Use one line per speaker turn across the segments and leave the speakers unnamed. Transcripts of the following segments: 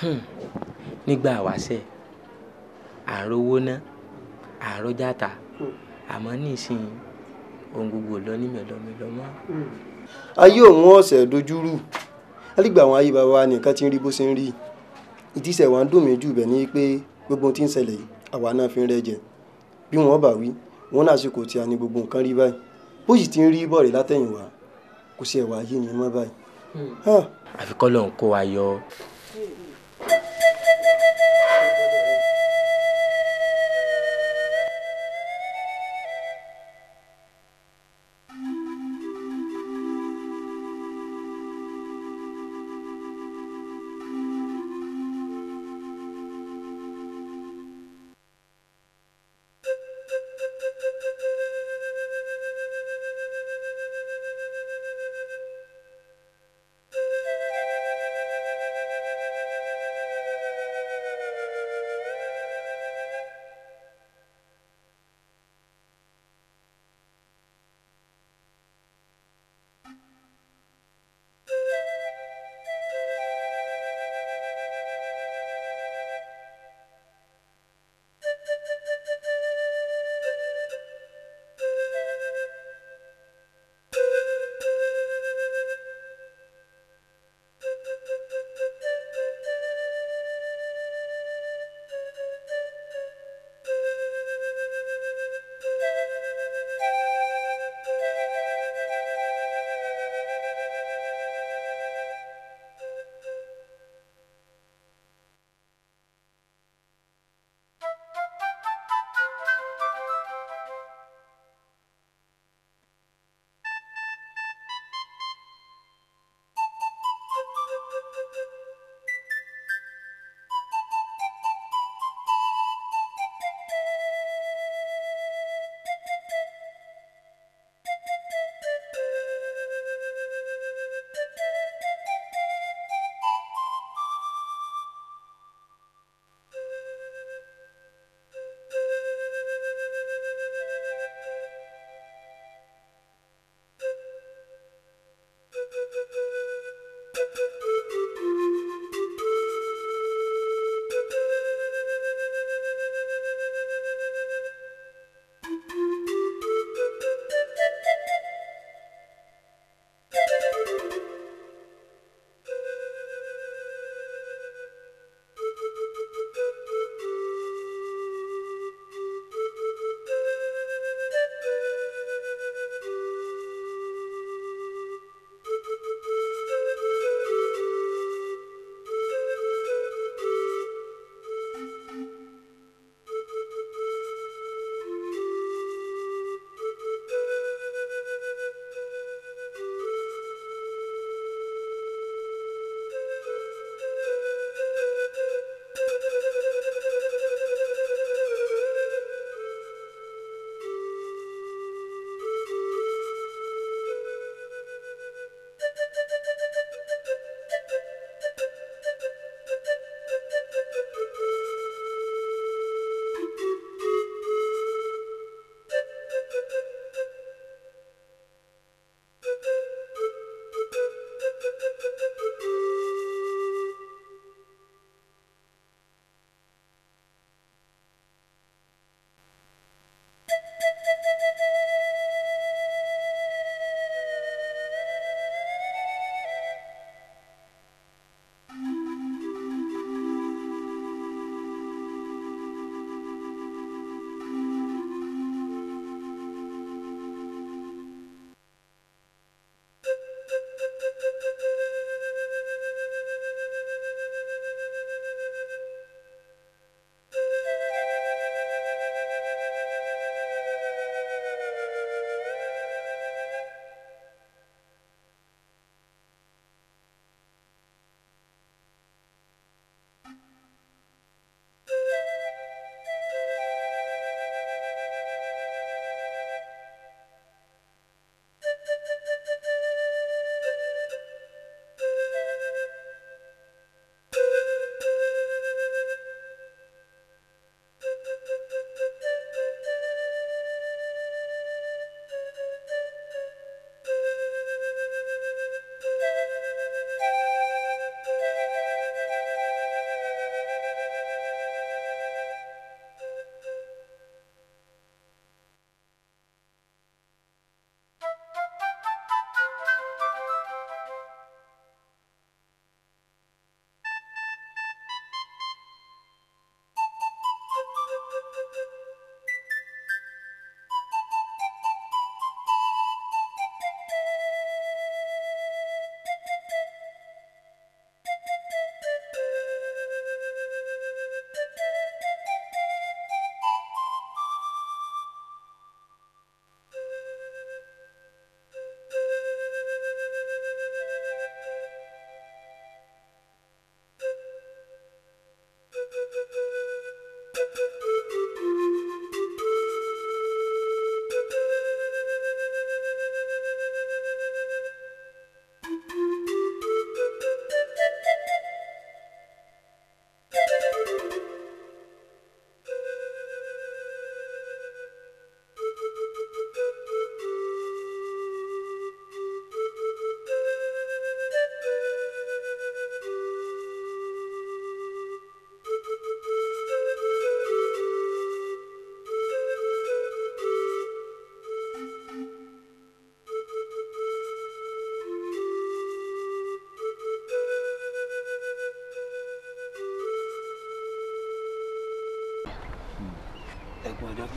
Hmm. nígbà wáṣẹ̀ àárọ̀
owó ná àárọ̀ játa hmm. àmọ́ nísìnyí ohun gbogbo lọ ní mẹ̀lọ́mẹ̀lọ́ mọ́. Hmm. ayé òun ọ̀sẹ̀ dojúrú alígbà àwọn ayé bàbá wa nìkan ti ń rí bó ṣe ń rí ìtísẹ̀ wa ń dùn mí jù bẹ́ẹ̀ ni pé gbogbo ohun tí ń ṣẹlẹ̀ yìí àwa náà fi ń rẹ́jẹ bí wọ́n bá wí wọ́n náà ṣèkò tí a ní gbogbo nǹkan rí báyìí bó sì ti ń rí bọ̀rẹ̀ látẹ̀yìnwá kò sí ẹ̀wà ayé mi mọ́ báyìí. àfikọ́ ló kó wa yọ.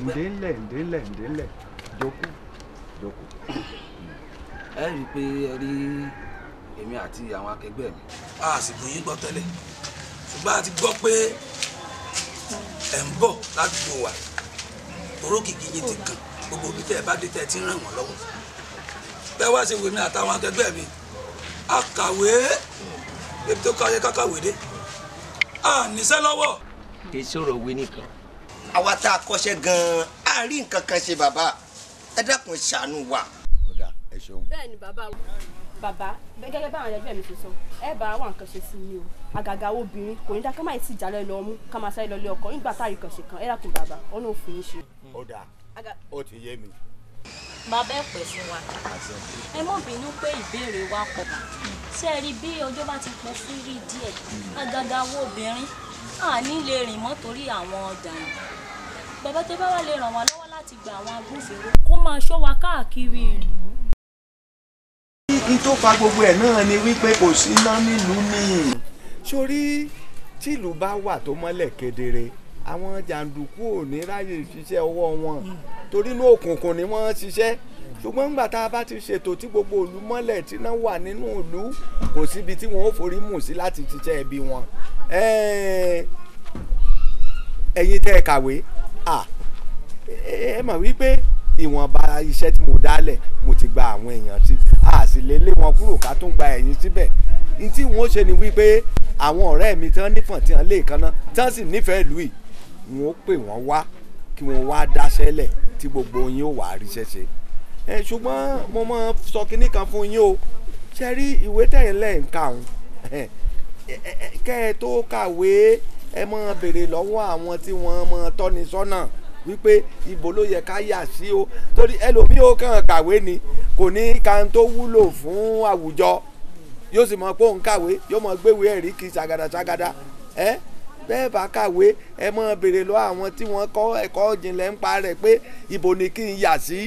ǹdẹ́lẹ̀ ǹdẹ́lẹ̀ ǹdẹ́lẹ̀ joko joko ẹ rí i pé ẹ rí èmi àti àwọn akẹgbẹ́ mi. a sì gbọ́ yín gbọ́ tẹ́lẹ̀ ṣùgbọ́n a ti gbọ́ pé ẹ̀ ń bọ̀ ládùúgbò
wa orókìkí yín ti kàn gbogbo ibi tẹ́ ẹ bá dé tẹ́ ẹ ti ràn wọ́n lọ́wọ́ bẹ́ẹ̀ wá sí wèmí àtàwọn akẹgbẹ́ mi a kàwé ebi tó kàwé kákàwé dé a níṣẹ́ lọ́wọ́.
kì í wí nìkan àwa tá a kọ́ṣẹ́ gan-an a rí nǹkan kan ṣe bàbá ẹ dákun ṣàánú wa. ọ̀dà ẹ
ṣeun.
bẹ́ẹ̀ni bàbá o bàbá gẹ́gẹ́ báwọn ẹlẹgbẹ́ mi ṣe sọ ẹ bá wa nǹkan ṣe sí mi o àgàgà obìnrin kò ní dá ká má sì jà lẹ́nu ọmú ká má sáré lọlé ọkọ nígbà tá a rí kan ṣe kan ẹ dákun bàbá ọ̀nà òfin ṣe.
ọ̀dà ó ti yé mi. máa
bẹ́ẹ̀ pẹ̀ fún wa ẹ mọ̀ bínú pé ìbéèrè wa pọ̀ ṣé rí bí ọjọ́ bá ti pẹ́ sí rí díẹ̀ hmm. àgàgà obìnrin àní lè rìn mọ́ torí àwọn ọ̀dàlẹ̀ bàbá tó bá wà lè ràn wá lọ́wọ́ láti gba àwọn agbófinró kó máa ṣọ́ wa káàkiri ìlú.
n tó gbogbo ẹ̀ náà ni wípé kò sí iná nílùú ni. sórí tìlú bá wà tó mọ́lẹ̀ kedere àwọn jàǹdùkú ò ní ráyè ṣiṣẹ́ ọwọ́ wọn hmm. torí inú òkùnkùn ni wọ́n ṣiṣẹ́ ṣùgbọ́n nígbà tá a bá ti ṣètò tí gbogbo ìlú mọ́lẹ̀ tí náà wà nínú ìlú kò síbi tí wọ́n ó forí mù sí láti ṣiṣẹ́ ẹbí wọn. ẹ̀yin tẹ́ ẹ kàwé ẹ mọ̀ wípé ìwọ̀nba iṣẹ́ tí mo dálẹ̀ mo ti gba àwọn èèyàn tí a sì lè lé wọn kúrò ká tún gba ẹ̀yìn síbẹ̀ ní tí wọ́n ṣe ni wípé àwọn ọ̀rẹ́ mi tán nífọ̀n tí wọ́n lè kanná tán sì nífẹ̀ẹ́ ìlú yìí wọ́n pè wọ́n wá kí wọ́n wá dáṣẹ́lẹ̀ tí gbogbo yín ò wá ríṣẹ́ ṣe ẹ ṣùgbọ́n mo mọ sọ kinní kan fún yín o ṣe rí ìwé tẹ̀yìn lẹ́yìn ká òun kẹ́ ẹ tó kàwé ẹ máa béèrè lọ́wọ́ àwọn tí wọ́n máa tọ́ni sọ́nà wípé ibo ló yẹ ká yà sí o torí ẹlòmíì ó kàn kàwé ni kò ní ká tó wúlò fún àwùjọ yóò sì mọ pé òun kàwé yóò mọ gbéwèé ẹ̀rí kí ṣàgàdà ṣàgàdà ẹ bẹ́ẹ̀ bá kàwé ẹ mọ béèrè lọ àwọn tí wọ́n kọ́ ẹ̀kọ́ ìjìnlẹ̀ ń pa rẹ̀ pé ibo ni kí n yà sí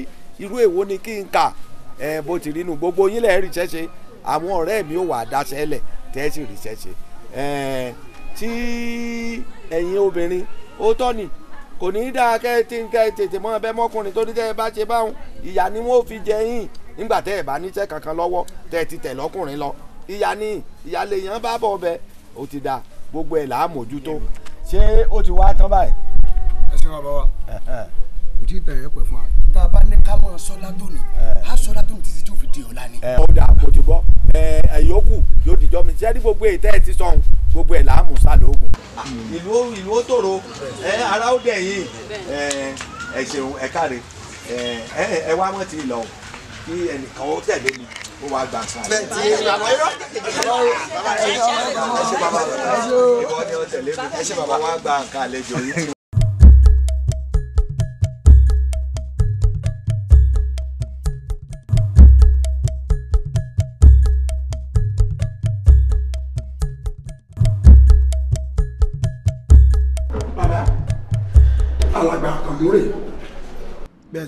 irú èwo ni kí n kà ẹ bó ti rí nu gbogbo yín lẹ́ẹ̀rí ṣẹ́ṣe àwọn ọ̀rẹ́ mi ò wà dáṣẹ́ lẹ̀ tẹ́ẹ̀sì rí ṣẹ́ṣe tí ẹ̀yin obìnrin ó tọ́ ni kò ní í dáa kẹ́ ẹ ti kẹ́ ẹ tètè mọ́ ẹbẹ́ mọ́kùnrin tó ní tẹ́ ẹ bá ṣe báwọn ìyá ni wọ́n fi jẹ yín nígbà tẹ́ ẹ bá níṣẹ́ kankan lọ́wọ́ tẹ́ ẹ ti tẹ̀ lọ́kùnrin lọ ìyá ni ìyá lè yàn bá bọ̀ ọbẹ̀ ó ti da gbogbo ẹ̀ là á mójútó. ṣé ó ti wá tán báyìí. ẹ ṣe wá bá wa kò tí ì tẹ̀ ẹ́ pẹ̀ fún wa
tá a bá ní ká mọ̀ sọ́lá tóní eh. á sọ́lá tóní títí tí ò fi di ọ̀la ni.
ẹ ọ̀dà kò ti gbọ́ ẹ eh, ẹ̀yọ́kù yóò dìjọ́ mi sẹ́ni gbogbo èyí tẹ́ ẹ ti sọ̀hún gbogbo ẹ̀ làámù sá lóògùn. ìlú ìlú ó tòrò ẹ eh, ara ó dẹ̀ yìí ẹ ṣeun ẹ káre ẹ ẹ wá mọ̀ tí lọ kí ẹnìkan ó tẹ̀lé mi ó wá gbà kan. bẹ́ẹ̀ ti ṣe bàbá wa gba nǹkan àlejò yìí.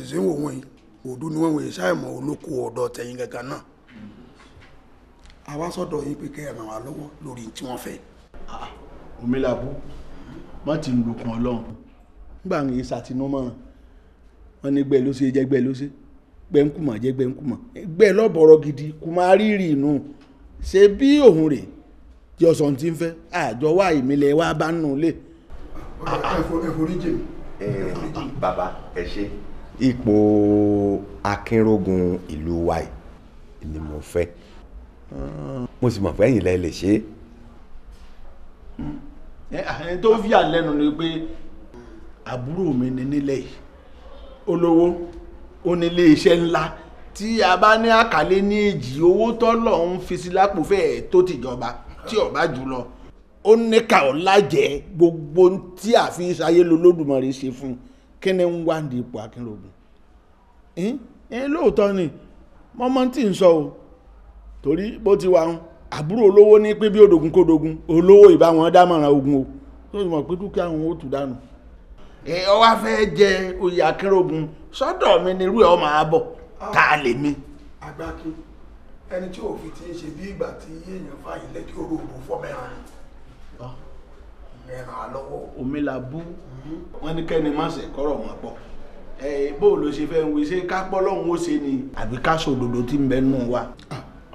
sì ń wò wọ́n yìí òdu ni wọ́n wòye ṣáìmọ̀ olóko ọ̀dọ̀ tẹ̀yìn gangan náà àwa sọ́dọ̀ yín pé kẹ́ ràn wá lọ́wọ́ lórí tí wọ́n fẹ́. Ah, omilabu má ti ń lukun ọlọ́run nígbà yìí ṣàtinúmọ̀ràn wọn ní gbẹ ló ṣe jẹ gbẹ ló ṣe gbẹ ń kùmọ̀ jẹ gbẹ ń kùmọ̀ gbẹ lọ́bọ̀rọ̀ gidi kò máa rírì inú ṣe bí òun rè jẹ ọ̀sán tí ń fẹ́ àjọ wá ìmìlẹ̀ wa bá nù lé. ẹ̀fọ́ ẹ̀fọ́ orí jèmi. bàbá ẹ ṣe ipò akínrógun ìlú wa yìí ni mo fẹ́ mo sì mọ̀ pé ẹ̀yin lẹ lè ṣe é. ẹni tó fi àlẹ́nu ni pé àbúrò mi ni nílẹ̀ yìí olówó ó ní ilé iṣẹ́ ńlá tí a bá ní àkàlé ní èjì owó tọ́lọ̀ ń fi sí lápò fẹ́ẹ̀ tó tìjọba tí ọba jùlọ ó ní ká lájẹ gbogbo tí àfi ṣayé lolódùmarè ṣe fún un kí ni ń wá ní ipò Akínrògùn hm? ẹ lóòótọ́ ni mọ́mọ́ tí ń sọ o torí bó ti wà ń àbúrò olówó ní pé bí olówó ìbáwọn dámọ̀ràn ogun o tó sì mọ̀ pé dúkìá àwọn ó tù dànù ọ wá fẹ jẹ oyè mi ni irú ọ máa ah, lè mi. ẹni tí òfin ti ń ṣe bí ìgbà tí èèyàn omi la bú mhm. wọn ní kẹ́ni má ṣe kọ́rọ̀ mọ́ pọ̀ bó o lọ ṣe fẹ́ ń wí ṣé ká pọ́ lọ́hún ó ṣe ni àbí ká sọ òdodo tí ń bẹ nù wa.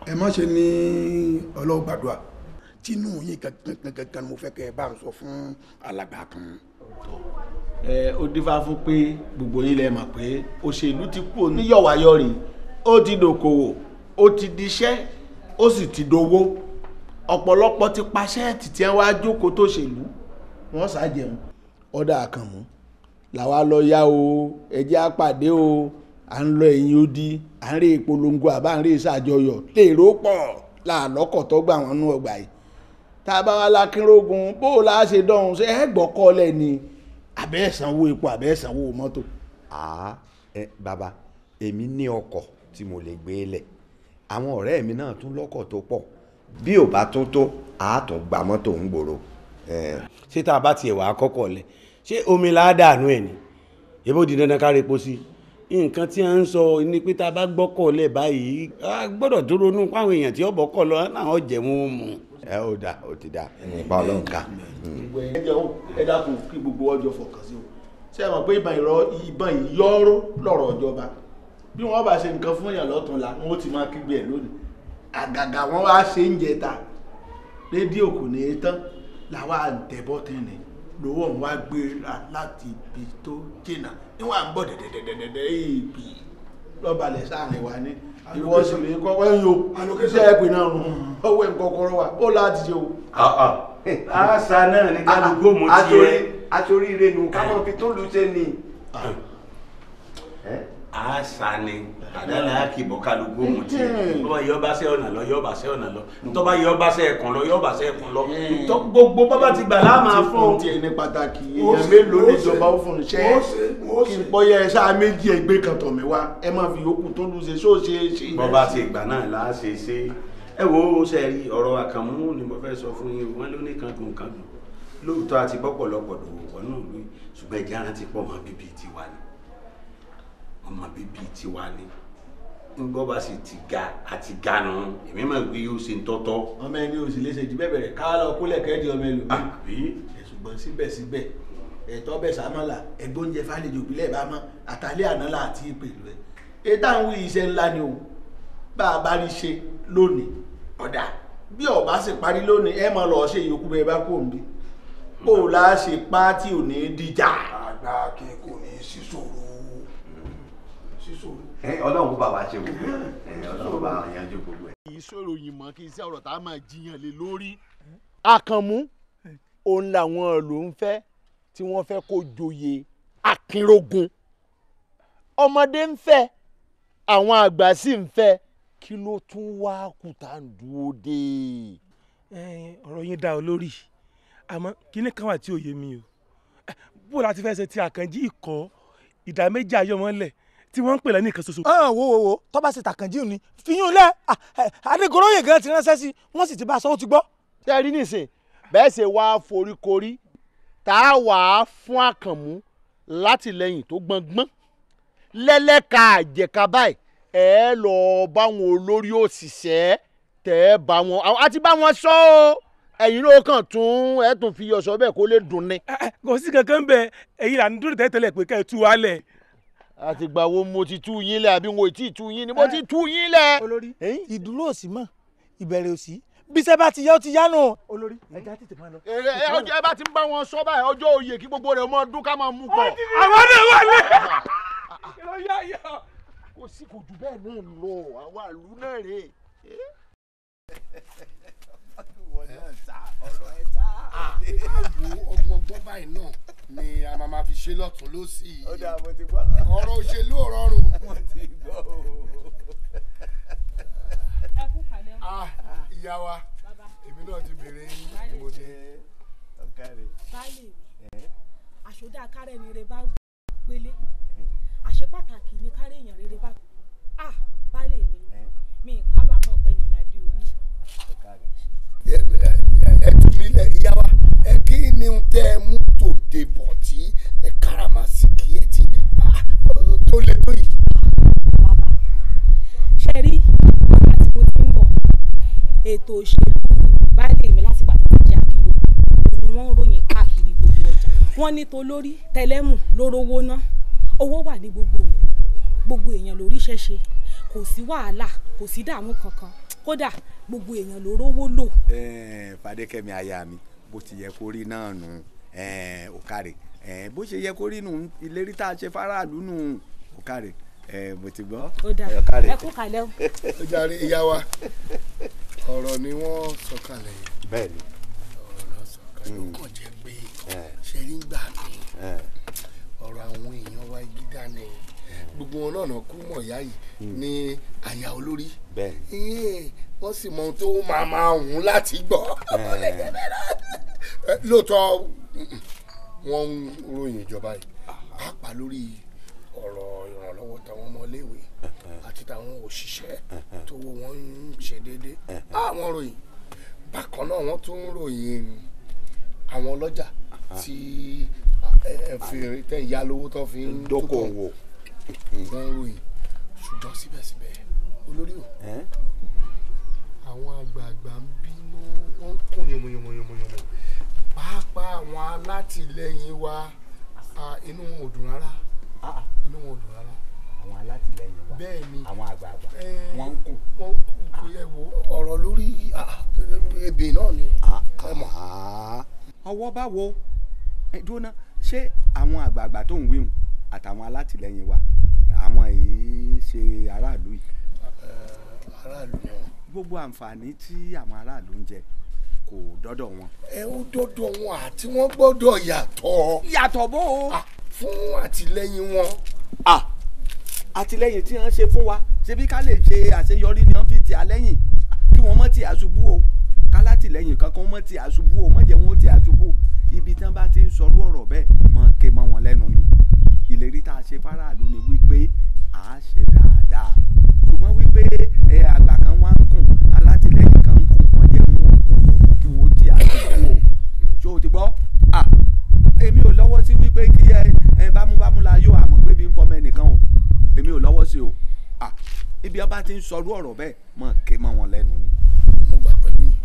ẹ má ṣe ní ọlọ́gbàdúrà tínú yín gangan mo fẹ́ kẹ́ ẹ bá ń sọ fún alàgbà kan. ẹ ó dífá fún pé gbogbo yín lẹ mọ̀ pé òṣèlú ti kú oníyọ̀wáyọ̀rì ó ti dòkòwò ó ti diṣẹ́ ó sì ti dowó ọ̀pọ̀lọpọ̀ ti paṣẹ́ẹ̀tì tí wọ́n wá jókòó tó ṣèlú wọ́n sá jẹun ọ̀dà àkànmú làwa lọ yá o ẹjẹ́ àpàdé o à ń lọ ẹ̀yìn odi à ń rí ìpolongo àbá à ń rí ìṣàjọyọ̀ lèrò pọ̀ làlọ́kọ̀ tó gbà wọ́n nú ọgbà yìí tá a bá wá lákínrógun bó o lá ṣe dọ̀hún ṣe ẹ gbọ́kọ́lẹ̀ ni àbẹ́ ẹ̀sánwó epo àbẹ́ ẹ̀sánwó mọ́tò. àá ẹ bàbá èmi ní ọkọ̀ tí mo lè gbé lẹ̀ àwọn ọ̀rẹ́ mi náà tún lọ́kọ̀ tó pọ̀ bí ò bá tún tó àátọ̀ gba mọ́tò ń gbòòrò ṣé tá a bá tiẹ̀ wà á kọ́kọ́ lẹ̀ ṣé omi là á dànù ẹ̀ ni di dandan tí a ń sọ ni pé tá a bá gbọ́kọ̀ lẹ̀ báyìí a gbọ́dọ̀ tó ronú èèyàn tí ó bọ́kọ̀ lọ náà mú ẹ ti da nípa ọlọ́run ká. ẹ dákun kí gbogbo ọjọ́ fọkàn sí o ṣé ẹ mọ̀ pé ìbọn ìrọ̀ ìbọn ìyọ́rọ́ lọ̀rọ̀ ìjọba bí wọ́n bá la wọ́n ti máa kígbe ẹ̀ lónìí àgàgà wọn làwa à ń tẹ̀bọ́ lówó ń wá gbéra láti ibi tó jìnnà níwà ń bọ̀ dẹ̀dẹ̀dẹ̀dẹ̀dẹ̀ ìbí lọ́balẹ̀ sáàrin wa ní ìwọ sì kọ́kọ́ ń yo iṣẹ́ náà nù hmm. ọwọ́ wa ó láti ṣe o. Ah, ah. àṣà náà ni kálukú mo ti yẹ. àtòrí ire nù fi tó lu ah. eh? àásani àdáda kìbọ kálukú mu tiẹ bọba yọba sẹ ọ̀nà lọ yọba sẹ ọ̀nà lọ ntọ́ba yọba sẹ ẹ̀kan lọ yọba sẹ ẹ̀kan lọ ntọ́ gbogbo bàbá ti gbà láàmà fún un. tiẹ̀ ní pàtàkì èèyàn mélòó ní ìjọba ó fún un ṣe kí n bọ́yá ẹ sáà méjì ẹgbẹ́ kan tọ̀ mí wá ẹ máa fi yòókù tó lù ṣe sóò ṣe é ṣe. bọba ti gbà náà là á ṣe ṣe ẹ wo ṣe rí ọ̀rọ̀ àkànmú ni mo fẹ́ sọ fún yín wọn ló ní kankan kankan lóòótọ́ àti bọ́pọ̀lọpọ̀ lòwò wọnú mi ṣùgbọ́n ìjà rántí pọ̀ mọ́ bíbí tiwa ni ọmọ bíbí tiwa ni ngbọ́ bá sì ti ga àti ga nù èmi máa ń gbé yóò ṣe ń tọ́tọ́. ọmọ ẹni o sì lè ṣe jù bẹ́ẹ̀ bẹ̀rẹ̀ ká lọ kúlẹ̀ kẹ́ẹ̀dì ọmọ ẹlòmíì ṣùgbọ́n síbẹ̀síbẹ̀ ẹ̀tọ́ bẹ̀ sámọ́là ẹ̀gbọ́njẹ fàlejò ìbílẹ̀ bá mọ́ àtàlẹ́ àná là àti ìpèlú ẹ̀. ètò àwọn iṣẹ́ ńlá ni o bá a bá rí ṣe lónìí ọ̀dà bí ọba sì parí lónìí ẹ máa lọ ṣe ìyókù bẹ́ẹ̀ bá kò ń kò ọlọ́run bàbá ṣe gbogbo ẹ̀ ọlọ́run bá yanjú gbogbo ẹ̀. kì í sọ̀rọ̀ yìí mọ́ kì í sí ọ̀rọ̀ tá a máa jiyàn lé lórí. àkànmú òun làwọn ló ń fẹ́ tí wọ́n fẹ́ kó joyè akínrógun ọmọdé ń fẹ́ àwọn àgbà sì ń fẹ́ kí ló tún wá kùtà ń dúró dé. ọ̀rọ̀ yín dá olórí àmọ́ kinní kan wà tí ò yé mi o bó la ti fẹ́ ṣe ti àkànjí ikọ̀ ìdá méjì ayọ́mọ́lẹ̀ tí wọ́n ń pè lẹ́nu ìkan ṣoṣo. ẹ ah, wo wo wo tó bá ṣe tàkànjí ni fiyún lẹ ah, eh, adégoróyè gan ti ránṣẹ́ sí wọ́n sì ti bá a sọ ó ti gbọ́. ṣé ẹ rí nìsín bẹ́ẹ̀ ṣe wá foríkorí tá a wà á fún àkànmú látìlẹ́yìn tó gbọ̀ngbọ́n lẹ́lẹ́ka àjẹká báyìí ẹ lọ́ọ́ bá wọn olórí òṣìṣẹ́ tẹ́ ẹ bá wọn àti bá wọn sọ ọ́ ẹ̀yin ló kàn tún ẹ tún fi ọsọ bẹ́ẹ̀ kó lè dùn ni. Eh, eh, kò sí kankan bẹ́ẹ̀ èyí là ń dúró tẹ́tẹ́lẹ̀ pé ká ẹ tú wa lẹ̀ àtìgbà wo mo ti tú yín lẹ̀ àbí wọn ò tí ì tú yín ni mo eh, ti tú yín lẹ̀. olórí eh? ìdúró òsì mọ ìbẹ̀rẹ̀ òsì bíṣẹ́ bá ti yá ó ti yá nù. olórí ẹja tètè máa lọ. ẹ ọjọ́ ẹ bá ti ń bá wọn sọ báyìí ọjọ́ òye kí gbogbo rẹ̀ mọ dún ká máa mú pọ̀. àwọn náà wà lẹ. kò sí kò jù bẹ́ẹ̀ náà lọ àwọn àlù náà rè é. ọ̀rọ̀ ẹ̀ ta ọ̀rọ̀ ẹ̀ ta. Ah, àwo ọgbọ̀ngbọ́n báyìí náà ni a máa ma fi ṣe lọ́tún lọ́sì
ó dáa mo ti gbọ́. ọ̀rọ̀ òṣèlú ò rọrùn. mo ti gbọ́ o.
ẹ kú kàlẹ́ o. Ah, ìyá wa èmi náà ti béèrè mo ní báyìí
àṣọdá kárẹ̀ ni rẹ bá gbélé àṣẹ ni kárẹ̀ èèyàn rere bá wọ́n ní tolórí tẹlẹ́mù lórówó ná owó wà ní gbogbo òru gbogbo èèyàn lórí ṣẹṣe kò sí wàhálà kò sí dààmú kankan kódà gbogbo èèyàn ló rówó lò.
fàdékẹ́mi aya mi bó ti yẹ kó rí náà nù òkàrè bó ṣe yẹ kó rí nù ìlérí tá a ṣe faraàlú nù òkàrè mo ti gbọ́. ó dà ẹ kú kalẹ̀ o. ó jàre ìyá wa ọ̀rọ̀ ni wọ́n sọ kalẹ̀ yìí. bẹ́ẹ̀ ni. ọ̀rọ̀ sọ kalẹ̀ ó kàn jẹ́ pé Eh. ṣe rí gbà mí eh. ọ̀rọ̀ àwọn èèyàn wa gíga ni eh. gbogbo wọn náà kú mọ̀ ìyá yìí hmm. ní àyà olórí wọ́n sì mọ ohun tó máa máa hùn láti gbọ́ lóòótọ́ wọ́n ń ròyìn ìjọba yìí pàápàá lórí ọ̀rọ̀ ìrànlọ́wọ́ táwọn ọmọléèwé àti táwọn òṣìṣẹ́ tó wọ wọ́n ń ṣe déédéé àwọn ròyìn bákan náà wọ́n tún ròyìn àwọn ọlọ́jà tí fèrè tẹ̀ ń yálówó tó fi ń dókòwò tó ń ròyìn ṣùgbọ́n síbẹ̀síbẹ̀ olórí o àwọn àgbààgbà ń bínú wọ́n ń kùn yànmọ̀yànmọ̀yànmọ̀ pàápàá àwọn alátìlẹyìn wa inú wọn ò dùn rárá ah, ah. inú wọn ò dùn rárá àwọn alátìlẹyìn wa àwọn àgbààgbà wọn ń kùn. wọn ń kùn kó yẹ wo ọ̀rọ̀ lórí ah, ebè náà ni. ọwọ́ bá wo dúró ná ṣé àwọn àgbààgbà tó ń wéhùn àtàwọn alátìlẹyìn wa àwọn èyí ṣe aráàlú yìí. aráàlú náà. gbogbo àǹfààní tí àwọn aráàlú ń jẹ kò dọ́dọ̀ wọn. ẹ ó dọ́dọ̀ wọn àti wọ́n gbọ́dọ̀ yàtọ̀. yàtọ̀ bó fún àtìlẹyìn wọn. àtìlẹyìn tí wọ́n ṣe fún wa ṣebí ká lè ṣe àṣeyọrí ni wọ́n fi tì á lẹ́yìn kí wọ́n mọ̀ tì á o kálátìlẹ́yìn kankan mọ́ ti àṣubú o mọ́ jẹ́ wọn ó ti àṣubú ibi tí wọ́n bá ti ń sọrú ọ̀rọ̀ bẹ́ẹ̀ mọ̀ ké mọ́ wọn lẹ́nu ni ìlérí tá a ṣe fáráàlú ni wípé à á ṣe dáadáa ṣùgbọ́n wípé ẹ àgbà kan wá ń kùn alátìlẹ́yìn kan ń kùn wọ́n jẹ́ wọn kùn kùn kí wọ́n ti àṣubú o ṣó o ti gbọ́ à èmi ò lọ́wọ́ sí wípé kí ẹ bámúbámú la yóò àmọ̀ pé bí ń pọ́ mẹ́nìkan o èmi ò lọ́wọ́ sí o ibi ọba ti ń sọrú ọ̀rọ̀ bẹ́ẹ̀ mọ̀ ké mọ́ wọn lẹ́nu ni.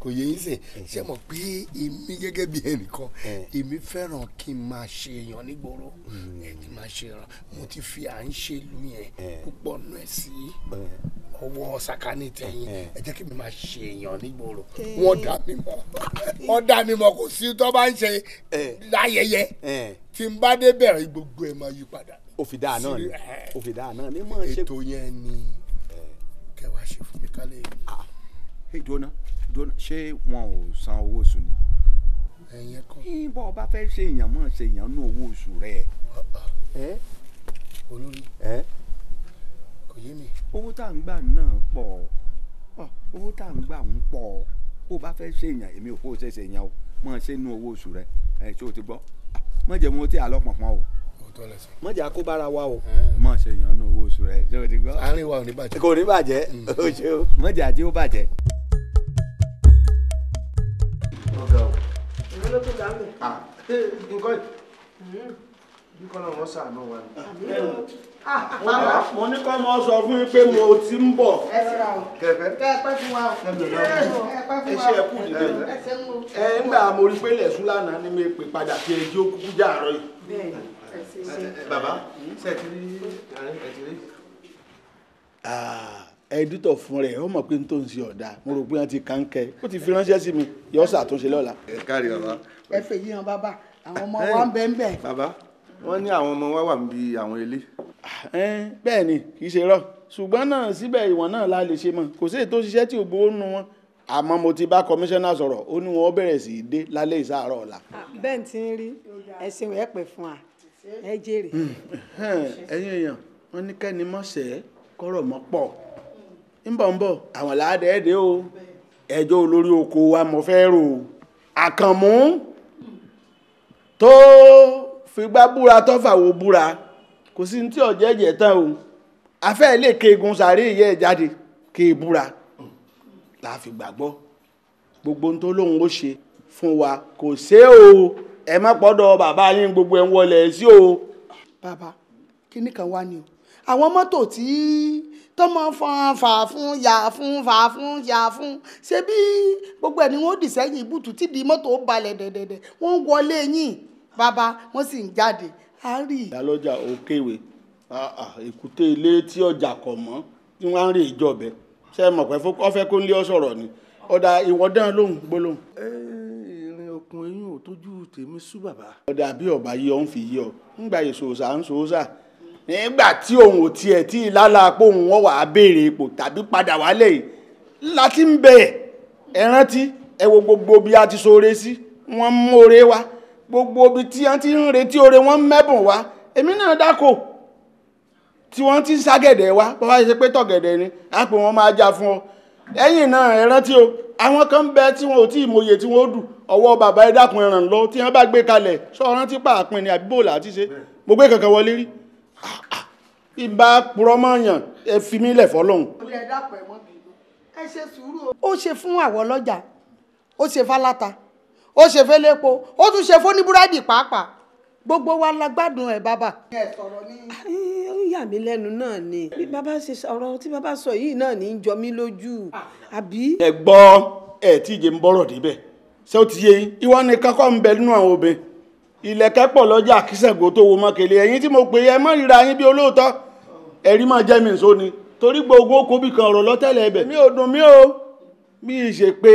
kò yẹ yín sè ṣe mọ̀ pé èmi gẹ́gẹ́ bí ẹnìkan èmi fẹ́ràn kí n máa ṣe èèyàn nígboro hmm. kí n máa ṣe ràn mo ti fi à ń ṣe lu yẹn púpọ̀ nù ẹ̀ sí ọwọ́ sàkání tẹ̀yìn ẹ jẹ́ kí mi máa ṣe èèyàn nígboro wọ́n dá mi mọ̀ wọ́n dá mi mọ̀ kò sí tó bá ń ṣe láyẹyẹ tí n bá dé bẹ̀rẹ̀ gbogbo ẹ̀ máa yí padà. òfìdá náà ni òfìdá náà ni mo ṣe. ètò yẹn ni kẹwàá ṣe fún mi kálẹ̀ yìí. ètò náà ṣé wọn ò san owó oṣù ni. ẹ̀yẹ kọ́. ìbọn ọba fẹ́ ṣe èèyàn mọ̀ ṣe èèyàn ní owó oṣù rẹ̀. olórí kò yé mi. owó tá à ń gbà náà pọ̀ owó tá à ń gbà ń pọ̀ bó o bá fẹ́ ṣe èèyàn èmi ò kó o ṣe ṣe èèyàn o mọ̀ ṣe ní owó oṣù rẹ̀ ẹ̀ ṣé o ti gbọ́ mọ̀jẹ̀ mo ti àlọ́ pọ̀npọ̀n o mọ̀jẹ̀ àkóbára wa o mọ̀ ṣe èèyàn ní owó oṣù rẹ̀ ṣé o ti gbọ́. àárín wa ò ní bàjẹ́. kò ní bàjẹ́ o mm. ṣe o mọ̀jẹ̀ àti ó bàjẹ́ ọ̀gá o. ìwé ló tó ga mi. nǹkan yìí kọ́ náà wọ́n sàánú wa ni. Ah, mo ní kọ́ mọ́ sọ fún yín pé mo ti ń bọ̀. ẹ o. kẹfẹ.
kẹ ẹ pẹ́ fún wa o. ẹ pẹ́ fún wa o. ẹ ṣe ẹ kú nílé. ẹ ń gbà
mo rí pé lẹ̀sùn lánàá ni mi pè padà kí ẹ jó kúkú jàrọ̀ yìí. bàbá hmm. ṣe ti rí ẹ ti rí. Ah, ẹdítọ̀ fún rẹ̀ ọmọ pé n tó ń ṣe ọ̀dà mo rò pé wọ́n ti kàn ó ti fi ránṣẹ́ sí mi yọ ṣàtúnṣe lọ́la. ẹ káàrí bàbá.
ẹ fẹ́ yí bàbá àwọn ọmọ wa ń bẹ ń
bẹ. bàbá wọ́n ní àwọn ọmọ wa wà níbi àwọn ilé. bẹ́ẹ̀ ni kì í ṣe rọ ṣùgbọ́n náà síbẹ̀ ìwọ̀n náà la lè ṣe mọ́ kò sí ètò òṣìṣẹ́ tí ò gbowó nu wọn àmọ́ mo ti bá kọmíṣánná sọ̀rọ̀ ó ní wọn bẹ̀rẹ̀ sí í dé lálẹ́ ìsáàárọ̀ ọ̀la. Ah,
bẹ́ẹ̀ ti ń rí ẹ̀sìn ẹ̀ pẹ̀ fún wa ẹ jèrè.
Hmm, ẹ̀yin èèyàn wọ́n ní kẹ́ni mọ̀ṣẹ́ kọ́rọ̀ mọ́ pọ̀ nbọ̀ nbọ̀ àwọn làádẹ́ẹ̀dẹ́ o ẹjọ́ olórí oko wa mo fẹ́ rò àkànmú tó figbá búra tó fàwọ̀ búra kò sí ní tí ọ̀jẹ̀ tán o afẹ́ lè keegun sàárè ìyẹ́ ẹ̀ jáde kí e búra la fi gbàgbọ́ gbogbo tó lóun ó ṣe fún wa kò ṣe o ẹ má pọ́dọ̀ bàbá yín gbogbo ẹ̀ ń wọlé sí o. bàbá
kíní kan wá ni o àwọn mọ́tò tí. Tí tọmọ fọn fà fún yà fún fà fún yà fún ṣé bí gbogbo ẹ̀ ni wọ́n dì sẹ́yìn ibùtù tí di mọ́tò ó balẹ̀ dẹ̀dẹ̀dẹ̀ wọ́n wọlé yìn bàbá wọ́n sì ń jáde
á rí. ìyálọ́jà ò kéwé èkúté ilé tí ọjà kọ̀ mọ́ tí wọ́n á rí ìjọbẹ̀ ṣe é mọ̀ pé ọfẹ́ kó ń lé ọ sọ̀rọ̀ ni ọ̀dà ìwọ́dán lóhùn gbólóhùn. ìrìn òkun eyín ò tójú tèmi sú bàbá. ọ̀dà bí ọ̀bà yìí ọ̀ ń fi yí ọ ńgbà èso òsà ń so òsà nígbà tí òun ò tiẹ̀ tí lálàá pé òun wọ́n wà á béèrè ipò tàbí padà wálé yìí láti ń bẹ̀ ẹ rántí ẹ wo gbogbo bí a ti ṣoore sí wọ́n ń mórè wa gbogbo bí tí a ti ń retí oore wọ́n ń mẹ́bùn wa èmi náà dákò tí wọ́n ti ń ságẹ̀dẹ̀ wa bàbá ṣe pé tọ̀gẹ̀dẹ̀ ni á pè wọ́n máa já fún ọ ẹ̀yìn náà ẹ rántí o àwọn kan bẹ tí wọn ò tí ì mòye tí wọn ó dù ọwọ́ bàbá ẹ dákun ẹ̀ràn lọ tí wọ́n bá gbé kalẹ̀ sọ rántí pàápín ni àbí bò láti ṣe mo gbé wọlé rí ìbá purọ́ mọ̀ọ́yàn ẹ fi mí lẹ̀ fọlọ́hún.
ó ṣe fún àwọn ọlọ́jà ó ṣe fálátà ó ṣe fẹ́lẹ́po ó tún ṣe fóníbúrádì pàápàá gbogbo wa la gbádùn ẹ bàbá. ẹ sọ̀rọ̀ ní. ó ń yà mí lẹ́nu náà ni bí bàbá ṣe ọ̀rọ̀ tí bàbá sọ yìí náà ní í jọ mí lójú
ah. àbí. ẹ gbọ́ ẹ tí ìjẹ ń bọ́rọ̀ débẹ̀ ṣé ó ti yé yín ìwọ ni kankan ń bẹ nínú àwọn obìnrin ilẹ̀kẹ́ pọ̀ lọ́jà kìsẹ̀gbò tó wo mọ́kẹ́lẹ́ ẹ̀yìn tí mo pè é ẹ mọ́ ríra yín bí olóòótọ́ ẹ̀rí máa jẹ́ mi nsọ ni torí gbogbo okòbí kan ọ̀rọ̀ lọ́tẹ̀lẹ̀ ẹbẹ̀ mi ò dùn mí o bí i ṣe pé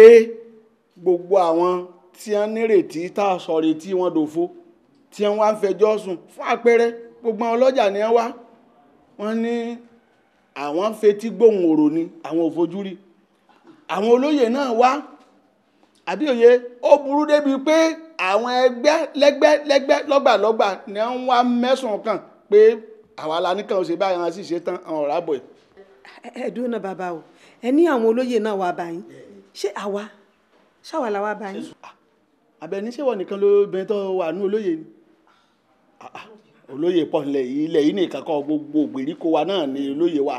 gbogbo àwọn tí wọ́n nírètí tá a sọ retí wọn dòfo tí wọ́n wá ń fẹjọ́ sùn fún àpẹẹrẹ gbogbo àwọn ọlọ́jà ni wọ́n wá wọ́n ní àwọn fetí gbóhùn ọ̀rọ̀ ni àwọn ò fojú rí àwọn olóyè náà wá àbí òye ó burú débi pé àwọn ẹgbẹ́ lẹ́gbẹ́ lẹ́gbẹ́ lọ́gbàlọ́gbà ni wọ́n wá mẹ́sàn-án kàn pé àwa la ní kàn ó ṣe báyìí wọn sì ṣe tán àwọn ọ̀rá bọ̀ ẹ̀. ẹ̀dùn náà bàbá o ẹ ní àwọn
olóyè náà wà báyìí ṣé àwa ṣáwa la wà báyìí. àbẹ̀ní ṣé wọ́n
nìkan lóbìnrin tó wà ní olóyè ni ah, ah, olóyè pọ̀ nílẹ̀ yìí ilẹ̀ yìí nìkan kọ́ gbogbo ìgbèríko wa náà ni olóyè wa.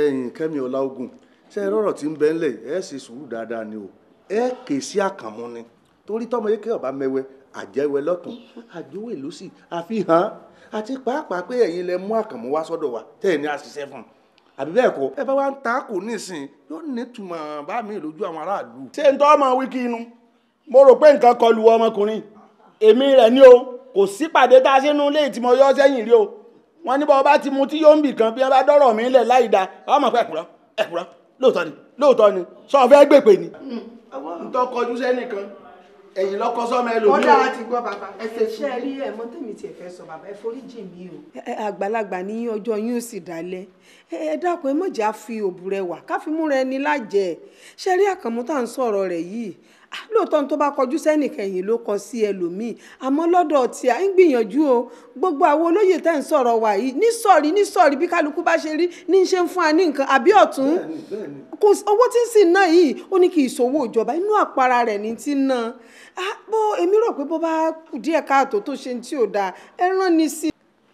ẹ̀yin Kẹ́mi Ọláògùn ṣe é rọrọ tí ń bẹ ńlẹ̀ ẹ ṣe sùúrù dáadáa ni o ẹ kè sí àkànmú ni torí tọmọ yìí kí ọba mẹwẹ àjẹwẹ lọtún àjọwé lọsì àfihàn àti pàápàá pé ẹ̀yin lẹ mú àkànmú wá sọ́dọ̀ wa tẹ́ ẹ̀ ní àṣìṣe fún un àbí bẹ́ẹ̀ kọ́ ẹ bá wa ń ta kò nísìn yóò nítumọ̀ bá mi lójú àwọn aráàlú. ṣé n tọ́ ọmọ wíkì inú mo rò pé nǹkan kọlù ọmọkùnrin èmi rẹ̀ ni o kò sípàdé tá a ṣe nu ilé ìtìmọ̀ yọ sẹ́yìn rí o wọn ní bọ́ọ̀ bá ti mu tí yóò ń bì kan bí wọ́n bá dọ́rọ̀ mi lẹ̀ láì da ọmọ pé ẹ̀kúrọ́ ẹ̀kúrọ́ lóòótọ́ ni lóòótọ́ ni sọ fẹ́ gbèpè ni. Hmm, ntọ́kọjú sẹ́nìkan ẹ̀yìn lọ́kọ́ sọ́mọ ẹ lòmí o. ó
dára ti gbọ́ bàbá ẹ ṣe ṣe rí ẹ mọ tèmi tiẹ̀ fẹ́ sọ bàbá ẹ foríjì mi o. àgbàlagbà ní ọjọ́ yín ò sì dalẹ̀ ẹ dákun ẹ mọ̀jà fi òbúrẹ́ wà ká múra ẹni lájẹ ṣe rí àkànmú tá à ń sọ̀rọ̀ rẹ̀ yìí Ah, lóòótọ́ tó bá kọjú sẹ́nìkẹyìn ló kọ sí ẹlòmíì àmọ́ lọ́dọ̀ tí a ń gbìyànjú o gbogbo àwọn olóyè tẹ́ ń sọ̀rọ̀ wà yìí ní sọ̀rí ní sọ̀rí bí kálukú bá ṣe rí ní ṣe ń fún wa ní nǹkan àbí ọ̀tún owó tí ń sì ná yìí ó ní kì í ṣòwò ìjọba inú àpárá rẹ̀ ní ti ná ah, bó èmi rò pé bó bá kù díẹ̀ káàtó tó ṣe tí ò dáa ẹ rán ni sí.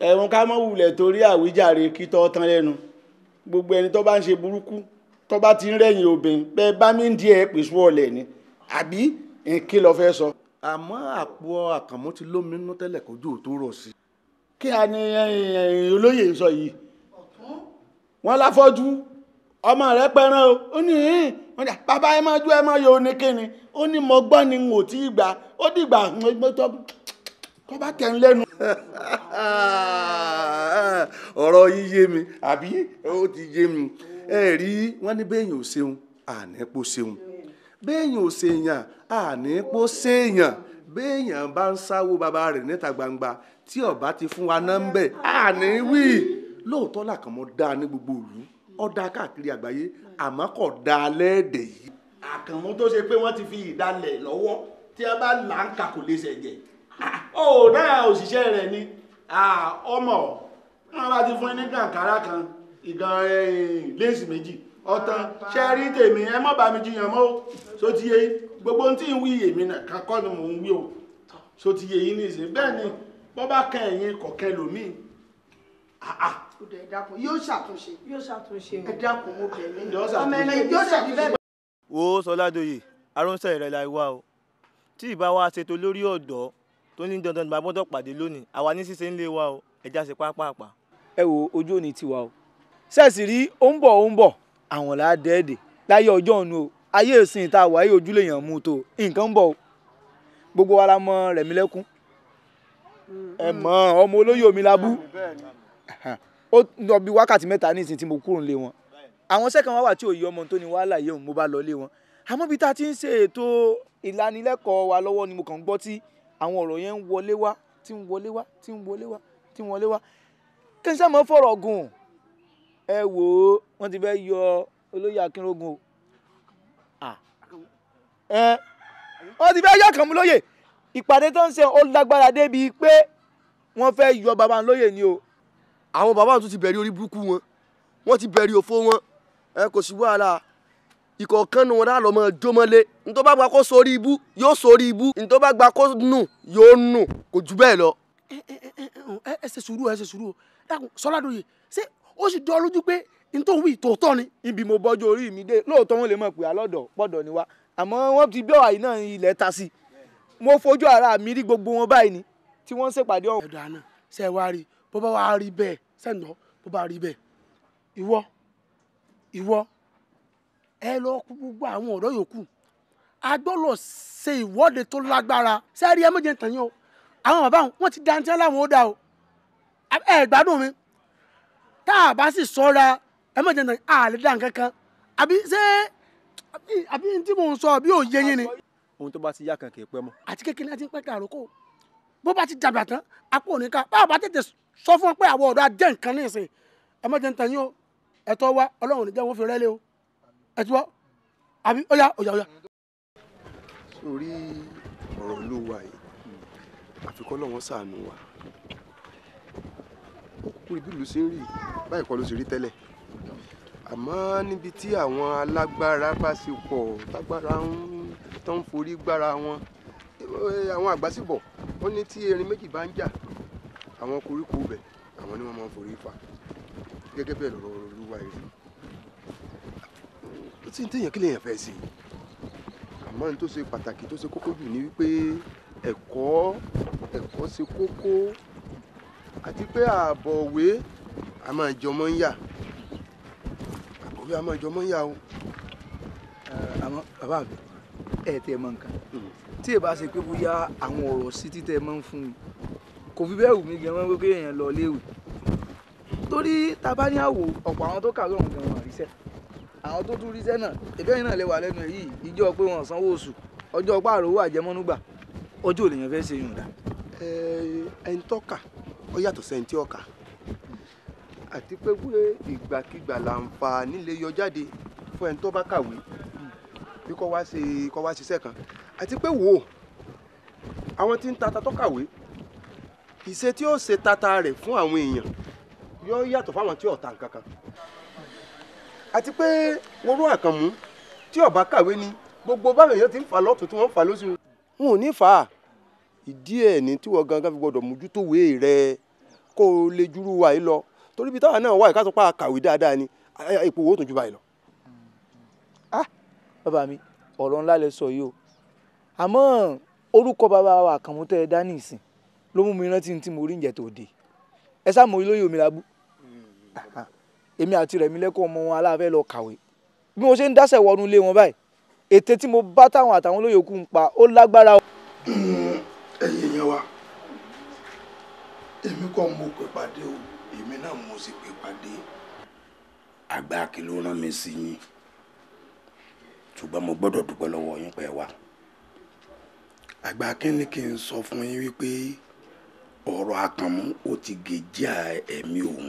ẹ̀wọ̀n ká mọ́ wulẹ̀ torí àwíjàre kí tọ́ tán lẹ́nu gbogbo ẹni tó bá ń ṣe burúkú tó bá ti ń rẹ̀yìn obìnrin bẹ́ẹ̀ bá mi ń di pèsè ọ̀lẹ̀ ni àbí kí ló fẹ́ sọ. àmọ́ àpò àkànmú ti lómi tẹ́lẹ̀ kójú tó rọ̀ sí. kí a ní olóyè sọ yìí wọ́n láfọ́jú ọmọ rẹ̀ pẹran o ó ní wọ́n dà bàbá ẹ máa jó ẹ máa yọ ọ ní kíni ó ní mo gbọ́ ni n ò tí ì gbà ó dìgbà tó bá tẹ̀ ń lẹ́nu. ọ̀rọ̀ yìí yé mi àbí ó ti yé mi ẹ rí wọn ní bẹ́ẹ̀ yóò ṣeun ànípò ṣeun béèyàn ò ṣèèyàn àní pò ṣèèyàn béèyàn bá ń sáwó bàbá rẹ̀ níta gbangba tí ọba ti fún wa náà ń bẹ̀ àní wí lóòótọ́ làkànmọ́ dáa ní gbogbo ìlú ọ̀dà káàkiri àgbáyé àmọ́ kò dáa lẹ́ẹ̀dẹ̀ yìí. àkànmọ́ tó ṣe pé wọ́n ti fi ìdálẹ̀ lọ́wọ́ tí a bá là ń kà kò lè ṣẹ̀jẹ̀ ah, ó náà òṣìṣẹ́ rẹ̀ ni ah, ọmọ wọn bá ti fún yín ní gàǹkárà kan ìgàn eh, lẹ́sì méjì ọ̀tàn ṣe rí tèmi ẹ má bá mi jiyàn mọ́ so ti yé gbogbo ohun tí ń wí èmi nìkan kọ́ ni mò ń wí o so ti yé yín nìyí bẹ́ẹ̀ ni bọ́ bá kẹ́ ẹ̀yin kọ̀kẹ́ lòmíì
ọdọ ẹ dákun yóò ṣàtúnṣe yóò ṣàtúnṣe ẹ dákun mo bẹ̀ mí ọmọ ẹlẹ́yìn yóò ṣàtúnṣe.
wo sọládòye aróńṣẹ́ rẹ̀ la wá o tí ìbá wa ṣètò lórí ọ̀dọ́ tó ní dandan nígbà gbọ́dọ̀ pàdé lónìí àwa ní ṣíṣe ńlẹ̀ wa o ẹja ṣe pápápá. ẹ wo ojú òní tiwa o ṣẹ́ẹ̀sì rí ó ń bọ̀ ó ń bọ̀ àwọn là á dẹ́ẹ̀dẹ̀ láyé ọjọ́ òun o ayé ìsìn tá a wà ayé ojúlé yẹn mú tó nǹkan ń bọ̀ gbogbo wa la mọ Rẹ̀mílẹ́kún ẹ mọ ọmọ olóyè omi labú ó lọ bí wákàtí mẹ́ta ní ìsìn tí mo kúrò nílé wọn àwọn sẹ́kàn wá wà tí òye ọmọ tó ní wàhálà yẹn mo bá lọ lé wọn àmọ́ bí tá ti ń ṣe ètò ìlanilẹ́kọ̀ọ́ wa lọ́wọ́ ni mo kàn ń gbọ́ tí àwọn ọ̀rọ̀ yẹn ń wọlé wá tí ń wọlé wá tí ń wọlé wá tí ń wọlé wá kí n sá mọ́ fọ̀rọ̀ gùn ẹ wò ó wọ́n ti fẹ́ yọ olóyè akínrógun o ẹ wọ́n ti fẹ́ yọ kàn mú lóyè ìpàdé tó ń ṣe ó lágbára débi pé wọ́n fẹ́ yọ baba lóyè ni o. àwọn baba tún ti bẹ̀rẹ̀ orí burúkú wọn wọ́n ti bẹ̀rẹ̀ òfo wọn ẹ kò sí wàhálà ìkọ̀ọ̀kan nu wọn dá lọ́mọ jómọ́lé ntọ́ bá gba kó sórí ibú yóò sórí ibú ntọ́ bá gba kó nù yóò nù kò jù bẹ́ẹ̀ lọ. ẹ ẹ ẹ ẹ ṣe sùúrù ẹ ṣe sùúrù o dákun sọládòye ó sì dọ́ lójú pé nítorí wí tòótọ́ ni. ibi mo bọ́jú orí mi dé lóòótọ́ wọn lè mọ̀ pé alọ́dọ̀ pọ̀dọ̀ ni wá àmọ́ wọ́n ti bí ọ̀hà náà ilẹ̀ ta sí i mo fojú ara mi rí gbogbo wọn báyìí ni tí wọ́n ń ṣèpàdé ọ̀hún. ẹ̀dọ̀ àná ṣe é wá rí bó bá wá rí bẹ́ẹ̀ sẹ́ńdọ̀ bó bá rí bẹ́ẹ̀ ìwọ ìwọ ẹ lọ kú gbogbo àwọn ọ̀dọ́ yòókù a gbọ́dọ̀ ṣe ìwọ́de tó lágbára sẹ́ẹ̀rí ẹ méje tàn yín o àwọn bàbá wọn ti dáńtẹ́ láwọn ó dá o ẹ gbádùn mi tá a bá sì sọ́ra ẹ mọ̀ jẹ́nà àlè dá nǹkan kan àbí ṣé àbí tí mò ń sọ bí ò yé yín ni. ohun tó bá ti yá kan kì í pẹ́ mọ́. àti kékeré láti ń pẹ́ kàró kó bó bá ti dàgbà tán apò òní ká bá a bá tètè sọ fún ọ pé àwọn ọ̀dọ́ ajẹ́ nǹkan ní ìsìn ẹ mọ̀ jẹ́nà yín o ẹ̀tọ́ wa ọlọ́run níjẹ́ wọn fi rẹ́lẹ̀ o ẹ ti wọ́
àbí ọ̀yà ọ̀yà ọ̀yà.
sórí ọ̀rọ̀ olówó àyè àfikún náà wọ́n ṣàánú wa kúkúrú bí ìlú ṣe ń rí báyìí kọ́ ló ṣe rí tẹ́lẹ̀ àmọ́ níbi tí àwọn alágbára bá ṣe pọ̀ tágbára tó ń forí gbára wọn àwọn àgbàsíbọ̀ ó ní tí erin méjì bá ń jà àwọn koríko bẹ̀ àwọn ni wọ́n máa ń forí fa gẹ́gẹ́ bẹ́ẹ̀ lọ́rọ̀ olúwa yìí ó ti ń tẹ̀yàn kí lèèyàn fẹ́ sí i àmọ́ ní tó ṣe pàtàkì tó ṣe kókó jù ni wípé ẹ̀kọ́ ẹ̀kọ́ ṣe kókó àti pé ààbọ̀ òwe a máa jọmọ́ ń yà ààbọ̀ òwe a máa jọmọ́ ń yà o. àmọ́ bàbá mi ẹ tẹ ẹ mọ nǹkan hmm. tí ẹ bá ṣe pé bóyá àwọn ọ̀rọ̀ sí títẹ máa ń fún mi kò fi bẹ́ẹ̀ wù mí gan-an pé kéèyàn lọ léwu torí tá bá ní àwò ọ̀pọ̀ àwọn tó kàwé ọ̀hún gan-an àríṣẹ́ àwọn tó tún ríṣẹ́ náà ìbẹ́yìn náà lè lẹ́nu ẹ̀ yìí ìjọ pé wọ́n sanwó oṣù ọjọ́ pààrọ̀ owó àjẹmọ́núgbà ọjọ́ òlèyàn fẹ́ ṣe yùn dà. ẹ ẹ ń tọ́ka ó yàtọ̀ sẹ́ni tí ọ̀kà àti pé wé ìgbàkigbà làǹfààní lè yọ jáde fún ẹni tó bá kàwé bí kò wá ṣe kò wá ṣiṣẹ́ kan àti pé wò ó àwọn tí ń tata tó kàwé ìṣe tí ó ṣe tata rẹ̀ fún àwọn èèyàn yóò yàtọ̀ fáwọn tí ò nǹkan kan àti pé wọ́rọ́ àkànmú tí ó kàwé ni gbogbo báwọn èèyàn ti ń fà lọ́tún tí wọ́n ń fà lóṣù. wọn ò ní fà ìdí ẹ̀ ní tí wọ́n gangan fi gbọ́dọ̀ mójútó wéè rẹ̀ kó o lè júrú wa yìí lọ torí bí táwa náà wà yìí ká tó pa àkàwé dáadáa ni ipò owó tó ju báyìí lọ.
ah bàbá mi ọ̀rọ̀ ńlá lẹ sọ yìí o àmọ́ orúkọ bàbá wa àkànmú tẹ́ ẹ dá ní ìsìn ló mú mi rántí tí mo rí ìjẹ́ tó dé ẹ sá mo rí lóye omi labú ah, ah, èmi àti rẹ̀mí lẹ́kọ̀ọ́ ọmọ wọn aláàfẹ́ lọ kàwé bí mo ṣe ń dásẹ̀ wọnú ilé
wọn báyìí ète tí mo bá táwọn àtàwọn olóyè kù ń pa ó lágbára. ẹ̀yin èèyàn wa èmi kọ́ mo pè pàdé o èmi náà mo sì pè pàdé àgbà kí ló rán mi sí yín ṣùgbọ́n mo gbọ́dọ̀ dúpẹ́ lọ́wọ́ yín pẹ́ wá àgbà kí ni kí n sọ fún yín wípé ọ̀rọ̀ àkànmú ó ti gèjì ẹ̀mí òun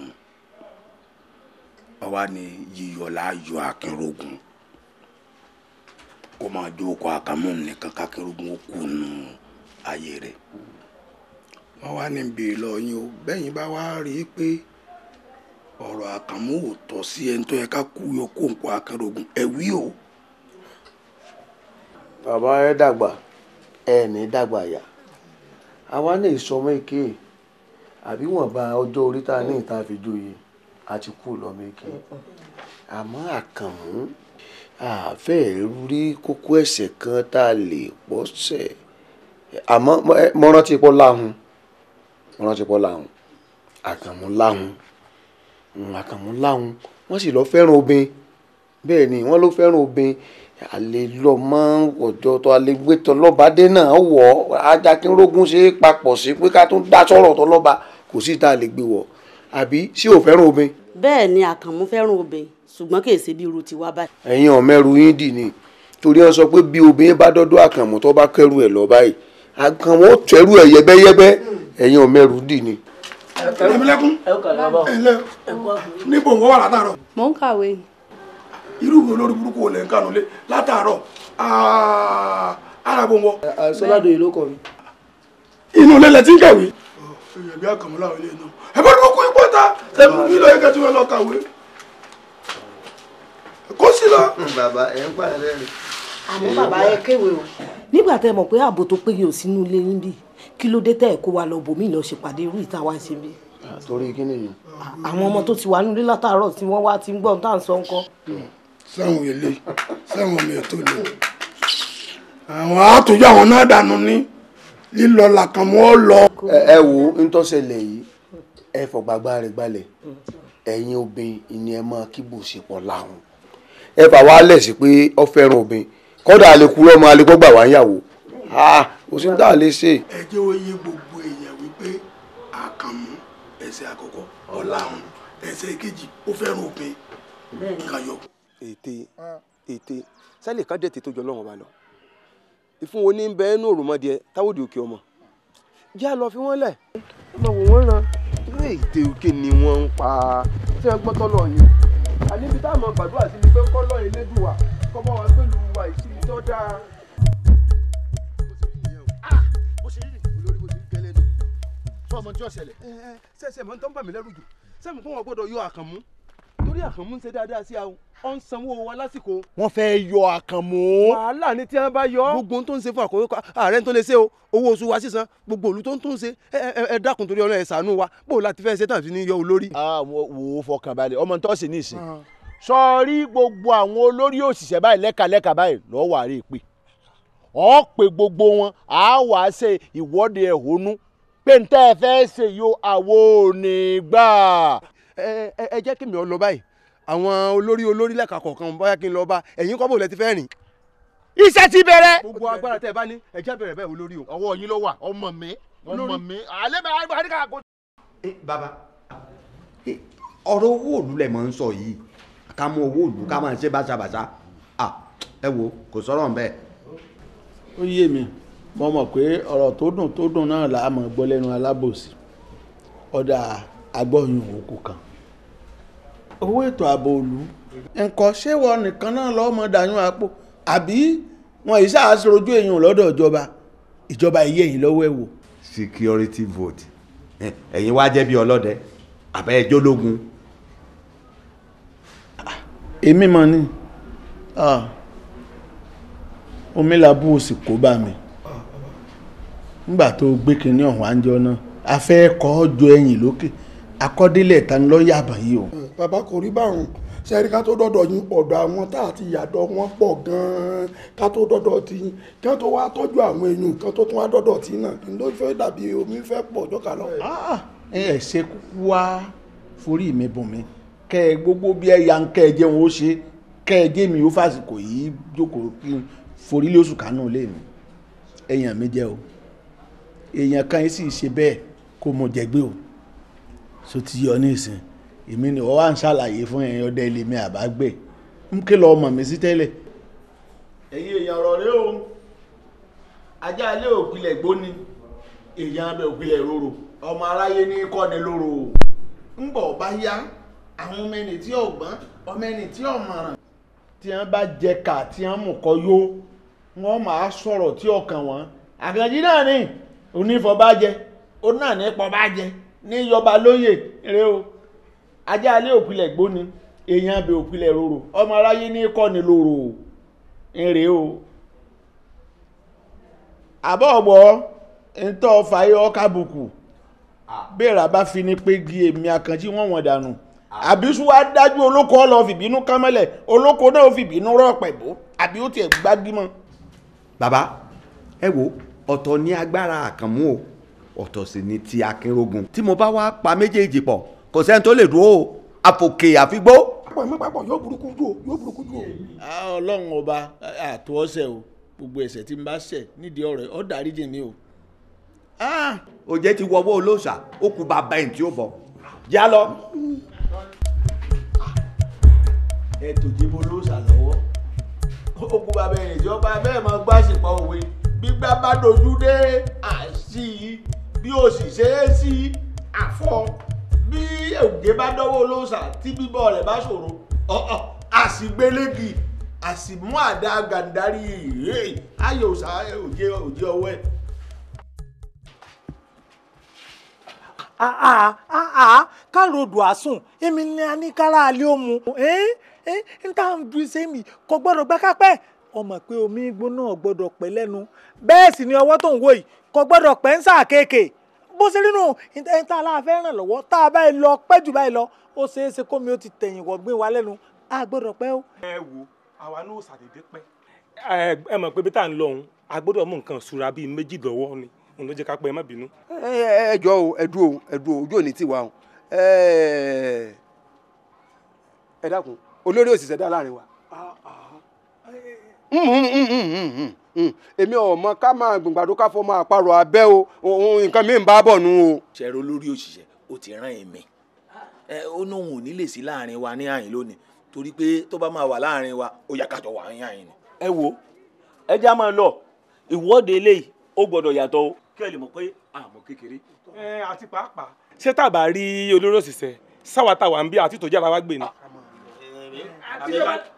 ọwá ni yíyọ láàyò akínrógun kó máa jókòó àkànmú nìkan kákínrógun ó kù ayé rẹ̀ wọ́n wá ní bèrè lọ yín o bẹ́yìn bá wá rí i pé ọ̀rọ̀ àkànmú ò tọ́ sí ẹni tó yẹ ká kú yọ kó nǹkan akẹ́rọ̀gùn ẹ wí o. bàbá ẹ dàgbà ẹ dàgbà yá àwa ní ìsọmọ èké àbí wọn bá ọjọ́ orí tá a ní ìta fi joyè a ti kú lọmọ èké àmọ́ àkànmú àfẹ́ rí kókó ẹ̀sẹ̀ kan tá a lè pọ̀ sẹ̀ àmọ́ mọ́rántí pọ́ láhùn wọ́n rántí pọ́ láhùn àkànmú láhùn hmm, àkànmú láhùn wọ́n sì lọ fẹ́ràn obìnrin bẹ́ẹ̀ ni wọ́n ló fẹ́ràn obìnrin àlè lọ mọ́ ọ̀jọ́ tó àlè gbé tọ́ lọ́ba dé náà wọ̀ ọ́ ajakínrógún ṣe é papọ̀ sí pé ká tún dá sọ̀rọ̀ tọ́ lọ́ba kò sí ìta àlè gbé wọ̀ àbí ṣé ò fẹ́ràn obìnrin.
bẹ́ẹ̀ ni àkànmú fẹ́ràn obìnrin ṣùgbọ́n kì í ṣe bí irú tiwa báyìí.
ẹ̀yin ọ̀mẹ́rù yín dì ní torí wọn sọ pé bí obìnrin bá dọ́dọ̀ àkànmú tó bá kẹrù ẹ̀ lọ báyìí àkànmú ó tẹ̀rù ẹ̀ yẹbẹ́yẹbẹ́. Mm ẹ̀yin ò mẹ́rù dì ni. ẹ̀mílẹ́kún ẹ̀lẹ́ níbo ń wọ́wọ́ látàárọ̀. mò ń kàwé. irú ìwé olórí burúkú ò lè ń kànú lé látàárọ̀ arábò wọ. sọládò yìí ló kọ mi. inú ilé lẹ ti ń kàwé. èèyàn bí àkàmúlà ilé náà ẹ bá dúró kú ipò ta tẹ̀mú mi lọ yẹ kẹ́tù ẹ lọ kàwé. kó sí lọ. bàbá ẹ ń pààrọ̀ rẹ. àmọ́ bàbá ẹ kéwèé o.
nígbà tẹ mọ̀ pé ààbò tó péye ò sínú ilé yín bíi kí ló dé tẹ́ ẹ̀ kó wa lọ bòmí lọ ṣèpàdé irú ìta wa ṣe bí.
torí kí nìyẹn.
àwọn ọmọ tó ti wà nílé látàárọ̀ tí wọ́n wá ti ń gbọ́n tá à ń sọ ńkọ́. sáwọn ilé sáwọn
mi ò tó lè àwọn àtòjọ àwọn náà dànù ní lílọ làkàn mọ́ lọ. ẹ wo ń tó ṣẹlẹ̀ yìí ẹ fọ̀gbàgbà rẹ̀ gbalẹ̀ ẹ̀yin obìnrin ni ẹ máa kíbò ṣepọ̀ láhùn ẹ fà wá lẹ̀ sí pé ọ fẹ́ràn obìnrin kọ́dà àlekúrọ́ ọmọ alekọ́gbà wá ń yàwó kò sí tá a lè ṣe. ẹ jẹ́ ó yé gbogbo èèyàn wípé àkànmú ẹsẹ̀ àkọ́kọ́ ọ̀làhùn ẹsẹ̀ kejì ó fẹ́ràn òpin kayọ. ète ète sẹ́lì ká dẹ̀ tètè jọ lọ́wọ́n ba lọ ìfún wo ní ń bẹ inú òròmọdìẹ táwọ́dì òkè ọmọ já lọ fi wọ́n lẹ̀ lọ wò wọ́n ran ilé ète òkè ni wọ́n ń pa ṣé ẹ gbọ́tọ́ lọ yẹn àníbi táwọn gbàdúrà sí ni pé kọ́ lọ́yìn lédùn wa kọ́ bá wa pẹ̀lú wa ìṣirí dáa. fọ́ ọmọ tí ó ṣẹlẹ̀. Eh, eh, ṣẹṣẹ mọ tó ń bà mí lẹ́rù jù sẹ́mi kó wọn gbọ́dọ̀ yọ àkànmú torí àkànmú ń ṣe dáadáa sí àwọn ọ̀ wa lásìkò. wọ́n fẹ́ yọ àkànmú. wàhálà ni tí wọ́n bá yọ. gbogbo ohun tó ń ṣe fún àkọ́kọ́ ààrẹ tó lè ṣe o owó oṣù wa sísan gbogbo òlu tó ń tún ṣe ẹ dákun torí ọlọ́run ẹ ṣàánú wa bó láti fẹ́ ṣe tàn ní yọ olórí. wò ó fọkàn balẹ̀ ọmọ tó ṣe ní ìsìn sọrí ah. gbogbo àwọn olórí òṣìṣẹ́ báyìí lẹ́kàlẹ́kà báyìí lọ́wọ́ àárẹ̀ pé ọ̀ pé gbogbo wọn àá wàá ṣe ìwọ́de ẹ̀hónú pé n tẹ́ ẹ fẹ́ ṣe yo àwo ní gbà. ẹ ẹ jẹ́ kí mi ọ lọ báyìí àwọn olórí olórí lẹ́ka kọ̀ọ̀kan bóyá kí n lọ bá ẹ̀yin kọ́ bò lẹ ti fẹ́ rìn. iṣẹ́ ti bẹ̀rẹ̀. gbogbo agbára tẹ ẹ bá ní ẹ jẹ́ bẹ̀rẹ̀ bẹ́ẹ̀ olórí o. ọwọ́ yín ló wà ọmọ mi ọmọ mi alẹ́ mi àgbà ní káàkó. ẹ bàbá ọ̀rọ̀ owó òlù lẹ̀ mọ̀ ń sọ yìí ká mú owó òlù ká máa ṣe báṣabàṣá ẹ wo kò sọ̀rọ̀ ń ó yé mi mo mọ̀ pé ọ̀rọ̀ tó dùn tó dùn náà là á mọ̀ gbọ́ lẹ́nu alábòsí ọ̀dà agbọ́yìn òkú kan owó ètò ààbò òlu nǹkan ṣé wọn nìkan náà lọ́mọ dàyún àpò àbí wọn yìí ṣàṣojú èèyàn lọ́dọ̀ ìjọba ìjọba iye yìí lọ́wọ́ ẹ̀ wò. security vote ẹ̀yin wá jẹ́ bí ọlọ́dẹ àbẹ́ ẹjọ́ lógun. èmi mọ̀ ni ah, omi làbú òsì kó bá mi. Ah nígbà tó gbé kinní ọ̀hún àńjọ náà a fẹ́ kọ́ jọ ẹ̀yìn lókè akọ́délẹ̀ ìtanilọ́yà àbàyè o. bàbá kò rí báwọn sẹ́rí ká tó dọ́dọ̀ yín ọ̀dọ̀ àwọn tá àti ìyàdọ̀ wọn pọ̀ gan-an ká tó dọ́dọ̀ ti yín ká tó wá tọ́jú àwọn èèyàn kan tó tún wá dọ́dọ̀ tí náà kí ló fẹ́ dàbí omi fẹ́ pọ̀ jọ́ka lọ. ẹ ah, ah, ẹ ṣe wá forí mi bùn mi kẹ ẹ gbogbo bí ẹ ya ń kẹ ẹ jẹun ó ṣe kẹ ẹ jẹ mi ó fàsìkò yìí jókòó kí n forí lóṣù kánú lé mi ẹyàn mi jẹ o èèyàn kan yìí sì ṣe bẹ́ẹ̀ kó mo jẹ̀gbé o so ti yọ ní ìsìn èmi ni wọ́n wá ń ṣàlàyé fún ẹ̀yin ọdẹ ilé mi àbágbé ń ké lọ ọmọ mi sí tẹ́lẹ̀. ẹ̀yin èèyàn ọ̀rọ̀ rẹ o ajá ilé òpilẹ̀ gbóni èèyàn abẹ òpilẹ̀ rorò ọmọ aráyé ní kọ́ni lóró o ń bọ̀ bá yá àwọn ọmọ ẹni tí ọ̀gbọ́n ọmọ ẹni tí ọ̀mọ̀ràn tí wọ́n bá jẹ ká tí wọ́n mú kọ́ yó wọ́n máa sọ̀rọ̀ tí ọkàn wọn àkànjí náà ni onífọ̀bàjẹ́ ó náà ní pọ̀bàjẹ́ ní yọba lóyè rẹ o ajá alé òpìlẹ̀ gbóni èèyàn abẹ òpìlẹ̀ rorò ọmọ aráyé ní kọ́ni lòrò rẹ o àbọ̀ ọ̀gbọ́ ń tọ́ fàáyé ọkàbùkù bẹ́ẹ̀rẹ̀ àbá fi ni pé gi èmi àkànjí wọ́n wọ̀n dànù àbísú wa dájú olóko ọlọ́ fìbínú kámẹ́lẹ̀ olóko náà fìbínú rọ̀ pẹ̀bó àbí ó tiẹ̀ gbágbímọ̀. bàbá ẹ wo ọ̀tọ̀ ní agbára àkànmú o ọ̀tọ̀ sì ni ti akínrógun tí mo bá wá pa méjèèjì pọ̀ kò sẹ́ni tó lè dúró àfòkè àfigbó. àpò ẹ̀mí papọ̀ yóò burúkú dúró yóò burúkú dúró. ọlọ́run ọba àtò ọ̀sẹ̀ o gbogbo ẹ̀ṣẹ̀ tí n bá ṣẹ̀ nídìí ọ̀rẹ́ ọ̀ dáríjì mi o. òjé ti wọwọ́ olóòṣà ó kú bàbá ẹ̀ tí ó bọ̀ já lọ. ẹ tòjé mo olóòṣà lọ́wọ́ ó kú bàbá ẹ̀ tí bẹ́ẹ̀ máa gbá àṣìpá òwe gbígbá bá dojú dé àṣì bí o sì ṣe é sí àfọ bí òjé bá dọ́wọ́ olóòṣà tí bíbọ rẹ̀ bá ṣòro ọ̀ọ́ àṣìgbélégì àṣìmú àdá gàǹdarí ayò òṣà òjé òjé ọwọ́ ẹ̀. àà àà káròdù àsùn èmi ni a ní kára alẹ́ òmu ẹ̀ eh, ẹ̀ eh, ń tà ń bí sẹ́mi kò gbọ́dọ̀ gbẹ́ kápẹ́ ọmọ pé omi gbóná gbọ́dọ̀ pẹ́ lẹ́nu bẹ́ẹ̀ sì ni ọwọ́ tó ń wò yìí kò gbọ́dọ̀ pẹ́ ń sàkéèké bó ṣe rínú ìta aláàfẹ́ ràn lọ́wọ́ tá a báyìí lọ pẹ́ jù báyìí lọ ó ṣeé ṣe kómi ó ti tẹ̀yìn wọ̀gbìn wa lẹ́nu a gbọ́dọ̀ pẹ́ o. ẹ wo àwa náà ṣàdédé pẹ́. ẹ mọ̀ pé bí tá à ń lọ òun a gbọ́dọ̀ mú nǹkan ìṣura bíi méjì lọ́wọ́ ni òun ló jẹ́ ká pẹ́ má bínú. ẹ jọ o ẹ dúró ẹ dúró ojú òní tiwa o ẹ dákun olórí òṣìṣẹ́ dá láàrin wa. Ah, ah. Mm, mm, mm, èmi ọmọ ká máa gbàgbàdo ká fọmọ àparò abẹ o nǹkan mi ń bá bọ̀ nù o. ṣẹ̀rọ olórí òṣìṣẹ́ o ti rán èmi ẹ ó lóun ò ní lè sí láàrin wa ní àyìn lónìí torí pé tó bá máa wà láàrin wa ó yà kájọ wà ní àyìn ni. ẹ wo ẹ já máa lọ ìwọ́de eléyìí ó gbọ́dọ̀ yàtọ̀ o kí ẹ lè mọ̀ pé àmọ́ kékeré. ẹ àti pàápàá ṣé tàbá rí olórí òṣìṣẹ́ sáwàtàwà ń bí àti tòjú àbáwá gbé ni.
àti yọba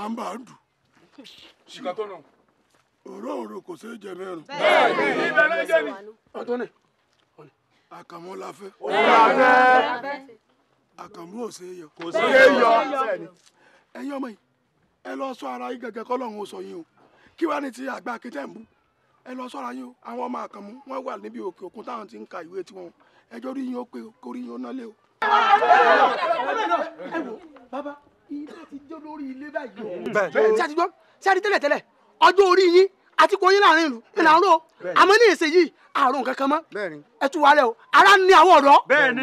sáńbà dùn. ṣìkà tó nà. òró òró kò ṣeé jẹ mẹ́rin. bẹ́ẹ̀ni ibẹ̀ ló ń jẹ mi. ọtún ni. àkàmú la fẹ́. òun la fẹ́. àkàmú ò ṣeé yọ. kò ṣeé yọ. ẹ̀yin ọmọ yìí ẹ lọ sọ ara yín gẹ́gẹ́ kọ́lọ́hún ó sọ yín o kí wàá ní ti àgbà akéjẹ́ ń bú ẹ lọ sọ́ra yín o àwọn ọmọ àkànmú
wọ́n wà níbi òkè òkun táwọn ti ń ka ìwé tiwọn ẹjọ́ rí yín ó pé kórí yín ó nálé o. ẹ wo bàbá ilé ti jó lórí ilé báyìí o. bẹ́ẹ̀ ṣe
àtijọ́ ṣe àti tẹ́lẹ̀ tẹ́lẹ̀ ọjọ́ orí yín àti kò yín láàrin ìlú ìlànà o àmọ́ ní èsè yìí àrùn kankan mọ́ ẹ tú wa rẹ o ara ní àwọn ọ̀dọ́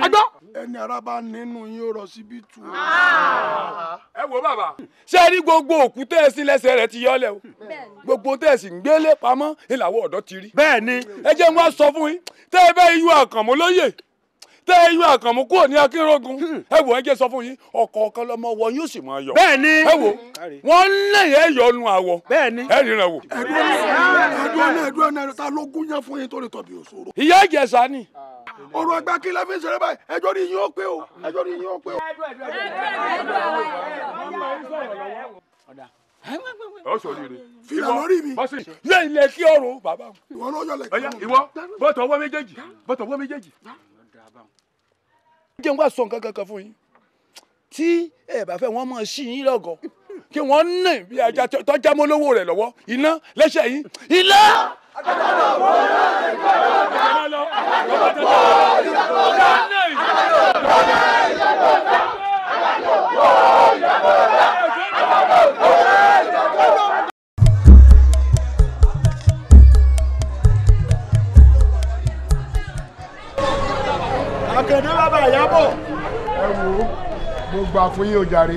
ọjọ́. ẹni ara bá nínú yín ó rọ síbí tù. Ah. ẹ wo bàbá ṣé ẹ gbogbo òkú tẹ́ẹ̀sì lẹ́sẹ̀ rẹ ti yọ́lẹ̀ o gbogbo tẹ́ẹ̀sì ń gbélé pamọ́ ìlàwọ̀ ọ̀dọ́ ti rí. bẹ́ẹ̀ ni ẹ jẹ́ wọn sọ fún yín tẹ́ ẹ bẹ́ẹ̀ yú àkànmọ́ lóye tẹ iyún àkànmú kúrò ní akínrógun ẹ wò ẹ jẹ́ sọ fún yín ọkọ ọkan lọmọ wọ yóò sì máa yọ. bẹ́ẹ̀ni ẹ wò wọn lẹ́yìn ẹ àwọ. bẹ́ẹ̀ni ẹ rìnrìn wò. ẹdùn náà ẹdùn náà ta ló gún yẹn fún yín tó lè tọbi òṣòro. ìyá ìjẹsà ni. ọ̀rọ̀ ẹgbẹ́ kí lẹ́fí ń ṣeré báyìí ẹjọ́ ni yín ó pé o ẹjọ́ ni yín ó pé o. ọ sọ yìí rẹ. fìlà lórí mi. lẹ́yìn lẹ́kí ọ̀rọ̀ bàbá. ìwọ ló yọ lẹ́kí ọ̀rọ̀ báwọn. jẹ́ n wá sọ nǹkan kankan fún yín tí ẹ bá fẹ́ wọ́n mọ̀ sí yín lọ́gọ̀ kí wọ́n nà bí ajá tọ́já mọ́ lówó rẹ̀ lọ́wọ́ iná lẹ́sẹ̀ yín iná. àtàlọ́
wọ́n rẹ̀
ìgbàlódé àtàlọ́ wọ́n ìgbàlódé àtàlọ́ wọ́n ìgbàlódé àtàlọ́ wọ́n ìgbàlódé.
dé bàbá ìyábọ̀. ẹ wo mo gbà fún yín o jàre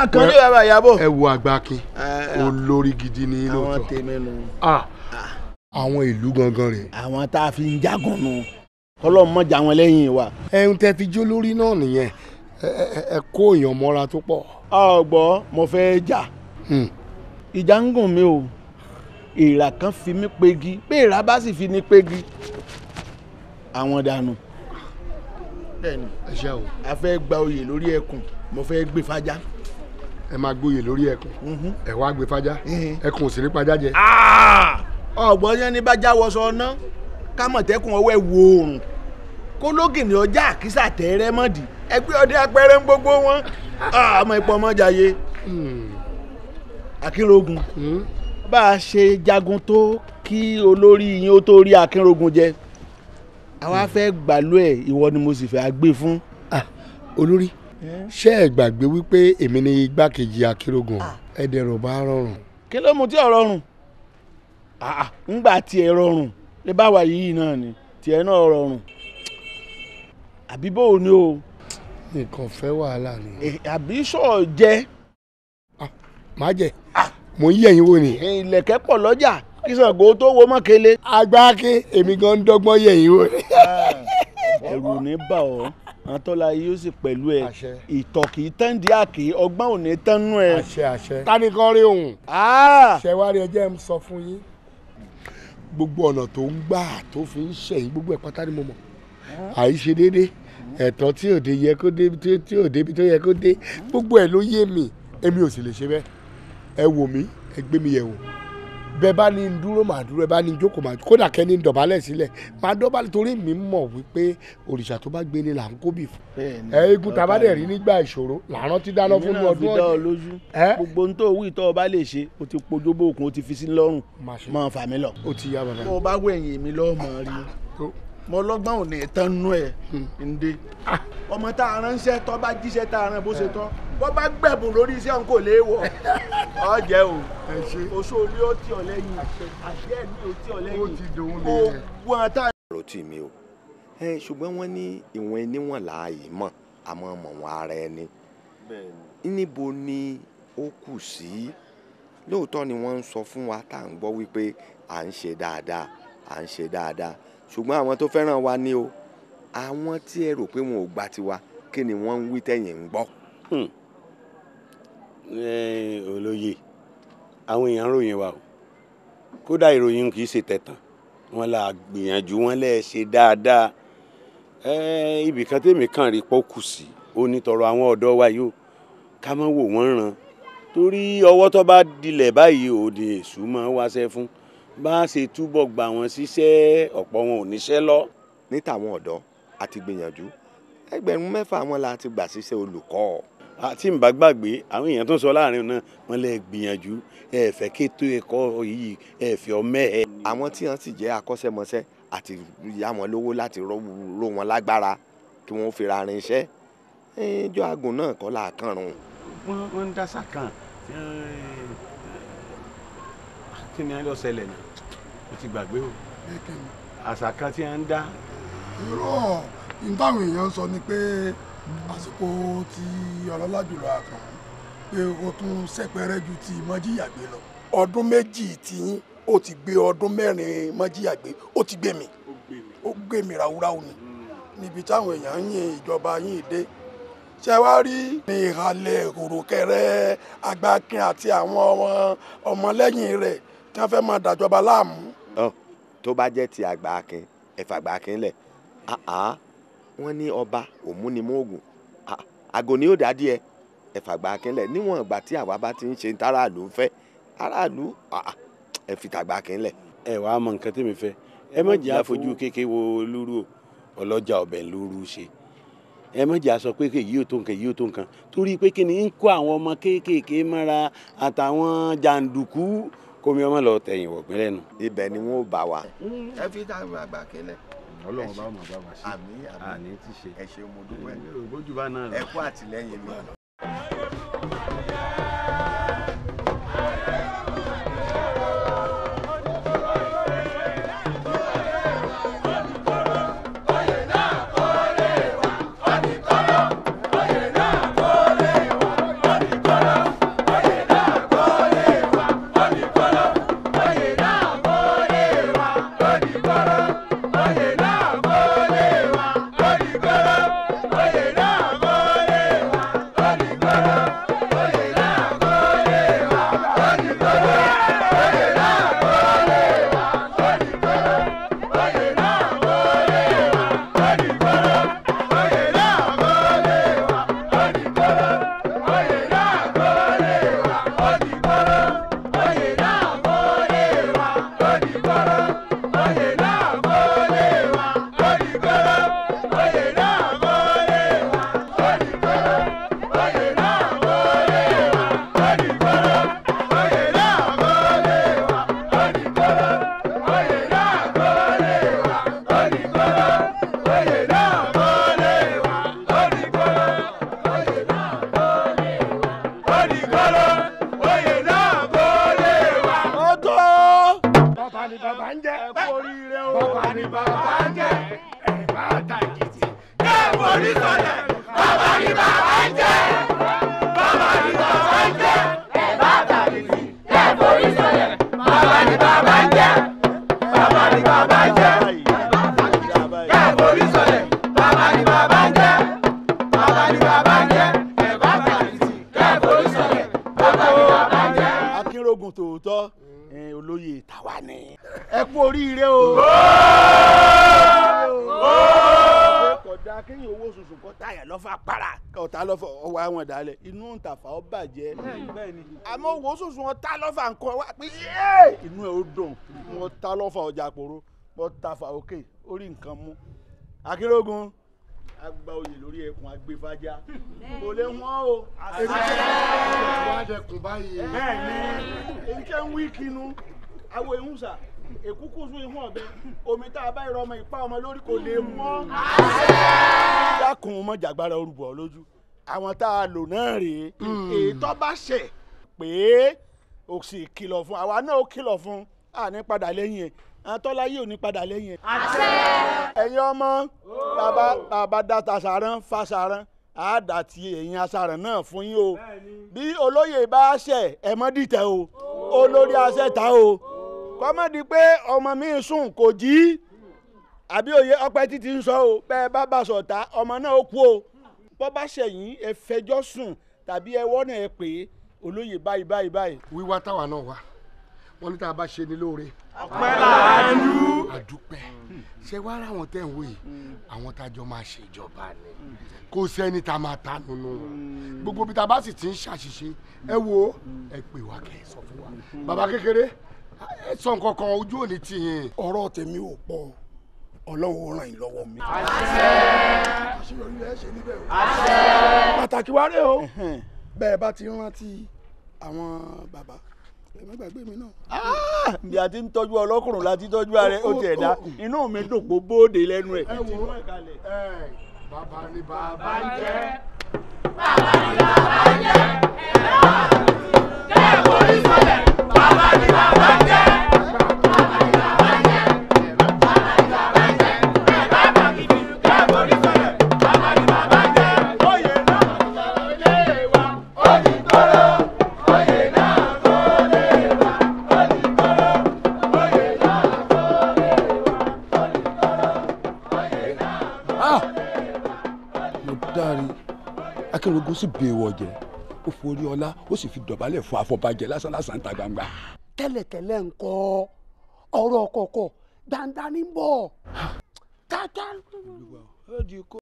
àkànní hmm. bàbá ìyàbọ̀. ẹ wo àgbákin olórí gidi ni lóòótọ́ àwọn tèmi nù. àwọn ìlú gangan rè. àwọn tá a fi ń jagun nù ọlọ́run mọ̀ jà wọn lẹ́yìn wa. ẹun tẹ fi jó lórí náà nìyẹn ẹ kó èèyàn mọ́ra tó pọ̀. ọgbọ́ mo fẹ́ jà hmm. ìjà ń gùn mí o èèrà kan fi mí pegi bí èèrà bá sì fi ní pegi àwọn dànù. bẹ́ẹ̀ni ẹ ṣe o. a fẹ́ gba oyè lórí ẹkùn mo fẹ́ gbé fájá. ẹ máa gbóyè lórí ẹkùn mhm. ẹ wá gbé fájá mhm. ẹkùn ò sì ní pajá jẹ. Ah! ọ̀gbọ́n yẹn ní bájá wọṣọ ọ̀nà kámọ̀tẹ́kùn ọwọ́ ẹ̀ wo oòrùn kólógìnì ọjà àkísà tẹ́rẹ́ mọ́dì ẹgbẹ́ ọdẹ apẹ̀rẹ̀ ń gbogbo wọn ah, ọmọ ipò ọmọjàye hmm. akínrógun hmm. bá a ṣe jagun tó kí olórí yín ó tó rí akínrógun jẹ àwa fẹ́ gbàlú ẹ̀ ìwọ ni mo sì fẹ́ gbé fún. Ah, olórí ṣé ẹ gbàgbé wípé èmi ni igbákejì akérògùn ẹ dẹ̀rọ̀ bá rọrùn. kí ló mú tí ò rọrùn ah, ah, ńgbà tiẹ̀ rọrùn lè bá wà yìí náà ni tiẹ̀ náà rọrùn àbí bó o ní o. nǹkan fẹ́ wàhálà ni. Eh, àbí sọ̀ọ́ jẹ́. má jẹ mo ń yẹ̀yìn wò ni. ìlẹ̀kẹ̀ pọ̀ lọ́jà kí Ṣàngó tó wo mọ́kẹ́lẹ́. agbáke èmi gan ń dọ́gbọ́n yẹ̀yìn wò. ẹ̀rù ní bà ọ́ àtọ́lá yóò sì pẹ̀lú ẹ̀ ìtọ̀ kì í tán di àkè ọgbọ́n ò ní tán nú ẹ̀. àṣẹ àṣẹ tanikan òun. ṣẹ̀wárí ẹ ń sọ fún yín gbogbo ọ̀nà tó ń gbà tó fi ń ṣẹ̀yìn gbogbo ẹ̀ pátá ni mo mọ̀ àìṣe déédéé ẹ̀tọ́ tí òde yẹ kó dé tí òde bí tó yẹ kó dé gbogbo ẹ̀ ló yé mi èmi ò sì lè ṣe bẹ́ẹ̀ ẹ wò mí ẹ gbé mi yẹ̀ wò bẹ́ẹ̀ bá ní dúró màá dúró ẹ bá ní jókòó màá jókòó kódà kẹ́ni dọ̀bálẹ̀ sílẹ̀ màá dọ̀bálẹ̀ torí mi mọ̀ wípé òrìṣà tó bá gbé ni là ń kó bì fún. eégún tá a bá dẹ̀ rí nígbà ìṣòro làárọ̀ ti dáná fún ọdún ọdún. gbogbo n tó wí tó o bá lè ṣe o ti pojú bókun o ti fi sí lọ́rùn mọ́ fàmí lọ. o ti yá bàbá. tó o bá wẹ̀yìn mi lọ́ọ́ mọ̀ rí mo lọ́gbọ́n ò ní tán nú ẹ̀ ǹde ah. ọmọ tá a ránṣẹ́ tó bá jíṣẹ́ tá a rán bó ṣe eh. tán bó bá gbẹ̀bùn lórí iṣẹ́ òun kò léèwọ̀ ọ̀jẹ̀ o oṣù orí ó tì ọ́ lẹ́yìn àṣẹ ẹ̀mí ó tì o lẹ́yìn ogun ata. ọ̀rọ̀ tí mi o ṣùgbọ́n wọ́n ní ìwọ̀n níwọ̀n láàyè mọ̀ àmọ́ mọ̀ wọn ara ẹni níbo ni ó kù sí lóòótọ́ ni wọ́n ń sọ fún wa tá à ń gbọ́ wípé à ń ṣe dáadáa à ń ṣe dáadáa ṣùgbọ́n àwọn tó fẹ́ràn wa ni o àwọn tí ẹ rò pé wọn ò gba tiwa kí ni wọ́n ń wí tẹ̀yìn ń gbọ́. Hmm. olóye àwọn èèyàn ròyìn wa o kódà ìròyìn kì í ṣe tẹ̀tàn wọn là gbìyànjú wọn lè ṣe dáadáa ibì kan tèmi kàn rí pọ́ sí ó àwọn ọ̀dọ́ wa yìí ká mọ́ wò wọ́n ràn torí ọwọ́ tó bá dilẹ̀ báyìí ò ní èṣù máa wáṣẹ́ fún un bá a ṣe túbọ̀ gbà wọ́n síṣẹ́ ọ̀pọ̀ wọn ò níṣẹ́ lọ. ní tàwọn ọ̀dọ́ a ti gbìyànjú ẹgbẹ̀rún mẹ́fà wọn la ti gbà síṣẹ́ olùkọ́. àti ń bá gbàgbé àwọn èèyàn tó ń sọ láàrin náà wọn lè gbìyànjú ẹ fẹ́ kétó ẹ̀kọ́ yìí ẹ fẹ́ ọmọ ẹ. àwọn tí wọn sì jẹ́ akọ́ṣẹ́mọṣẹ́ àti yá wọn lówó láti ró wọn lágbára kí wọ́n fi ra rin iṣẹ́ ẹjọ́ àgùn náà kọ́ la kàn rùn. wọ́n ń dá sàkàn kí ni a lọ ṣẹlẹ̀ náà o ti gbàgbé o àṣà kan tí a ń dá. irọ́
n táwọn èèyàn sọ ni pé àsìkò ti ọlọ́lá jùlọ àkàn pé o tún sẹ́pẹ̀rẹ́ ju ti mọ́jíyà gbé lọ. ọdún méjì tí ó ti gbé ọdún mẹ́rin mọ́jíyà gbé ó ti gbé mi o gbé mi ráúráú ni níbi táwọn èèyàn ń yin ìjọba yín dé ṣe wá rí ní ìhàlẹ̀ òròkẹrẹ agbákin àti àwọn ọmọlẹ́yìn rẹ̀ tí wọ́n fẹ́ máa dàjọba láàmú.
Oh, tó bá jẹ́ ti àgbà akin ẹ̀fà àgbà akin lẹ̀ ah, ah, wọ́n ní ọba òmúnimóògùn ah, àgò ni yóò dádìí ẹ ẹ̀fà àgbà akin lẹ̀ níwọ̀n ìgbà tí àwa bá ti ń ṣe táráàlú ń fẹ́ aráàlú ẹ̀ fi tàgbà akin lẹ̀. ẹ wàá mọ nǹkan tẹ́mi fẹ́ ẹ má jẹ́ àfojú kéke wo lúrú o ọlọ́jà ọbẹ̀ lúrú ṣe ẹ má jẹ́ àsọ pé èyí tó nǹkan èyí tó nǹkan torí pé kí ni ń kó àwọn ọmọ kéékèèké mọ́ra àtàwọn jàǹdùkú kómi ọmọ lọ tẹ̀yìn wọ̀gbìn lẹ́nu. ibẹ̀ ni wọ́n bá wa. ẹ fi dáhùn àgbà kẹlẹ̀ ọlọ́run bá mọ̀ bá wa ṣe àmì àmì ẹ ṣe mo ẹ kú àtìlẹ́yìn mi wá pé inú ẹ̀ ó dùn mo ta lọ́fà ọjà àpòrò mo ta fà òkè orí nǹkan mú akérògùn agba oyè lórí ẹkùn agbèfájà kò lè wọ́n o. àṣẹ wà dẹkùn báyìí. bẹ́ẹ̀ni nǹkan wí kinu awo ehunsa èkúkú sún ihun ọ̀bẹ omi tá a bá irọ́ ìpá ọmọ lórí kò lè wọ́n. dákun mọ jàgbára orúbọ lójú àwọn tá a lò náà rèé hmm. èyí tó bá ṣẹ pé ó sì kìlọ̀ fún àwa náà ó kìlọ̀ fún àní padà lẹ́yìn ẹ̀ àtọ́lá yìí ò ní padà lẹ́yìn ẹ̀. àṣẹ. ẹ̀yin ọmọ bàbá bàbá dàtà sàrán fa sàrán àádà ti ẹ̀yin asàrán náà fún yín o bí olóyè bá ṣẹ̀ ẹ̀ mọ́ dìtẹ̀ o olórí aṣẹ́ ta o kọ́mọ́dé pé ọmọ mi sùn kò jí àbí òye ọpẹ́ títí ń sọ o bẹ́ẹ̀ bá bá sọ̀tá ọmọ náà ó kú o bọ́ bá ṣẹ̀yìn ẹ fẹjọ́ sùn tàbí ẹ wọ́nà ẹ pè é olóyè báyìí báyìí báyìí. wíwá táwa náà wá wọn ní tá a bá ṣe ní lóore. ọpẹ́ là á dú. àdúpẹ́ ṣé wàá ráwọn tẹ́ ń wò àwọn tájọ máa ṣe ìjọba ni kò sẹ́ni tá a máa ta nínú wọn gbogbo bí tá a bá sì ti ń ṣàṣìṣe ẹ wo ẹ pè wá kẹ́ ẹ sọ fún wa bàbá kékeré ẹ sọ nǹkan kan ojú òní ti yìn. ọ̀rọ̀ tèmi ò pọ̀ ọlọ́run ràn yín lọ́wọ́ mi. àṣẹ. o. àṣẹ. pàtàkì wáré o bẹ́ẹ̀ bá ti rántí àwọn bàbá ẹ̀mí gbàgbé mi náà. Ah! bí a ti ń tọ́jú ọlọ́kùnrin la ti tọ́jú ààrẹ ó tiẹ̀ dá oh, oh, oh. inú mi dùn kó bóde lẹ́nu ẹ̀. ẹ wo ẹ bàbá ni
bàbá ń jẹ́ bàbá ni bàbá ń jẹ́ ẹ̀rọ àti jẹ́ ìwòrí sọ́lẹ̀ bàbá ni bàbá ń jẹ́.
akérògùn sì bè wọ̀ jẹ́ ó forí ọlá ó sì fi dọ̀bálẹ̀ fún afọbajẹ lásánlásán ta gbangba.
tẹ́lẹ̀tẹ́lẹ̀ ń kọ́ ọ̀rọ̀ kọ̀ọ̀kọ̀ gbangba ní bọ̀
káàkiri.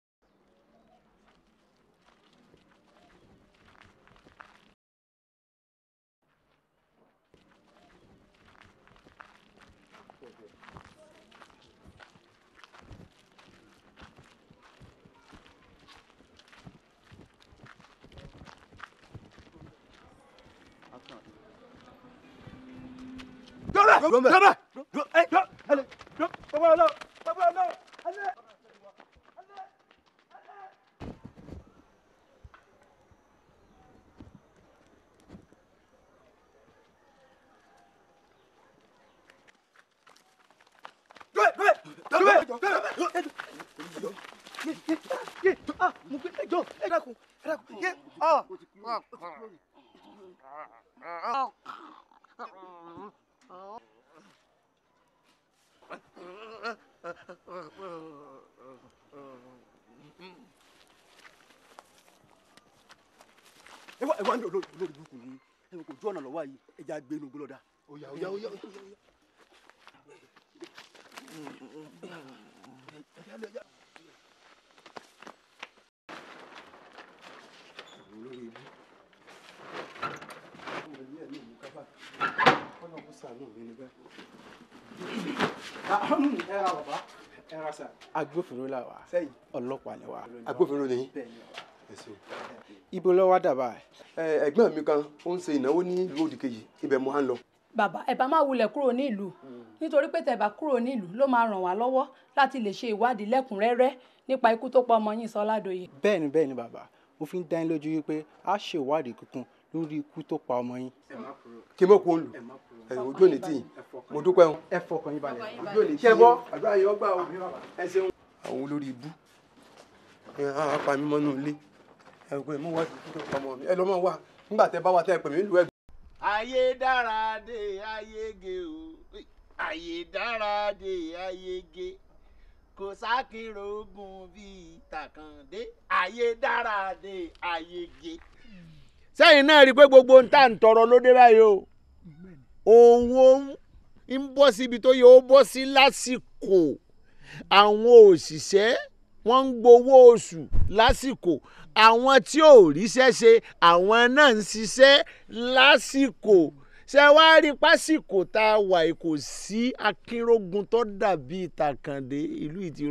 Oh. Oh.
ẹ wá ẹ wá ń lò lórí burúkú ni ẹ kò ju ọ̀nà lọ́wọ́ yìí ẹ já gbé inú gbọ́dọ̀ dá. oya oya oya oya. olórí ibi ọ̀nà kò sàánú mi níbẹ̀. Ah, ẹ ra bàbá ẹ ra sà. agbófinró la wa ọlọ́pàá ni wa. agbófinró ni ibo lọ wá dàbà ẹ. ẹ̀gbọ́n mi kan ó ń ṣe ìnáwó ní ìlú òdìkejì ibẹ̀ mo á ń lọ.
bàbá ẹ bá máa wulẹ̀ kúrò ní ìlú hmm. nítorí pé tẹ̀bà kúrò ní ìlú ló máa ràn wá lọ́wọ́ láti lè ṣe ìwádìí lẹ́kùnrẹ́rẹ́ nípa ikú tó pa ọmọ yín Sọládòye.
bẹ́ẹ̀ni bẹ́ẹ̀ni bàbá mo fi ń dá yín lójú wípé a ṣe ìwádìí kíkún lórí ikú tó pa ọmọ yín kí mọ̀ kó lù ojú òní tì yín mo dúpẹ́ wọn. ẹ fọkàn yín balẹ̀ ojú òní tì yín bọ́ àdúrà yìí ọgbà o ẹ ṣeun. àwọn olórí ibú ẹ á pa mí mọ́nú ilé ẹ gbé wá ikú tó pa ọmọ mi ẹ lọ́mọ wa nígbà tẹ bá wa tẹ ẹ pè mí lù ẹ. ayé dára dé ayé ge o ayé dára dé ayé ge kò sákìrò ogun bíi tàkàndé ayé dára dé ayé ge sẹ́yìn náà rí i pé gbogbo ń tà ń tọrọ lóde báyìí o owó ń bọ́ síbi tó yẹ ó bọ́ sí lásìkò àwọn òṣìṣẹ́ wọ́n ń gbowó oṣù lásìkò àwọn tí ò ríṣẹ́ ṣe àwọn náà ń ṣiṣẹ́ lásìkò ṣe wá rí pásìkò tá a wà kò sí akínrógun tó dàbí ìtàkàndé ìlú ìti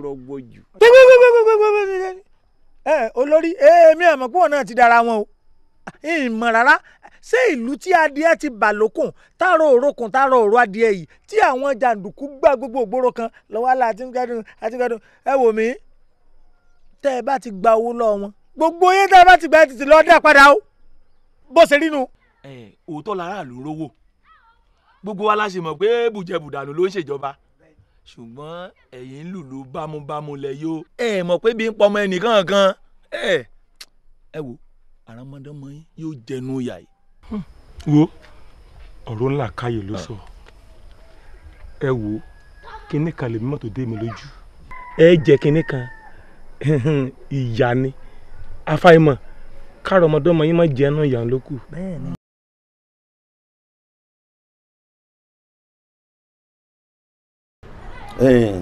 ẹ olórí èmi àmọ́ pọ̀ náà ti dára wọn o ìmọ̀ rárá ṣé ìlú tí
adìẹ ti bà lókùn tààrọ̀ òrokùn tààrọ̀ òrò adìẹ yìí tí àwọn jàǹdùkú gbà gbogbo ògbóró kan lọ́wọ́ àlà àti gbẹ́dùn àti gbẹ́dùn ẹ wò mí tẹ́ ẹ bá ti gba owó lọ́wọ́ wọn gbogbo yẹn tẹ́ ẹ bá ti gba ẹ ti ti lọ́ọ́ dá padà o bó ṣe rí nu. ẹ òótọ́ làráàlú rówó gbogbo wa la ṣe mọ̀ pé bùjẹ̀bùdànù ló ń ṣèjọba ṣùgbọ́n ẹ̀yin lùlù bámúbámú lẹ yó ẹ mọ̀ pé bí ń pọmọ ẹnìkan kan ẹ ẹ wò àránmọ́dánmọ́ yóò jẹnu yà
yìí. wo ọ̀rọ̀ ńlá káyè ló sọ ẹ wo
kinní kan lèmi mọ́tò dé mi lójú ẹ jẹ́ kinní kan ìyá ni afáìmọ̀ káàrọ̀ ọmọdọ́mọ yín má jẹ́ ẹnu ìyá ló kù.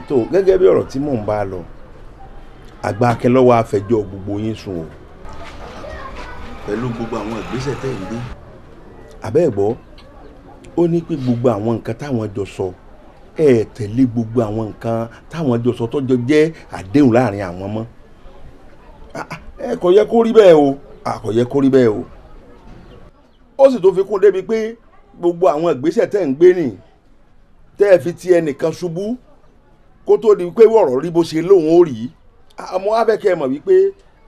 tó gẹ́gẹ́ bí ọ̀rọ̀ tí mò ń bá lọ àgbà akẹ́lọ́wọ́ afẹjọ́ gbogbo yín sùn o pẹ̀lú gbogbo àwọn ìgbésẹ̀ tẹ́ ń gbé. àbẹ́ ẹ̀gbọ́ ó ní pé gbogbo àwọn nǹkan táwọn jọ sọ ẹ tẹ̀lé gbogbo àwọn nǹkan táwọn jọ sọ tọ́jọ jẹ́ àdéhùn láàrin àwọn mọ́ ah, ẹ kò yẹ kó rí bẹ́ẹ̀ o kò yẹ kó rí bẹ́ẹ̀ o ó sì tó fi kún débi pé gbogbo àwọn ìgbésẹ̀ tẹ́ ń gbé nì tẹ́ ẹ fi ti ẹnìkan ṣubú kó tó di pé wọ̀rọ̀ rí bó ṣe lóun ó rí àmọ́ abẹ́kẹ́ mọ̀ wípé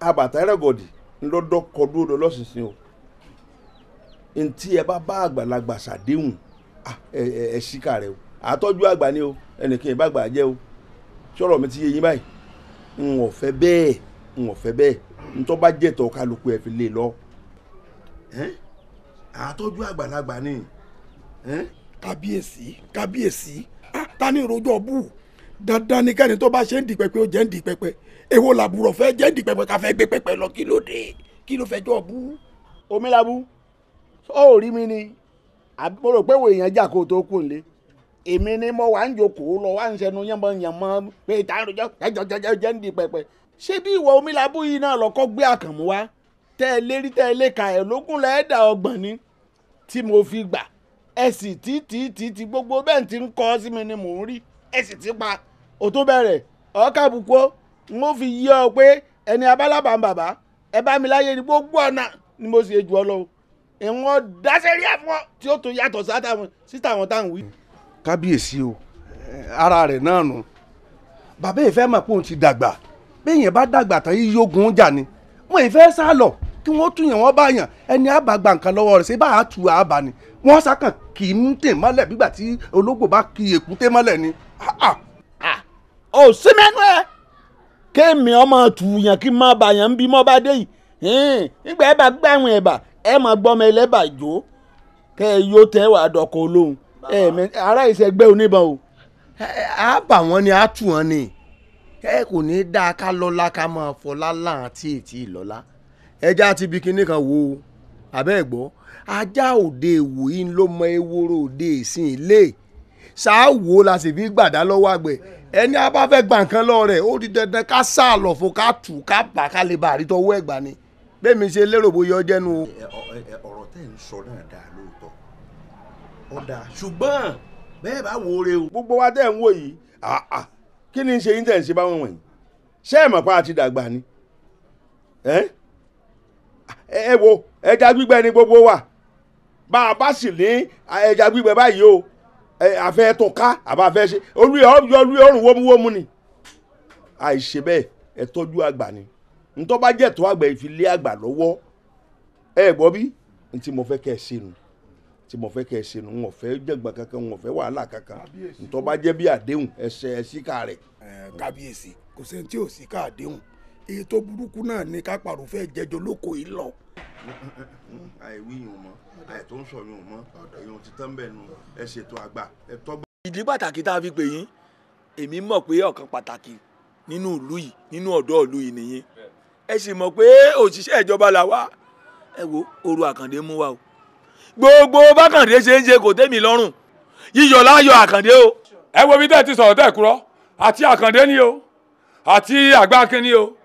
abàtà rẹ̀gọ̀dì ńlọ́dọ́ kọ dúró lọ́sìnsìn o ntí ẹ bá bá àgbàlagbà ṣàdéhùn ẹ ṣìkà rẹ o àtọ́jú àgbà ni o ẹnìkan ẹ bá àgbà jẹ́ o sọ̀rọ̀ mi ti yé yín báyìí n ò fẹ́ bẹ́ẹ̀ n ò fẹ́ bẹ́ẹ̀ ntọ́ bá jẹ̀tọ̀ kálukú ẹ fi lè lọ. àtọ́jú àgbàlagbà ni. kábíyèsí kábíyèsí ta ni rojọ́ bù dandan ni kẹ́ni tó bá ṣe ń di pẹpẹ ó jẹ́ ń di pẹpẹ èwo làbúrò fẹ́ jẹ́ ìdìpẹ̀pẹ̀ ká fẹ́ gbé pẹ̀pẹ̀ lọ kí ló dé kí ló fẹ́ jọ bú. omi labu ó rí mi ni mo rò pé wo èèyàn jà kó tó kù nílé èmi ni mo wà ń jókòó lọ wá ń sẹnu yánmọ́yánmọ́ pé ìtàrújọ jẹjọjẹjẹ jẹ́ ń di pẹ̀pẹ̀ ṣé bí ìwọ omi labu yìí náà lọ́kọ́ gbé àkànmú wá tẹ́ ẹ lérí tẹ́ ẹ lè ka ẹ̀ lógún lẹ́ẹ̀dà ọgbọ̀n ni tí mo fi gbà ẹ sì tí tí tí tí gbogbo bẹ́ẹ̀ ti ń kọ́ sí mi ni mò ń rí ẹ sì ti pa òtó bẹ̀rẹ̀ ọ̀ọ́kà n ó fi yí ọ pé ẹni abálábà ń bàbá ẹ bá mi láyé ni gbogbo ọ̀nà ni mo sì jù ọ lọ ìwọ̀n dáṣẹ́rí àfọ́ tí ó tún yàtọ̀ síta àwọn táwọn wí. kábíyèsí o ara rẹ̀ náà nù bàbá ìfẹ́ mọ̀ pé òun ti dàgbà béèyàn bá dàgbà tán yí yógun jà ni wọn ìfẹ́ sá lọ kí wọ́n tún yàn wọ́n bá yàn ẹni àbàgbà nǹkan lọ́wọ́ rẹ̀ ṣé bá a tu àbà ni wọ́n sàkàn kì í tè mọ́lẹ̀ bígbà tí ológbò bá kì í èkúté mọ́lẹ̀ ni. ò sí mẹ́nu ẹ̀ kéèmì ọmọ tùyàn kí mọ bàyàn ń bí mọ bá dé yìí nígbà ẹ bá gbé àwọn ẹ̀bà ẹ mọ gbọmọ ẹlẹ́bà jó kẹ ẹ yóò tẹ wàá dọkọ olóhùn ẹ mẹ ara ìṣẹgbẹ oníbọn o. a bà wọ́n ni a tù wọ́n ni ẹ kò ní í dáa ká lọ́lá ká máa fọlá láàán tí ètí ìlọ́lá ẹja ti bí kinní kan wo abẹ́ ẹ̀ gbọ́ ajá òde ìwòyí ló mọ ewúro òde ìsìn ilé ṣáà wo la sì fi gbàdá lọ́wọ́ àgbẹ̀ ẹni a bá fẹ́ gba nǹkan lọ rẹ̀ ó di dandan ká sá àlọ́fo ká tù ká bà ká lè bá àrítọ́wọ́ ẹ̀gbà ni bẹ́ẹ̀ mi ṣe lérò bóyá ọjẹ́ nu. ọ̀rọ̀ tẹ́ ń sọ náà dáa lóòótọ́ ọ̀dà ṣùgbọ́n bẹ́ẹ̀ bá wo re o. gbogbo wa tẹ́ ń wò yìí kí ni ṣe yín tẹ̀ ń ṣe báwọn wọ̀nyí ṣé ẹ̀ mọ̀ pa àti dàgbà ni ẹ wo ẹja gbígbẹ ni gbogbo wa bá a bá sì ní ẹja gbígbẹ báyìí o àfẹ́ tó ká àbá fẹ́ ṣe olùyẹ ọrùn wómúwómú ni àìṣe bẹ́ẹ̀ ẹ tọ́jú àgbà ni ntọ́ bá jẹ́ tó àgbà ìfi lé àgbà lọ́wọ́ ẹ gbọ́ bí ntí mo fẹ́ kẹ́ ẹ ṣe nu tí mo fẹ́ kẹ́ ẹ ṣe nu wọn fẹ́ jẹ̀gbà kankan wọn fẹ́ wàhálà kankan ntọ́ bá jẹ́ bí àdéhùn ẹsẹ̀ ẹ̀síkà rẹ̀. kábíyèsí kò sẹ́ni tí ò síkà àdéhùn èyí tó burúkú náà ni kápárò fẹ́ jẹjọ lóko yìí lọ àìwíyùn mọ́ àìtó ń sọ̀yùn mọ́ èyàn ti tán bẹ́ẹ̀ nu ẹ ṣètò àgbà ẹ tọ́gbà. ìdí pàtàkì tá a fi pè yín èmi mọ̀ pé ọ̀kan pàtàkì nínú ìlú yìí nínú ọ̀dọ́ ìlú yìí nìyẹn ẹ sì mọ̀
pé òṣìṣẹ́ ìjọba là wá ẹ wo oru àkàndé mú wa o gbogbo bákàndé ṣe ń ṣe kò tẹ́mi lọ́rùn yíyọ láyọ̀ àkàndé o. ẹ wo bí tẹ́ ti sọ̀rọ̀ tẹ́ kúrọ́ àti àkàndé ni o àti àgbákin ni o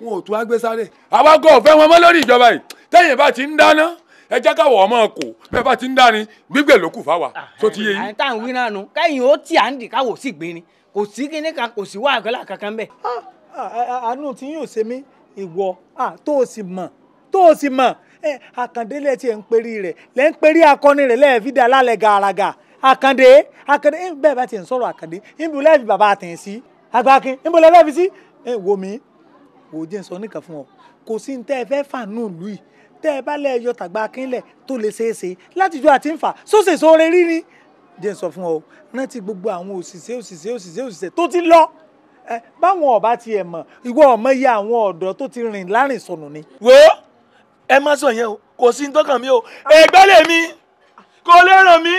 wọn ò tún á gbé sáré. àwa gan ò fẹ́ wọn mọ́ lórí ìjọba yìí tẹ́yìn bá ti ń dáná ẹ jẹ́ káwọ̀ ọmọ kò bẹ́ẹ̀ bá ti ń dání gbígbẹ̀ ló kù fáwa tó ah, ti yé yín. àyíntà
ń wí náà nu kẹ́yìn ó tì à ń dì káwọ̀ sì gbé ni kò sí kíní kan kò sí wàhálà kankan bẹ́ẹ̀. Ah,
ah, àánú tí yóò ṣe mí ìwọ tó o sì mọ̀ tó o sì mọ̀ eh, àkàndélé tiẹ̀ ń perí rẹ̀ lẹ́ ń perí
akọni rẹ̀ lẹ́ẹ̀fi dà lálẹ́ gàràgà àkàndé eh, bẹ́ẹ̀ bá ti ń sọ̀rọ̀ àkàndé ìbùlẹ́ẹ̀fì bàbá àtẹ̀ sí àgbàkin ìbùlẹ́ẹ̀fì sí wo mi wò ó jẹ́ sọ nìkan fún ọ
kò sí ní tẹ́ ẹ fẹ́ fà nù lùí tẹ́ ẹ bá lẹ́ yọ tàgbà kínlẹ̀ tó lè ṣeé ṣe látijọ́ àti ń fà sóṣè sóore rí ni jẹ́ sọ fún ọ rántí gbogbo àwọn òṣìṣẹ́ òṣìṣẹ́ òṣìṣẹ́ òṣìṣẹ́ tó ti lọ báwọn ọba ti ẹ̀ mọ̀ ìwọ ọmọ yẹ àwọn ọ̀dọ́ tó ti rìn
lárìn sọnù ni. wo ẹ má sọ yẹn o kò sí ní tọkàn mi o ẹgbẹ́ lèmi kò lè ràn mí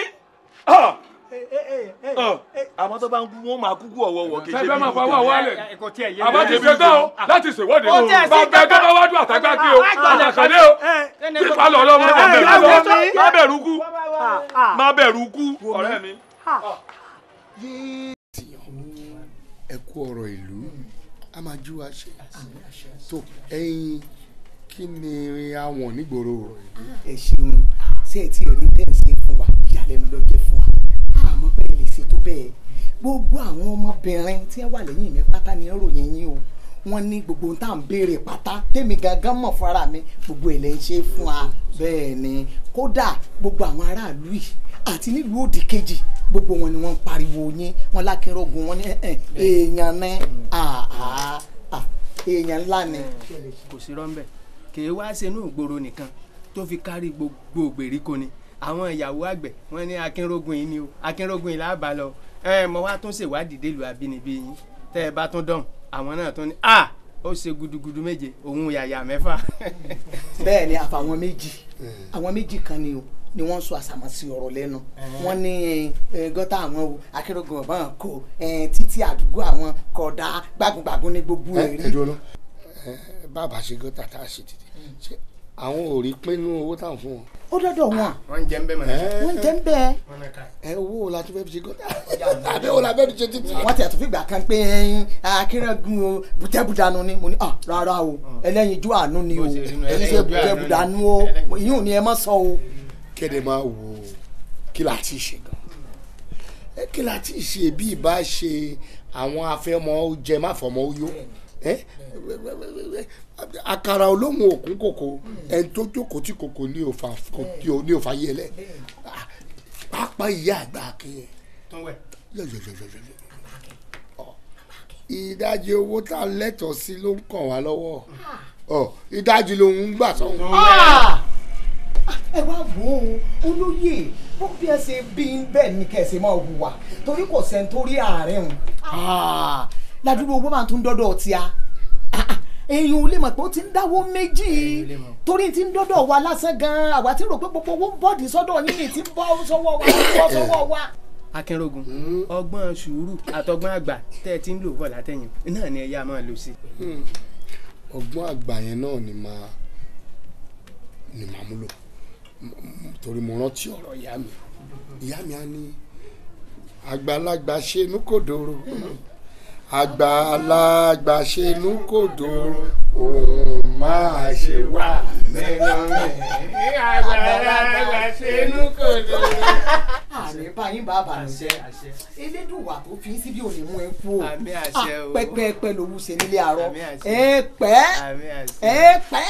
àmọ́ tó bá ń kú wọn máa kúkú ọ̀wọ̀ọ̀wọ̀ kejì. ṣẹfẹ máa fọ ọwọ́ ọwọ́ rẹ̀ àbá ti ṣe tán o láti ṣèwọ́de o bàbá ẹgbẹ́ bá wájú àtàgbà kí o àtàkàdé o pípa lọ lọ́wọ́ má bẹ̀rù kú má bẹ̀rù kú ọ̀rẹ́ mi.
ẹ kú ọ̀rọ̀ ìlú a máa jú wa ṣe tó ẹ̀yin kí ni àwọn nígboro. ẹ ṣeun ṣé ẹ ti rí bẹ́ẹ̀ ṣe fún wa ìyàlẹ́nu ló jẹ́ fún wa àmọ́ bẹ́ẹ̀ lè ṣètò bẹ́ẹ̀ gbogbo àwọn ọmọbìnrin tí wọ́n wà lẹ́yìn mi pátá ni ròyìn yín o wọ́n ní gbogbo ohun tá à ń béèrè pátá tèmi gangan mọ̀ fara mi gbogbo ẹ̀ lẹ́ ṣe fún wa bẹ́ẹ̀ ni kódà gbogbo àwọn aráàlú yìí àti nílùú òdì kejì gbogbo wọn ni wọ́n ń pariwo yín wọ́n lákínrógun wọn
ní èèyàn ní
èèyàn ńlá ni. kò sí rọ́ńbẹ́ kì í wá sínú ìgboro nìkan tó fi kárí gbogbo ìgbèríko ni àwọn ìyàwó àgbẹ̀ wọ́n ní akínrógun yìí ni o akínrógun yìí láàbà lọ ẹ mo wá tún ṣèwádìí délùú abínibí yín tẹ́ ẹ bá tún dán àwọn náà tún ní a ó ṣe gudugudu méje òun yàyà mẹ́fà.
bẹ́ẹ̀ ni
àfàwọn méjì àwọn méjì kan ni o ni wọ́n sọ àsàmásí ọ̀rọ̀ lẹ́nu wọ́n ní gọ́tà àwọn o akérògùn ọ̀bọ̀n kò títí àdúgbò àwọn kọ̀dá gbágungbàgun ní gbogbo ẹ̀ rí. bàbá ṣe gọ́tà tá a ṣe títí àwọn ò rí pé nínú owó táwọn fún wọn. ó dọ́dọ̀ wọn. Ah, wọ́n ń jẹ́ ń bẹ́ẹ̀ mọ́lẹ́. wọ́n ń jẹ́ ń bẹ́ẹ̀. ẹ owó la tún fẹ́ fi ṣe gọ́tà àbẹ́ wo la fẹ́ fi ṣe títì. wọ́n ti àtúnfì gbà kan pé ah, akínrẹ́gun o bùtẹ́bùdanu ni mo ní ah, rárá o hmm. ẹlẹ́yinjú àánú ni o èyí ṣe bùtẹ́bùdanu o ìyún ni ẹ má sọ o. Hmm. kéde máa wo kí la ti ṣe gan kí la ti ṣe bí ìbá ṣe àwọn afẹ́mọ́ jẹ máfọ́mọ́ yó àkàrà olóhùn òkun kòkó ẹni tó jókòó tí kòkó ní òfà ní òfà yẹlẹ ah, pápá ìyá àgbà kẹyẹ ìdajì owó tá a lẹ́tọ̀ọ́ sí ló ń kàn wá lọ́wọ́ ah. ìdajì lòun ń gbà sọ́hún. Ah! ẹ wá wo olóyè bó bí ẹ ṣe bí ń bẹ́ẹ̀ ni kẹ́ ẹ ṣe máa hùwà torí kò sẹ́ńtórí ààrẹ hùn.
ládùúgbò owó máa tún dọ́dọ̀ ọtí a èèyàn ò lè mọ̀ pé ó ti ń dáwó méjì torí ti ń dọ́dọ̀ wa lásán gan-an àwa ti rò pé gbogbo owó ń bọ̀dì sọ́dọ̀ yín
ni ti bọ́ sọ́wọ́ wa ti bọ́ sọ́wọ́ wa. Akínrógun hmm? ọgbọ́n sùúrù àtọgbọ́n àgbà tẹ́ ẹ ti ń lò bọ̀ látẹ̀yìn náà ni ẹ yá máa lò sí. Hmm. ọgbọ́n àgbà yẹn náà ni màá ni màá mú lò torí mo rántí ọ̀rọ̀ ìyá mi ìyá mi á ní àgbàlagbà ṣe inú kò dòrò. Hmm àgbàlagbà ṣe ló kò dùn òun máa ṣe wà nínú rẹ̀. àgbàlagbà ṣe ló kò dùn. àmì báyìí bá bàjẹ́ elédùnwà tó fi síbi òní mú
ẹ kú o ah, pẹ́pẹ́pẹ́ ló wúṣe nílé àárọ̀ ẹ pẹ́ ẹ pẹ́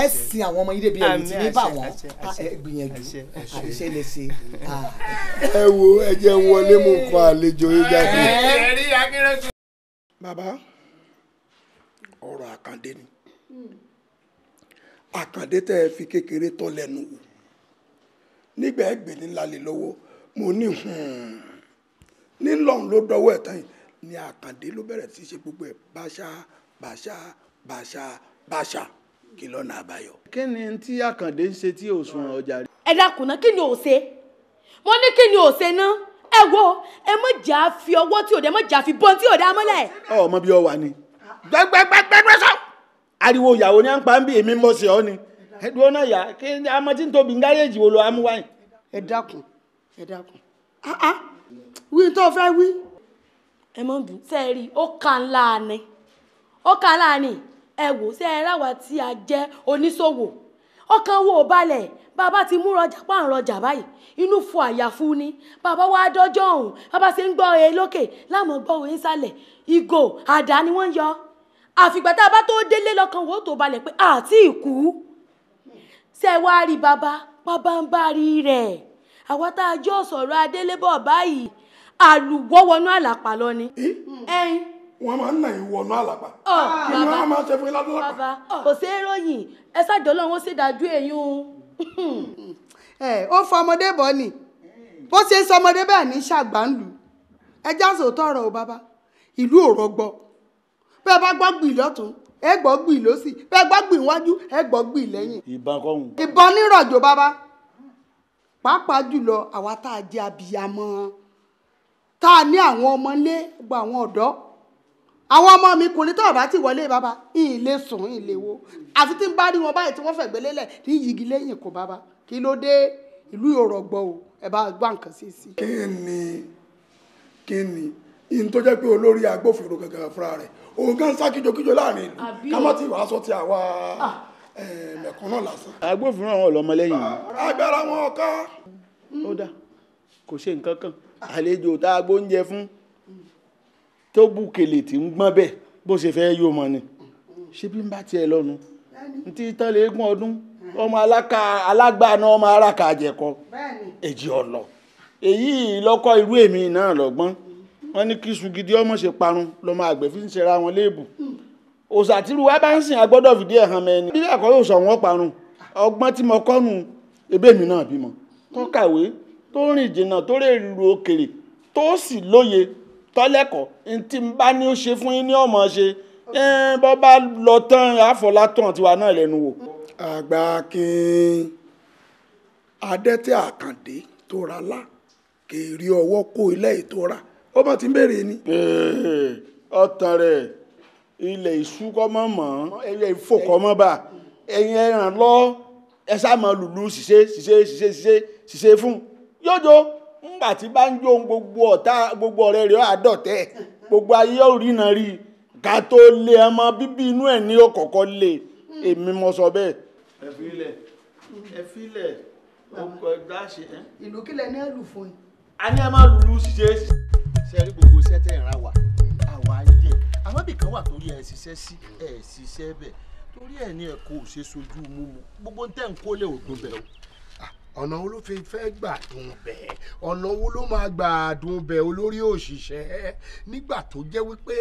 ẹ sin àwọn ọmọ yìí débi ẹ̀rù tí ní bà wọ́n ah,
ah. wo ẹ jẹ́ wọlé mú nǹkan àlejò yín jáde. Baba ọ̀rọ̀ àkàndé ni àkàndé tẹ́ ẹ fi kékeré tọ́ lẹ́nu wò nígbà ẹgbẹ́ ńlá lè lọ́wọ́ mo ní hmm. nílọ́run ló dọ́wọ́ ẹ̀ yìí ni àkàndé ló bẹ̀rẹ̀ sí ṣe gbogbo ẹ̀ báṣá báṣá báṣá báṣá kí lọ́nà àbáyọ. kí ni tí àkàndé ń ṣe tí òṣùwọ̀n ọjà.
ẹ dákun náà kí ni ò ṣe mo ní kí ni ò ṣe náà ẹ wo ẹ má jà fi ọwọ́ tí ò dé má jà fi
bọ́n tí ò dé amọ́lẹ̀. ọmọ bíi ọwà ni gbẹgbẹgbẹgbẹ sọ ariwo ìyàwó ni à ń pa ń bí èmi mọ̀ sí ọ ni ẹdùn náà yà kí amọ̀tí ń tóbi gáréèjì wo lọ amúwáyìn. ẹ dákun
ẹ
dákun ah,
ah. wí tó fẹ́ wí. ẹ
mọ̀ bí sẹ́ẹ̀rì ó kàn láàánì ó kàn láàánì ẹ wò sẹ́ẹ̀rì àwa tí a jẹ́ oníṣòwò ọkàn wo ò balẹ̀ bàbá ti múra ọjà pa àrùn ọjà báyìí inú fọ àyàfu ni bàbá wa dọ́jọ́ ọ̀hún bàbá ṣe ń gbọ́ òye lókè láàmú gbọ́ òye sálẹ̀ ìgò àdá ni wọ́n yọ àfìgbà tá a bá tó délé lọ́kàn wo tó balẹ̀ pé àti ìkú ṣe wá rí bàbá bàbá ń bá rí rẹ̀ àwa tá a jọ sọ̀rọ̀ adélébọ̀ báyìí àlùwọ́ wọnú ni wọn máa ń nà yín wọnú àlàpà kí ni wọn máa ṣe fún yín ládùúgbò. bàbá kò sí eróyìn ẹ ṣàjọ lọ́wọ́ sí dájú èyí o. ẹ ó fọ ọmọdé bọ ni bó ṣe ń sọ ọmọdé bẹ́ẹ̀ ní ṣàgbáǹlù ẹ já sòótọ́ ọ̀rọ̀ o bàbá
ìlú ò rọgbọ bẹ́ẹ̀ bá gbọ́ gbì lọ́tún ẹ gbọ́ gbì lọ́sì bẹ́ẹ̀ gbọ́ gbì wájú ẹ gbọ́ gbì lẹ́yìn. ìbọn kọ́hún. ìbọn nírọ̀jò bàbá pàápàá
jùlọ àwa tá a jẹ abiyamọ tá a ní àwọn ọmọlé gbogbo àwọn ọ̀dọ́ àwọn ọmọ mi kùnrin tó bá ti wọlé bàbá ìyìn lè sùn ìyìn lè wo
àfi tí n bá rí wọn báyìí tí wọ́n fẹ̀gbé lélẹ̀ ní yìgì lẹ́yìn kò bàbá kí ló dé ìlú òrọ̀gbọ̀ o ẹ bá gbà nǹkan sí sí. kí ni kí ni ìyìn tó jẹ́ pé olórí agbófinró gangan fúnra rẹ̀ òun gan sá kíjokíjo láàrin ìlú ká má ti wàásọ ti àwa ah. mẹ̀kúnnà lásán. agbófinró àwọn ọlọmọlẹ́yìn. Ah. agbára wọn tó bù kèlè tí ń gbọ́n bẹ́ẹ̀ bó ṣe fẹ́ yóò mọ ni ṣé bí n bá tiẹ̀ lọ́nu ntí tán lè gún ọdún ọmọ alágbàáná ọmọ aráka àjẹkọ èjì ọ̀lọ́ èyí lọ́kọ́ irú èmi náà lọ́gbọ́n wọn ní kí sùgìdì ọmọ ṣe parun lọ́mọ àgbẹ̀ fi ń ṣera wọn léèbù òṣàtìrú wa bá ń sìn agbọ́dọ̀ fìdí ẹ̀ hàn mẹ́ni bí ẹ̀kọ́ yóò sọ wọn parun ọgbọ́n tí mo kọ́ nu ebémi náà bímọ tó kàwé tó rìn jìnnà tó rè lu òkèrè tó sì lóye tọ́lẹ́kọ̀ọ́ ntí n bá ní ó ṣe fún yín ní ọmọ ṣe bọ́ bá lọ tán àfọlátàn tiwa náà lẹ́nu wò. àgbà kin adẹ́tẹ̀ àkàndé tó ra lá kèrè ọwọ́ kó ilé ìtura ó bá ti ń béèrè ni. ọ̀tàn rẹ̀ ilẹ̀ ìṣú kọ́ mọ́ mọ́ ẹ̀yẹ ìfòkọ́mọ́ bá ẹ̀yìn ẹ̀ràn lọ ẹ̀ sá máa lùlù ṣiṣẹ́ ṣiṣẹ́ ṣiṣẹ́ ṣiṣẹ́ fún yóò jó ńgbà tí bá ń jó gbogbo ọ̀tá gbogbo ọ̀rẹ́ rẹ̀ àdọ̀tẹ́ gbogbo ayé òrìnà rí i ká tó lé ọmọ bíbí inú ẹ̀ ní ọ̀kọ̀ọ̀kọ̀ lé èmi mo sọ bẹ́ẹ̀. ẹ fi ilẹ̀ ẹ fi ilẹ̀ ọkọ̀ ẹgbẹ́ àṣẹ. ìlú kílẹ̀ ní ẹlù fún yín.
a ní ẹ máa lulu ṣiṣẹ́
sẹ́rí gbogbo sẹ́tẹ̀ ìran wa àwa ń jẹ àmọ́ bìkan wà torí ẹ̀ ṣiṣẹ́ sí ẹ̀ ṣiṣẹ́ bẹ̀ torí ẹ̀ ní ẹ̀kọ́ òṣèṣojú mú mu gbogbo ń tẹ̀ ń kólé òdùn bẹ̀ ọ̀nà wo ló fi fẹ́ gbà dùn bẹ́ẹ̀ ọ̀nà wo ló máa gbà dùn bẹ́ẹ̀ olórí òṣìṣẹ́ nígbà tó jẹ́ wípé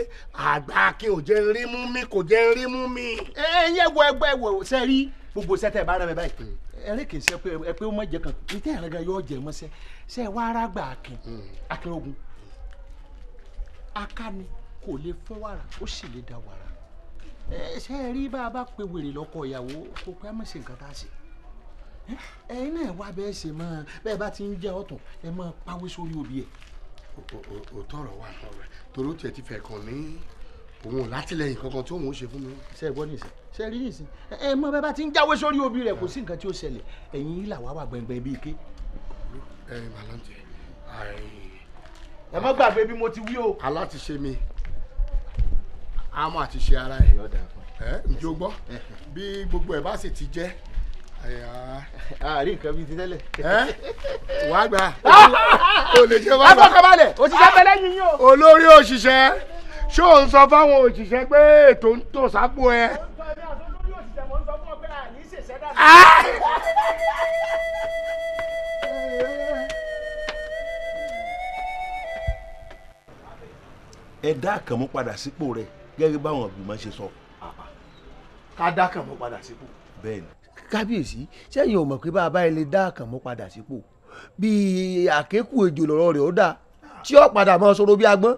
àgbà kí ò jẹ́ rí mi kò jẹ́ rí mi. ẹ ẹ yẹ wo ẹgbẹ́ wo ṣe rí gbogbo sẹ́tẹ̀ bá rẹ̀ bẹ́ẹ̀ báyìí ẹrẹ hmm. kì í ṣe pé ẹ pé ó má jẹ kan ní tẹ́ ẹ̀rẹ́gà yóò jẹ mọ́ sẹ́ sẹ́ wá ara gbà akin hmm. akin ogun akáni kò lè fún wàrà ó sì lè da wàrà ẹ ṣe rí bá a bá pe wèrè lọ́kọ ìyàwó kò pẹ́ mọ̀ sí nǹkan tá a ṣe ẹ̀yin náà wá bẹ́ẹ̀ ṣe máa bẹ́ẹ̀ bá ti ń jẹ́ ọ̀tọ̀ ẹ máa pawé sórí òbí ẹ̀. o tọrọ wa tọrọ torí ó tiẹ̀ ti fẹ́ kàn ní òun látìlẹyìn kankan tí òun ó ṣe fún mi. ṣe é gbọ́ nìsín ṣe rí nìsín ẹ mọ bẹ́ẹ̀ bá ti ń jáwé sórí òbí rẹ̀ kò sí nǹkan tí ó ṣẹlẹ̀ ẹ̀yin ilà wà wà gbẹ̀ngbẹ̀ bíi ké. ẹ màláńtì ẹ mọ gbàgbé bí mo ti wí o. alátiṣe mi àmọ́ àtiṣe ara ẹ̀ ǹjẹ́ gbọ́ bí gbogbo ẹ̀ bá sì ti jẹ́ àárín nǹkan bíi ti tẹ́lẹ̀. wàá gbà o lè ṣe wàá gbà. akọkọbalẹ̀ òṣìṣẹ́ bẹ́lẹ̀ yín yín o. olórí òṣìṣẹ́ ṣé ò ń sọ fáwọn òṣìṣẹ́ pé ètò ń tò sápò ẹ. ẹ dá Àkànmú padà sípò rẹ̀ gẹ́gẹ́ báwọn ìgbìmọ̀ ṣe sọ. ká dá Àkànmú padà sípò. bẹ́ẹ̀ni kábíyèsí sẹ́yìn ò mọ̀ pé bàbá ilé dá àkànmú padà sípò bí àkékù ejò lọ́rọ̀ rẹ̀ ó dáa tí ó padà mọ́ sọ̀rọ̀ bí agbọ́n.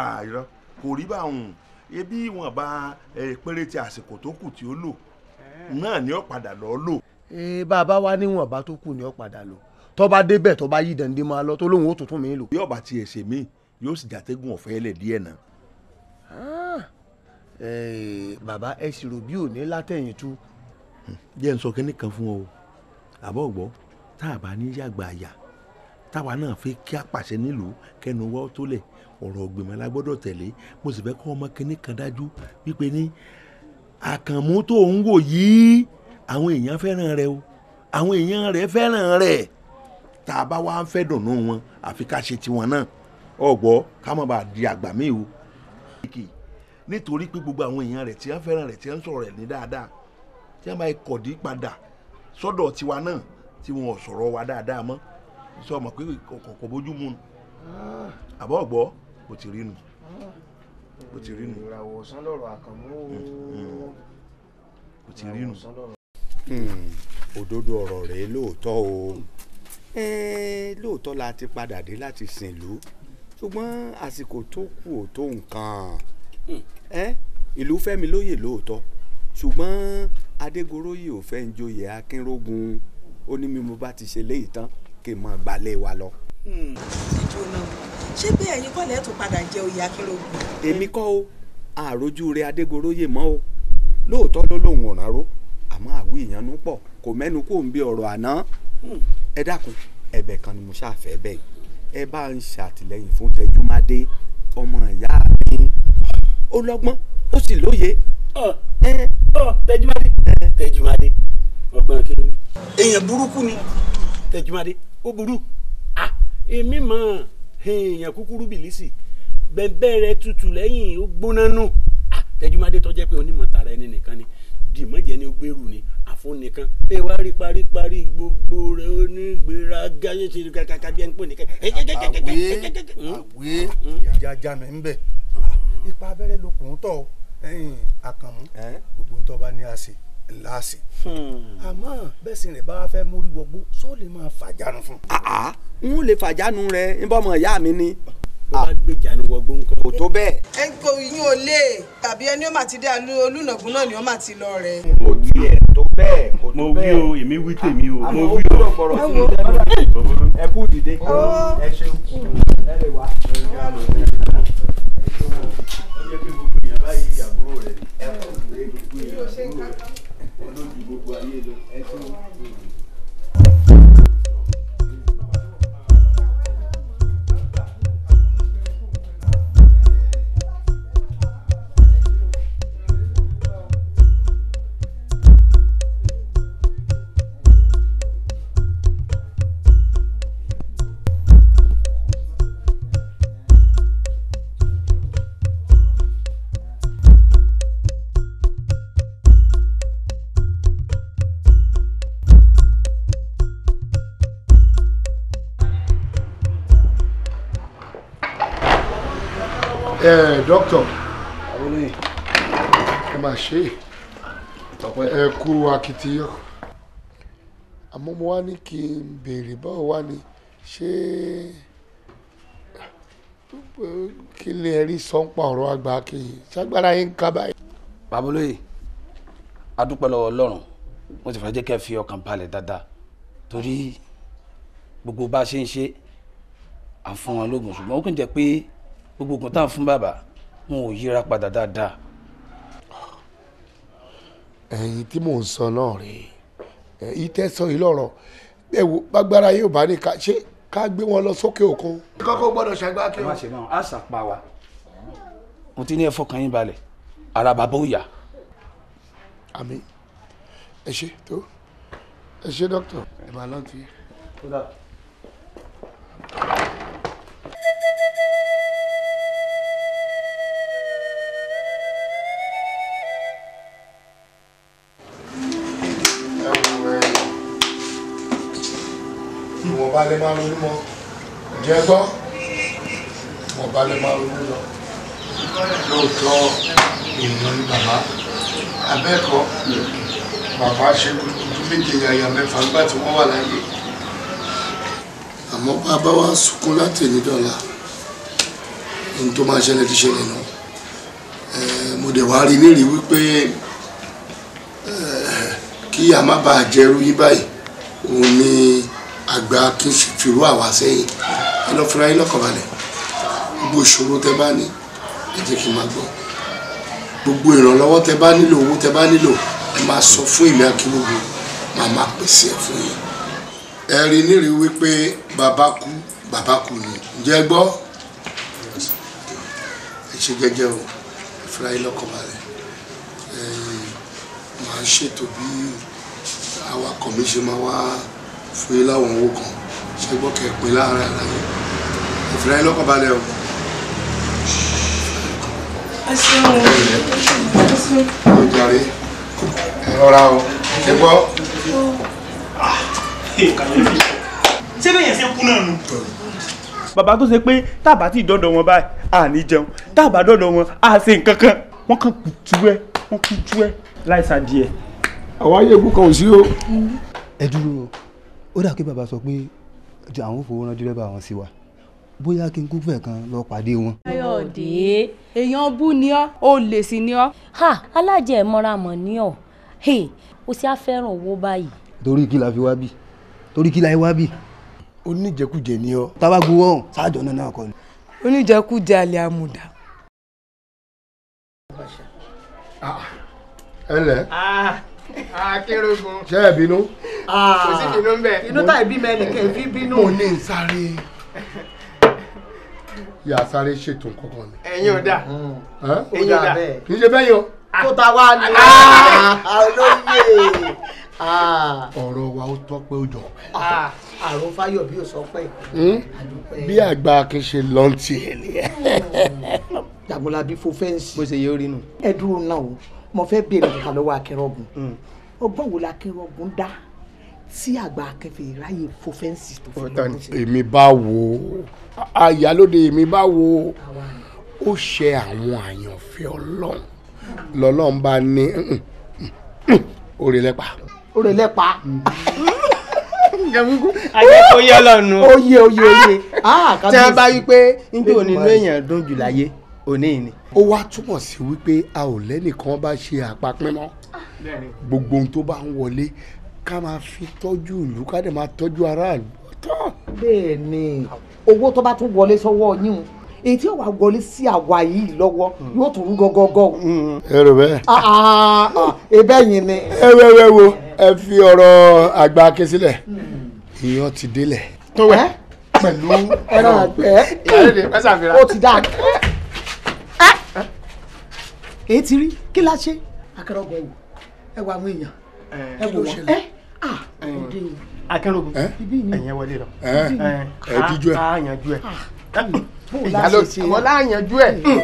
àìrọ kò rí bá òun ebi wọn bá péréte àsìkò tó kù tí ó lò náà ni ó padà lọ lò. bàbá wa níwọ̀n bá tó kù ni ó padà lò tó bá débẹ̀ tó bá yí dande máa lọ tó lóun ó tuntun mi lò. yóò bá tiẹ̀ ṣe mí yóò sì jàtẹ́gùn ọ̀fẹ́ lẹ̀ díẹ̀ náà. Ah, bàbá ẹ sì rò bí òní látẹ̀yìn tú jẹ́ n sọ kínní kan fún ọ o àbọ̀ gbọ́ tá a bá ní yàgbà àyà táwa náà fi kí apàṣẹ nílùú kẹnu wọ́ tó lẹ̀ ọ̀rọ̀ ọ̀gbìnmọ̀ la gbọ́dọ̀ tẹ̀lé mo sì fẹ́ kọ́ ọmọ kínní kan dájú wípé ní àkànmú tó ń wò yìí àwọn èèyàn fẹ́ràn rẹ o àwọn èèyàn rẹ fẹ́ràn rẹ tá a bá wá ń fẹ́ dùnnú wọn àfi ká ṣe tiwọn náà ọ̀gbọ́ ká má bàa di àgbà míì o nítorí pé gbogbo àwọn èèyàn rẹ tí wọ́n fẹ́ràn rẹ tí wọ́n sọ̀rọ̀ rẹ ní dáadáa tí wọ́n bá kọ̀dí padà sọ́dọ̀ tiwa náà tí wọn ò sọ̀rọ̀ wa dáadáa mọ́ sọ ma pé kọ̀kọ̀ bójú mu nù àbọ̀ ọ̀gbọ́ bó ti rí nu bó ti rí nu. ìràwọ̀ ọ̀sán lọ̀rọ̀ àkànmú o bó mm, mm. ti rí nu. Hmm, òdodo ọ̀rọ̀ rẹ̀ lóòótọ́ o lóòótọ́ la ti padà dé láti sìnlú ṣùgbọ́n àsìkò tó kù ò tó nǹkan hmm. ìlú fẹ́mi lóye lóòótọ́ ṣùgbọ́n adégoróyè ò fẹ́ ń joyè akínrógun ó ní mi mo bá ti ṣe léyìí tán kí n máa gbalẹ̀ wa lọ. Hmm, ìjọba ṣé bí ẹ̀yin kọ́ lẹ́ẹ̀ tó
padà jẹ oyè akínrógun.
èmi kọ́ o àròjù rẹ adégoróyè mọ́ o lóòótọ́ ló lóun ọ̀ràn ró àmọ́ àwí ìyanu pọ̀ kò mẹ́nu kó ń bí ọ̀rọ̀ àná hmm. ẹ dákun ẹ̀bẹ̀ kan ni mo ṣàfẹ́ bẹ́ẹ̀ ẹ bá ń ṣàtìlẹ́yìn fún tẹjúmádé ọmọ ìyá mi ó lọ́gbọ́n ó sì lóye tẹjúmádé tẹjúmádé ọgbọ́n kí ló ní. èèyàn burúkú ni. tẹjúmádé ó burú èmi mọ èèyàn kúkúrú bìlísì bẹ́ẹ̀ rẹ tutù lẹ́yìn ó gbóná nù tẹjúmádé tó jẹ́ pé onímọ̀ tara ẹni nìkan ni dìmọ̀jẹ́ ni ó gbèrú ni àfọ̀nìkan ẹ wá rí paríparí gbogbo rẹ onígbèraga yóò ṣe kàkàkà bí ẹni pò nìkan. àwé àwé ìjà jàmẹ́ ń bẹ̀ ipa abẹ́rẹ́ ló kùn ún tọ̀ ẹ̀yin àkànmú gbogbo ntọ́ bá ní àṣì ńlá àṣì àmọ́ bẹ́sìn rẹ̀ bá fẹ́ mórí wọgbó sọ́ọ̀lì máa fàjánu fún. n lè fàjánu rẹ n bọ́ ọmọ ìyá mi ni bá gbèjà ní wọgbó nǹkan. kò tó bẹ́ẹ̀.
ẹ kò yín ò lè tàbí ẹni ó mà ti dé olùnàgún náà ni ó mà ti lọ rẹ. kò tiẹ̀ tó
bẹ́ẹ̀ kò tó bẹ́ẹ̀. mo wí o èmi wí tèmi o ah, mo wí o. ẹ kú dìde ẹ ṣeun ẹ lè wá àbúrò rẹ̀ ẹ̀ ẹ̀ gbogbo ẹ̀ olójú gbogbo ayé lọ ẹ̀ tó. ẹ eh, dókítà ẹ máa ṣe ẹ kú akitiyan àmọ́ mo wá ní kí n béèrè báwo wá ni ṣé kí lè rí sọ́npa ọ̀rọ̀ àgbà kì í ṣàgbára yín ká báyìí. babolóye a dúpẹ́ lọ́wọ́ ọlọ́run mo sì fẹ́ jẹ́ kẹ́ fi ọkàn balẹ̀ dáadáa torí gbogbo bá a ṣe ń ṣe à ń fún wọn lóògùn ṣùgbọ́n ó kàn jẹ́ pé gbogbo oògùn tá à ń fún bàbá wọn ò yíra padà dáadáa. ẹ̀yin tí mò ń sọ náà rèé èyí tẹ́sán yìí lọ́rọ̀ ẹ wo gbàgbára yóò bá ní ká ṣe ká gbé wọn lọ sókè òkun. kọ́kọ́ gbọ́dọ̀ ṣàgbá kí o. ẹ má ṣe náà á ṣàpá wa mo ti ní ẹ fọkàn yín balẹ̀ ara bàbá ò yá. àmín ẹ ṣe tó ẹ ṣe dókítà ẹ máa lọ́ọ́ ti. ìwọ̀nba lè máa ronú mọ́ ǹjẹ́ gbọ́ ìwọ̀nba lè máa ronú lọ. lóòótọ́ èèyàn ni bàbá abẹ́ẹ̀kọ́ bàbá ṣe kúkú méje yàyà mẹ́fà nígbà tí wọ́n wà láyé. àmọ́ bàbá wa sunkún láti èní dọ́là ohun tó máa ṣẹlẹ̀ ti ṣẹlẹ̀ náà mo dẹ̀ wá rí nírìí wípé kí a má bàa jẹ́rú yín báyìí òun ni. Eh, àgbà tún fìrú àwa sẹ́yìn ẹ lọ fúnra yín lọ́kàn balẹ̀ gbogbo ìṣòro tẹ bá ní ẹ jẹ́ kí n máa gbọ́ gbogbo ìrànlọ́wọ́ tẹ bá nílò owó tẹ bá nílò ẹ máa sọ fún ìmí akínúgbò máa máa pèsè ẹ fún yín. ẹ rí nírí wípé bàbá kú bàbá kú ni ǹjẹ́ gbọ́ ẹ ṣe jẹ́jẹ́ o ìfúra yín lọ́kàn ẹ máa ń ṣètò bí àwa kọ̀mí máa wá. Wa fún yín láwọn owó kan ṣẹgbọ́n kẹpin láàárín àlàyé ìfìlà yín lọ́kàn balẹ̀ o. ó jàre ẹ rọra o ẹ gbọ́. ṣé bẹ́ẹ̀ yẹn ṣe kú náà nù bàbá tó ṣe pé tábà tí ìdọ́dọ̀ wọn báyìí à ní jẹun tábà dọ́dọ̀ wọn à ṣe nǹkan kan wọ́n kàn kú tú ẹ wọ́n kú tú ẹ láìsàdìẹ. àwa yẹ ebú kan ò sí o. ẹ dúró o ó dà kí bàbá sọ pé àwọn ò fowó rán dírẹ́bà wọn sí wa bóyá kí n kú fẹ̀ kan lọ pàdé wọn.
ayọ̀dé èèyàn bú ni ọ́ o lè sí ni ọ́. ha alájẹ mọ́ra ni ọ́ o sì á fẹ́ràn owó báyìí.
torí kí la fi wá bì torí kí la fi wá bì.
oníjẹkújẹ
ni ọ. tábà gbowó ọ̀hún sáàjọ náà náà kọ ni.
oníjẹkújẹ alẹ́ amúdà.
Ah, ẹ lẹ. Ah, akérògùn. ṣé ẹ bínú. Ah. kò sí bínú ń bẹ. inú táì bímọ ẹnìkan fi bínú. mo ní sáré yà sáré ṣètò kankan ni. ẹ̀yin ò dà mm-hmm. ẹ̀yin ò dà kì í ṣe bẹ́ẹ̀ yàn. kó ta wá ní ah. ah, olóyè. ọ̀rọ̀ wa ó tọ́pẹ́ ó jọ. àrùn fáyọ̀ bí ó sọ pé. Hmm? bí àgbà kì í ṣe lọ́ntì ẹ̀ nìyẹn.
Mm. jagunlabi fo fẹ́ǹsì. bó ṣe yẹ orí nù. ẹ dúró náà o mo fẹ́ béèrè nǹkan lọ́wọ́ akínrọ̀gùn hmm. ọgbọ́n wo lakínrọ̀gùn dá tí àgbà akẹ́fẹ́ ìráyè fo fẹ́ǹsì tó fi lọ́kùn sí.
èmi bá wo ayálóde èmi bá wo ó ṣe àwọn àyànfẹ́ ọlọ́run lọ́lọ́run bá ní òrè mm, mm, mm, lẹ́pa. òrè lẹ́pa.
ayé oyè ọlọ́run. oyè oyè oyè. Ah, tí wọ́n bá wí pé
nígbà òní inú èèyàn dùn jù láyé òní ni. ó wá túmọ̀ sí wípé a ò lẹ́nìkan bá ṣe àpapín mọ́ gbogbo ohun tó bá ń wọlé ká máa fi tọ́jú ìlú ká dẹ̀ máa tọ́jú aráàlú tán. bẹ́ẹ̀ ni owó tó bá tún wọlé sọ́wọ́ yín èyí tí wàá wọlé sí àwa yìí lọ́wọ́ yóò tún rú gọ́gọ́gọ́. ẹ bẹ́ẹ̀. Ah, ah, ah, ebe yìí ni. ẹ wẹ́wẹ́ wo ẹ fi ọ̀rọ̀ àgbà ké sílẹ̀ ìyàn ti délẹ̀. tó wẹ́ pẹ̀lú ẹran àgbẹ̀ ó ti dáa
èyí ti rí kí la ṣe akẹrọgọ wò ẹ wà àwọn èèyàn
ẹ wò wọn ẹ ah òde o. akẹrọgọ ẹyìn wọlé lọ ẹ díjú ẹ a yanjú ẹ ah, ìyálò o la yanjú ẹ. Hmm.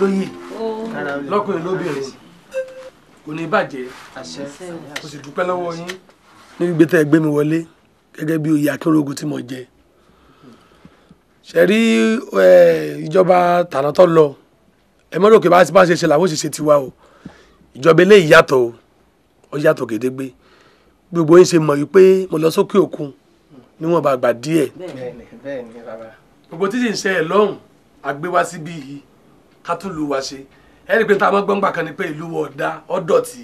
lóye lọ́kùnrin lóbìnrin kò ní bàjẹ́ kò sì dúpẹ́ lọ́wọ́ yín. ní gbígbé tẹ́ ẹ gbé mi wọlé gẹ́gẹ́ bí oyè akérògùn tí mo jẹ ṣe rí ìjọba tànátọ́ lọ ẹ mọ́ lókè bá ti bá ṣe ṣe làwọn òṣìṣẹ́ tiwa o ìjọba eléyìí yàtọ̀ o ó yàtọ̀ gédégbé gbogbo yín ṣe mọ̀ yìí pé mo lọ sókè òkun níwọ̀n bá gbà díẹ̀ gbogbo títí ń ṣe ẹ̀ lọ́hùn àgbéwá síbí yìí ká tún lu wa ṣe ẹni pé táwọn gbọ́ngbà kan ni pé ìlú ọ̀dà ọ̀dọ̀tí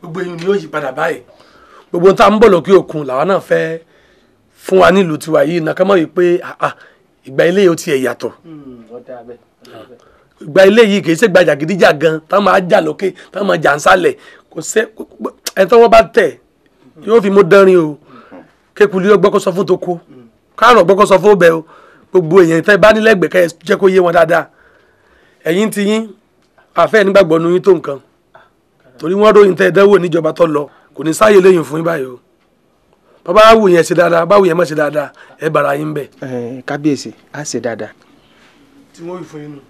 gbogbo eyín ni yóò yí padà báyìí gbogbo tá à ń bọ̀ lókè òkun làwọn náà fẹ́ fún wa nílùú tiwa yìí náà kámọ́ yìí pé ìgbà ilé yìí ó tiẹ̀ yàtọ̀ hmm, ìgbà ilé yìí kì í ṣe gbajà gidigidi gan táwọn máa jà lókè táwọn máa jà ń sálẹ̀ kò sẹ́ ẹni tọ́wọ́ bá tẹ̀ yóò fi mú dánrin o kékulí ó gbọ́kọ́ sọ fún toko kárùn gbọ́kọ́ sọ fún bẹ́ẹ̀ o gbogbo èèyàn tẹ́ bá nílẹ̀ gbẹ̀kẹ́ jẹ́ kó yé wọn dáadáa
ẹ̀yin ti yín àfẹ́ nígbàgbọ́ nu yín tó nǹkan torí wọ́n ròyìn tẹ́ ẹ dánwò níjọba
tó lọ kò ní sáàyè lẹ́yìn fún yín báyìí o bàbá awù yẹn ṣe dáadáa báwù yẹn má ṣe dáadáa ẹ bàrà yín bẹ̀. kábíyèsí á ṣe dáadáa.
tí wọ́n yìí fún yín nù.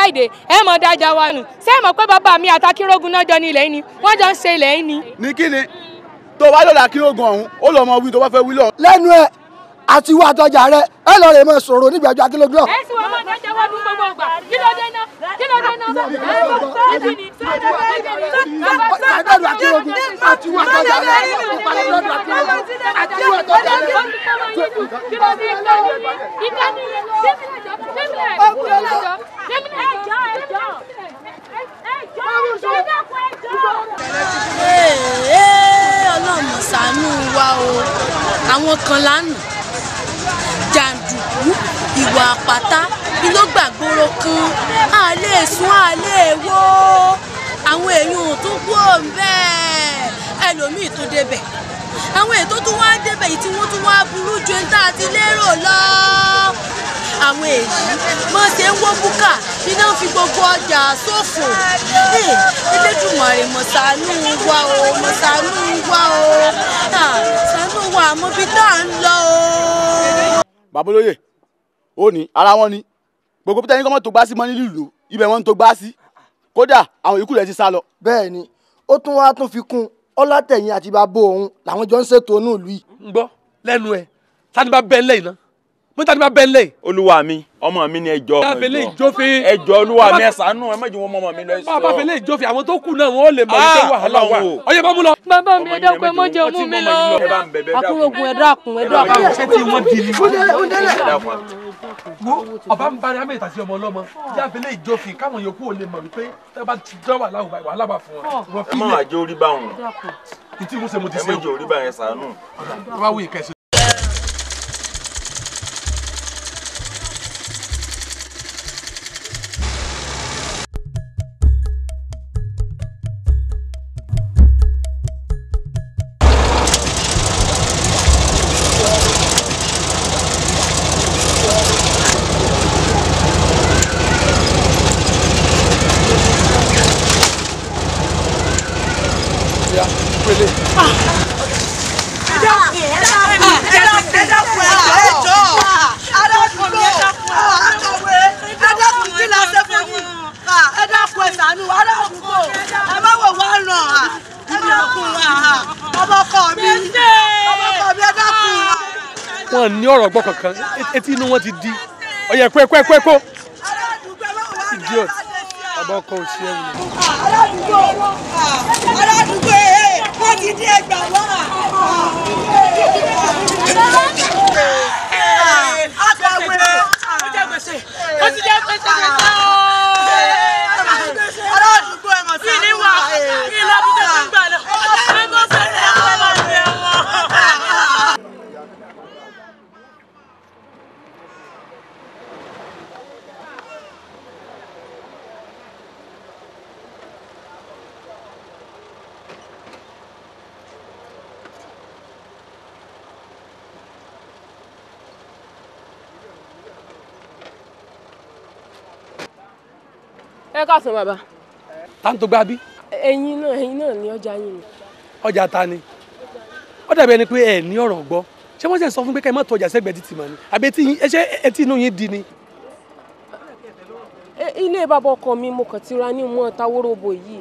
friday ẹ mọ̀ dájà wa nù ṣé ẹ mọ̀ pé bàbá mi àtàkìrógun náà jọ ní
ilẹ̀ yìí ni wọ́n
jọ ń ṣe ilẹ̀ yìí ni.
ní kí ni tó wá lọ́la kìrógun ọ̀hún ó lọ́ mọ wí tó bá fẹ́ wí lọ́hún. lẹ́nu ẹ̀ àti ìwà àtọjà rẹ ẹ lọ rè mọ sọ̀rọ̀ nígbà akílógún ẹ sì wọ́n máa dájọ́
wọ́n dún gbogbo ọgbà kí ló dé náà kí ló dé náà ẹ mọ sọ́ọ̀dì ni sọ́ọ̀dì ni sọ́ọ̀dì ni akílógún àti ìwà àtọjà rẹ ìpàdé lọ́dọ̀ akílógún àti ìwà
àtọjà rẹ. kí ló dé náà ìkànnì yẹn lọ
àwọn kan lánàá jàǹdùkú ìwà àpáta iná gbàgbóró kan á lè sùn á lè wó àwọn èèyàn tó kú òǹbẹ ẹlòmíì tó débẹ̀ àwọn èèyàn tó tún wá débẹ̀ yìí tí wọ́n tún wá burú ju ẹni tá a ti lérò lọ àwọn èyí mọ ṣe ń wó búkà iná fi gbogbo ọjà ṣòfò Elédùmarè mọ̀sánú wa o mọ̀sánú wa o. Ah, wà mọ́bí tá à ń lọ
o. babolóye ó ní ara wọn ni gbogbo pété ní kọ́mọ́ tó gbá sí mọ́ nílùú ibẹ̀ wọ́n ń tó gbá sí kódà àwọn ikú rẹ̀ ti sá lọ. bẹ́ẹ̀ ni ó tún wá tún fi kún ọlátẹ̀yìn àti bàbá òun làwọn jọ ń ṣètò inú ìlú yìí. ń gbọ́
lẹ́nu ẹ̀ tani bá bẹ́ẹ̀ lẹ́yìn náà mo tàbí bá bẹ́ẹ̀ lẹ̀. olúwa mi ọmọ mi ni ẹjọ́ ẹjọ́ olúwa mi ẹ̀sánú ẹ mọ̀jú wọn mọ̀ mi lọ sọ. bàbá fẹlẹ ìjọfẹ àwọn tó kù náà wọn ò lè mọ ibi tó wàhálà wà ah, ọyẹ bá mú lọ. bàbá mi ẹdá pé mo jẹ mú mi lọ akúrògùn ẹdá àkùn ẹdá àkùn. ṣé tí wọ́n di ni. wo ọba ń bari amẹ́ ìtàsí ọmọ ọlọ́mọ yá fẹlẹ ìjọfẹ káwọn yòókù ò lè mọ̀ wípé tẹ́ bá ti dán wàhálà wà fún wọn. ẹ má wàá jẹ́ orí báwọn. ìtí mo ṣe mo ti ṣe. ẹ má jẹ́ orí báyẹn sànú. kan etí inú wọn ti di ọyẹ kó ẹkó ẹkó ẹkó idiot bàbá ọkọ ò ṣe ẹwù. aládùúgbò
aládùúgbò ẹ wọn ti di ẹgbà wá.
àgbà wẹ̀ ọ́ ó jẹ́ gbèsè ó ti jẹ́ gbèsè gbèsè ọ́.
ẹ káàsán bàbá. ta ń tó gbá bí. ẹ̀yin náà ẹ̀yin náà ni ọjà yín ni.
ọjà ta ni ó dàbí ẹni pé ẹ ní ọ̀rọ̀ gbọ́ ṣé wọ́n ṣe sọ fún pé ká ẹ má tọjà sẹ́gbẹ̀ẹ́ títì mọ́ ni àbí ṣé etí inú yín di ni.
ilé bàbá ọkọ mi mo kàn ti ra ní mọ́ tawórobo yìí.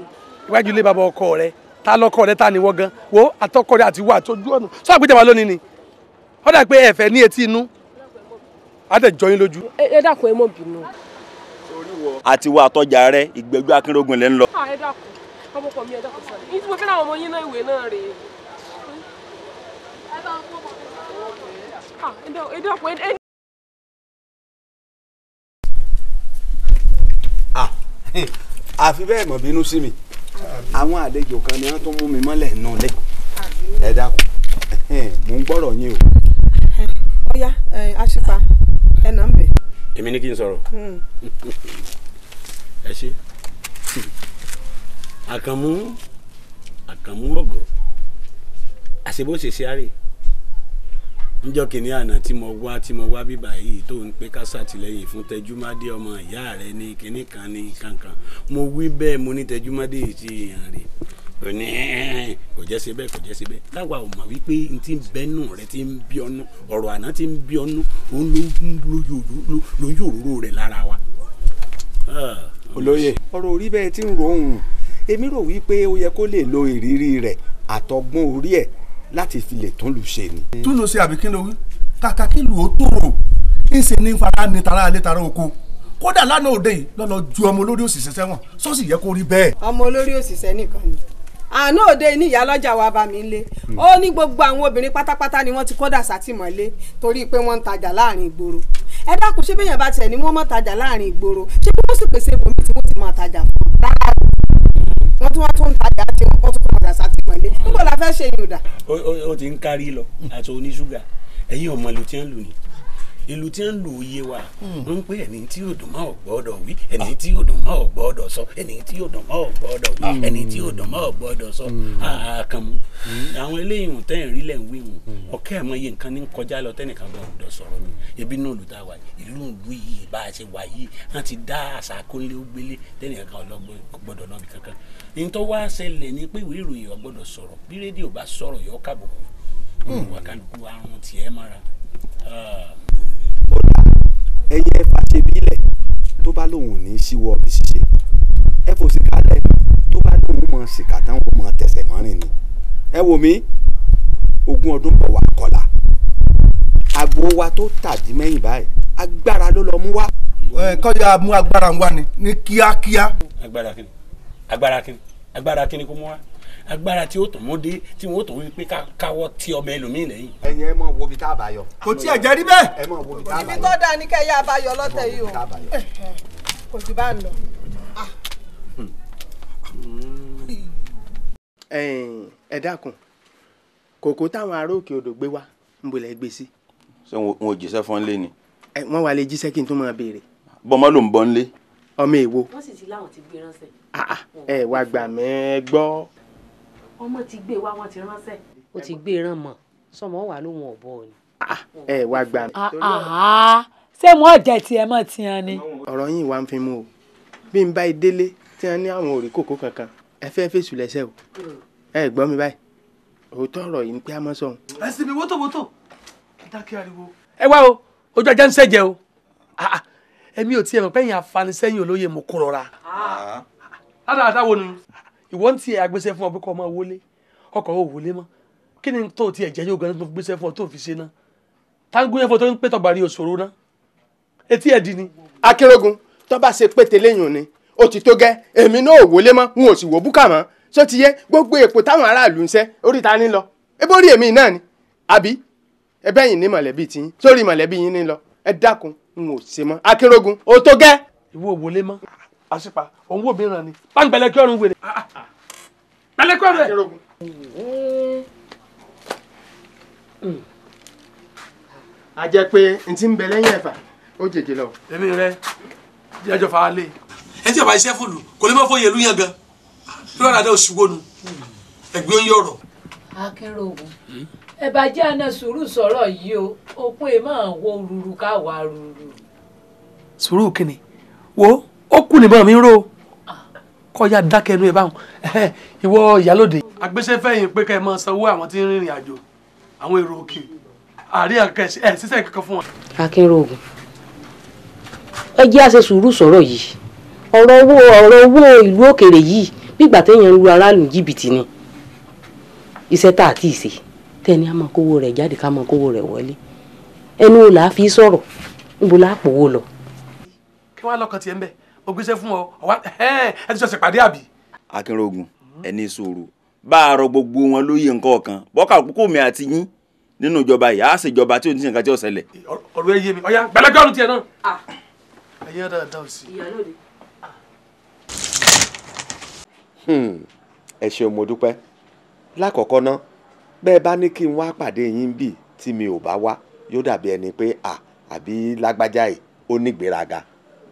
iwájú ilé bàbá ọkọ rẹ ta lọkọ rẹ ta ni wọ́n gan wo àtọkọ rẹ àti wà tójú ọ̀nà sọ àgbéjà wa lónìí ni ó pé ẹ̀fẹ̀ ní etí inú á tẹ̀ lójú.
ẹ dákun ẹ mọ̀ bínú
àti wà àtọjà rẹ ìgbẹ́jọ́ akínrógun lẹ́ ń lọ.
Ah, ẹ dákun ọmọkọ mi ẹ dákun sọ̀rọ̀ yìí tí mo fẹ́ láwọn ọmọ yín náà ìwé náà rèé. ẹ ah, dákun
ẹ àfi ah, bẹ́ẹ̀ mọ̀ bínú sí mi àwọn àlejò kan ni wọ́n tún mú mi mọ́lẹ̀ nù lẹ̀ ẹ dákun mò ń gbọ́rọ̀ yín o.
ó yá ẹ̀ nà ń bẹ̀
èmi ní kí n sọ̀rọ̀ hmm. ẹ ṣe àkànmú àkànmú rọ̀gọ̀ àṣebóṣeṣe àárè níjọ́ kìnìún àná tí mo wá tí mo wá bíbà yìí tó ń pé ká ṣàtìlẹ́yìn fún tẹjúmádé ọmọ ìyá rẹ ní kinní kan ní kankan mo wí bẹ́ẹ̀ mo ní tẹjúmádé yìí ti yàn rè ó ní kò jẹ́ síbẹ̀ kò jẹ́ síbẹ̀ láwa ò mọ̀ wípé n ti bẹ́nu rẹ ti ń bí ọnu ọ̀rọ̀ àná ti ń bí ọnu òun ló ń yòróró rẹ̀ lára wa. olóye ọ̀rọ̀ orí bẹ́ẹ̀ ti ń rohùn èmi rò wípé ó yẹ kó lè lo ìrírí rẹ̀ àtọgbọ́n orí ẹ̀ láti fi lè tún lù ṣe ni. tún lù ṣe àbí kí ló wí kàkà kí lù ó tòrò ń ṣe ní fara ní tara alẹ́ tara oko kódà lánàá òde yìí lọ́lọ́ ju ọmọ olórí òṣìṣẹ́ sẹ́wọ̀n sọ́sì yẹ kó rí bẹ́ẹ̀. ọmọ olórí òṣìṣẹ́ nìkan ni
àná òde ní ìyálọ́jà wa bá mi lé hmm. ó ní gbogbo àwọn obìnrin pátápátá ni wọ́n ti kódà sátìmọ́lé torí pé wọ́n ń tajà láàrin ìgboro ẹ dákun ṣé bẹ́yẹn bá tiẹ̀ ni wọ́n mọ̀ tajà láàrin ìgboro ṣé bí wọ́n sì pèsè ibòmí tí wọ́n ti mọ̀ tajà fún un wọ́n tún wá tún tajà tí wọ́n tún padà sátìmọ́lé níbo la fẹ́ ṣe yòdà.
ó ti ń kárí lọ àti oníṣúgà ẹ̀yin ọ̀mọ̀lù tí wọ́n lù ní ìlú tí ń lù ú yé wa wọ́n hmm. ń pè ẹni tí yóò dùn mọ́ ò gbọ́dọ̀ wí ẹni tí yóò dùn mọ́ ò gbọ́dọ̀ sọ ẹni tí yóò dùn mọ́ ò gbọ́dọ̀ wí hmm. ẹni tí yóò dùn mọ́ ò gbọ́dọ̀ sọ àkànmú hmm. àwọn eléyìí hùn tẹ́yìn rí lẹ̀ ń wí hùn ọ̀kẹ́ àmọ́ iye nǹkan ní kọjá lọ tẹ́nìkan bọ̀ ọ̀dọ̀ sọ̀rọ̀ ni ebi náà lù tá a wà ìlú ìlú yìí bá a ṣe wà yìí wọ́n ti dá àṣà kólé ó gbélé tẹ́nìkan kan ọlọ́gbọ́dọ̀ náà bí kankan nítorí wá ṣẹlẹ̀ ni pé ìwé ìròyìn ọgbọ́dọ̀ sọ̀rọ̀ bí rédíò bá sọ̀rọ̀ yọ ọ́ kàbùkù wákàlùkù àrùn tiẹ̀ mọ́ra. Ah ọ̀la ẹ̀yin ẹ fàṣẹ bílẹ̀ tó bá lóun ò ní í ṣíwọ́ ọbẹ̀ ṣíṣe ẹ fò sí kálẹ̀ tó bá lóun mọ̀ sìkà táwọn ò mọ̀ tẹ̀sẹ̀ mọ́rin ni ẹ wò mí ogún ọdún bọ̀ wá kọ̀la àgbo wa tó tàdí mẹ́yìn báyìí agbára ló lọ mú wá. ẹ kọjá mú agbára wa ni ní kíákíá. agbára kí ni agbára kí ni agbára kí ni kó mú wá agbára tí ó tàn wọ́n dé tí wọ́n tó wípé káwọ́ tí ọmọ ẹlòmíì lẹ́yìn. ẹ̀yin ẹ mọ wo bí tá a bá yọ. kò tí ẹ jẹ rí bẹ́ẹ̀. ẹ mọ wo bí tá a bá yọ. ibi tó
dáa ni kẹ́ bá yọ lọ́tẹ̀ yìí o kò sí bá ń lọ.
ẹ dákun kòkó táwọn ará òkè odò gbé wá ń bolẹ̀ gbé sí. ṣé wọn ò jíṣẹ́ fún lé ni. wọ́n wà lè jíṣẹ́ kí n tó máa béèrè. bọ́mọ ló ń bọ́ ń lé. ọmọ èwo.
wọ́n sì ti láwọn ti gbé ránṣẹ́. Ah,
ah, ẹ wá gbà mí gbọ́
ọmọ ti gbé wa wọn ti ránṣẹ́.
ó ti gbé ràn mọ sọmọ wà lóhun ọbọ ni.
Ah, ẹ wá gbà mí.
Ah, ah, ṣé wọn jẹ tiẹ mọ tiẹn ni.
ọ̀rọ̀ yìí wà ń fi mú o bí n bá i délé tí wọn ní àwọn òrì kòkó kankan ẹ fẹ́ fèsù lẹ́sẹ̀ o ẹ gbọ́ mi báyìí òótọ́ ọ̀rọ̀ yìí ń pé àmọ́ sọ̀hún.
ẹ sì mi wótòwótò ẹ dákẹ́ ariwo. ẹ wá o ojú ajá ń ṣẹ̀jẹ̀ o èmi ò tiẹ̀ mọ̀ pé ẹ̀yin afanisẹ́yìn olóye mo kúrọ̀ra. ládàá àtàwọn ni ìwọ ń tiẹ̀ agbésẹ́
fún ọ pé kọ́ ọmọ wọlé ọkọ̀ ò wọlé mọ́ kí ni tó tiẹ̀ jẹ́ yóò gan tó gbésẹ́ fún ọ tó fi ṣe náà tangun yẹn fún ọ tó ń pè tọ́gbà rí òṣòro náà etí ẹ̀ di ni. akérògùn tó bá ṣe pété léyìn ni ó ti tó gẹ́ èmi náà ò wọlé mọ́ n ò sì wò búkà mọ́ só ti yé gbogbo èpò táwọn aráàlú ń ṣẹ́ orí ta ni lọ ebórí èmi náà ni àbí ẹbẹ́ yìí ní mọ̀lẹ́bí tí yín sórí mọ̀lẹ́bí yín ní lọ ẹ dákun n ò ṣe mọ́ akérògùn ó tó gẹ́.
ìwọ ò wọlé àṣìpà òun wò mìíràn ni bá ń nwere. ọrùn wèrè ah, ah, ah. a jẹ pé n ti ń bẹ ó jèjì lọ. èmi rẹ lé. ẹ bá iṣẹ́ kò lè má yẹn gan lọ́wọ́ dáadáa oṣù ń yọ̀rọ̀.
akẹ́rọ̀ ẹ o ẹ̀ máa rúru ká wà rúru.
sùúrù kù níbọn mi ń rò kọjá dákẹ́ inú ẹ báwọn ìwọ ìyálòde. agbésẹ́fẹ̀yìn pé kẹ́ ẹ máa sanwó àwọn tí ń rìnrìn àjò àwọn èrò òkè àárín àkẹ́ ẹ̀ sísẹ́ kankan fún wọn.
akínrògùn ẹ jẹ́ àṣẹ sùúrù
sọ̀rọ̀ yìí ọ̀rọ̀ owó ọ̀rọ̀ owó ìlú òkèèrè yìí nígbà téèyàn lu aráàlú jìbìtì ni iṣẹ́ tá a ti ṣe tẹ́ni a máa kówó rẹ̀ jáde ká máa kówó rẹ̀ wọlé ẹnu wo làá fi sọ̀rọ̀ níbo làá pòwó lọ.
kí wàá lọkàn tiẹ̀ ń bẹ̀ ó gbéṣẹ́ fún ọ ọwá ẹ ẹ ti sọ ṣèpàdé àbí.
akínrógun ẹni sòrò bá a rọ gbogbo wọn lóye nǹkan kan bọ́kà àkókò mi àti yín nínú ìjọba yìí á ṣèjọba tí ò ní nǹkan tí ò ṣẹlẹ̀.
ọ̀rọ̀ ẹ yé mi ọ̀yá gbẹlẹgbẹ́ ọ̀run tiẹ̀ náà. ẹ̀yin ọ̀dà ọ̀dà òsì.
ẹ hmm, ṣeun mo dúpẹ́ lákọ̀ọ́kọ́ ná bẹ́ẹ̀ bá ní kí n wá pàdé yín bì tí mi ò bá wá yóò dàbí ẹni pé à àbí lágbájá yìí ó nígbéraga.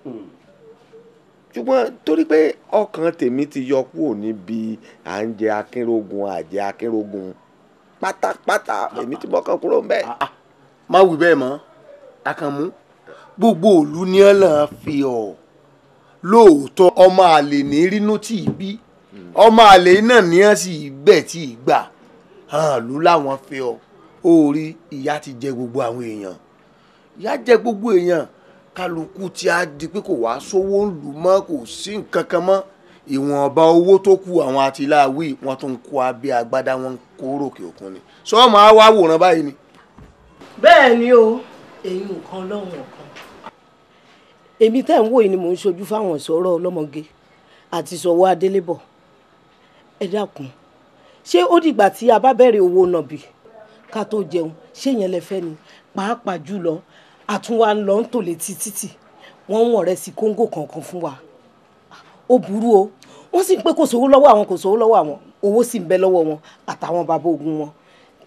Hmm ṣùgbọ́n torí pé ọkàn tèmi ti yọ kúrò níbi à ń jẹ akínrógun àjẹ akínrógun pátápátá èmi ti bọ́kàn kúrò ńbẹ̀. Ah, ah, má wí bẹ́ẹ̀ mọ́ àkànmú gbogbo òlu ni ẹ lọ́n fi ọ̀ lóòótọ́ ọmọ àlè ní rínú tí ì bí ọmọ àlè náà ní ẹ sì gbẹ̀ tí ì gbà hàn ló láwọn fi ọ ó rí ìyá ti jẹ gbogbo àwọn èèyàn ìyá jẹ gbogbo èèyàn kálukú tí a di pé kò wá sówó ń lù mọ́ kò sí nǹkan kan mọ́ ìwọ̀nba owó tó kù àwọn àtìláàwí wọn tún kó abẹ́ agbádá wọn kó ròkè òkun ni sọ́ọ̀mù á wá wòran báyìí ni. bẹ́ẹ̀ ni o èyí nǹkan lọ́wọ́ kan. èmi tẹ́ ń wò yìí
ni mò ń ṣojú fáwọn ìṣòro ọlọ́mọge àti ìṣòwò adélébọ̀ ẹ dákun ṣé ó dìgbà tí a bá bẹ̀rẹ̀ owó nàbì ká tó jẹun ṣé yẹn lẹ fẹ́ ni pàápàá jùlọ àtúnwá ń lọ ń tò létí títì wọ́n ń wọ̀n rẹ̀ sí kóńgò kankan fún wa ó burú o wọ́n sì ń pé kò sówó lọ́wọ́ àwọn kò sówó lọ́wọ́ àwọn owó sì ń bẹ lọ́wọ́ wọn àtàwọn bàbá ogun wọn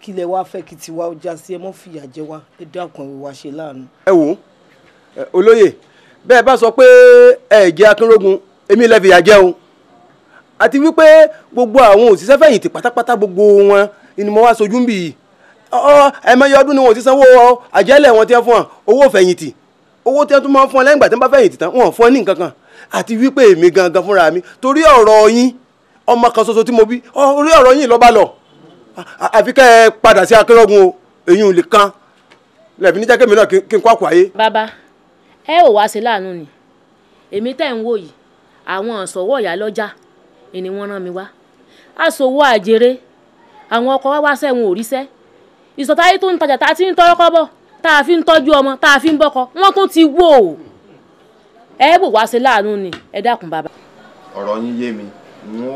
kí lẹ wá fẹ́ kí tiwa ó já sí ẹ mọ́ fìyà jẹ wá ẹ dákun ìwà ṣe láàánú.
ẹ wò ó olóyè bẹ́ẹ̀ bá sọ pé ẹ jẹ́ akínrógun èmi lẹ́ fìyà jẹ o àti wípé gbogbo àwọn òṣìṣẹ́ fẹ̀yìntì pátápátá gbogbo wọn ni mo wá sojú ń bì yìí ẹ̀mẹ́yẹ ọdún ni wọn ti sanwó àjẹ́lẹ̀ wọn ti fún wọn owó fẹ̀yìntì owó tí wọn tún máa ń fún ọ lẹ́yìn ìgbà tí wọn bá fẹ̀yìntì tán wọn fún ọ ní nǹkan kan àti wípé èmi gangan fúnra mi torí ọ̀rọ̀ yín ọmọ kan ṣoṣo tí mo bí orí ọ̀rọ̀ yín lọ́ba lọ àfi kẹ́ ẹ padà sí akérògùn o èyí ò lè kan lẹ́bi níjà kémi náà kí n kó àkó ayé.
bàbá ẹ ò wá sí láàánú ni èmi tẹ́ ń wò yìí àwọn àṣọwọ́ ìyá lọ́jà ni wọ́n rán mi wá aṣòwò àjèrè àwọn ọkọ̀ wá wá sẹ́wọ̀n òríṣẹ́ ìsọ̀táyé tó ń tajà tá a ti ń tọrọ
kọ́bọ̀ tá a fi ń tọ́jú ọmọ tá a fi ń bọ́kọ wọ́n tún ti wò ó ẹ bò wá sí láàánú ni ẹ dákun bàbá.
ọ̀rọ̀ yín yé mi mo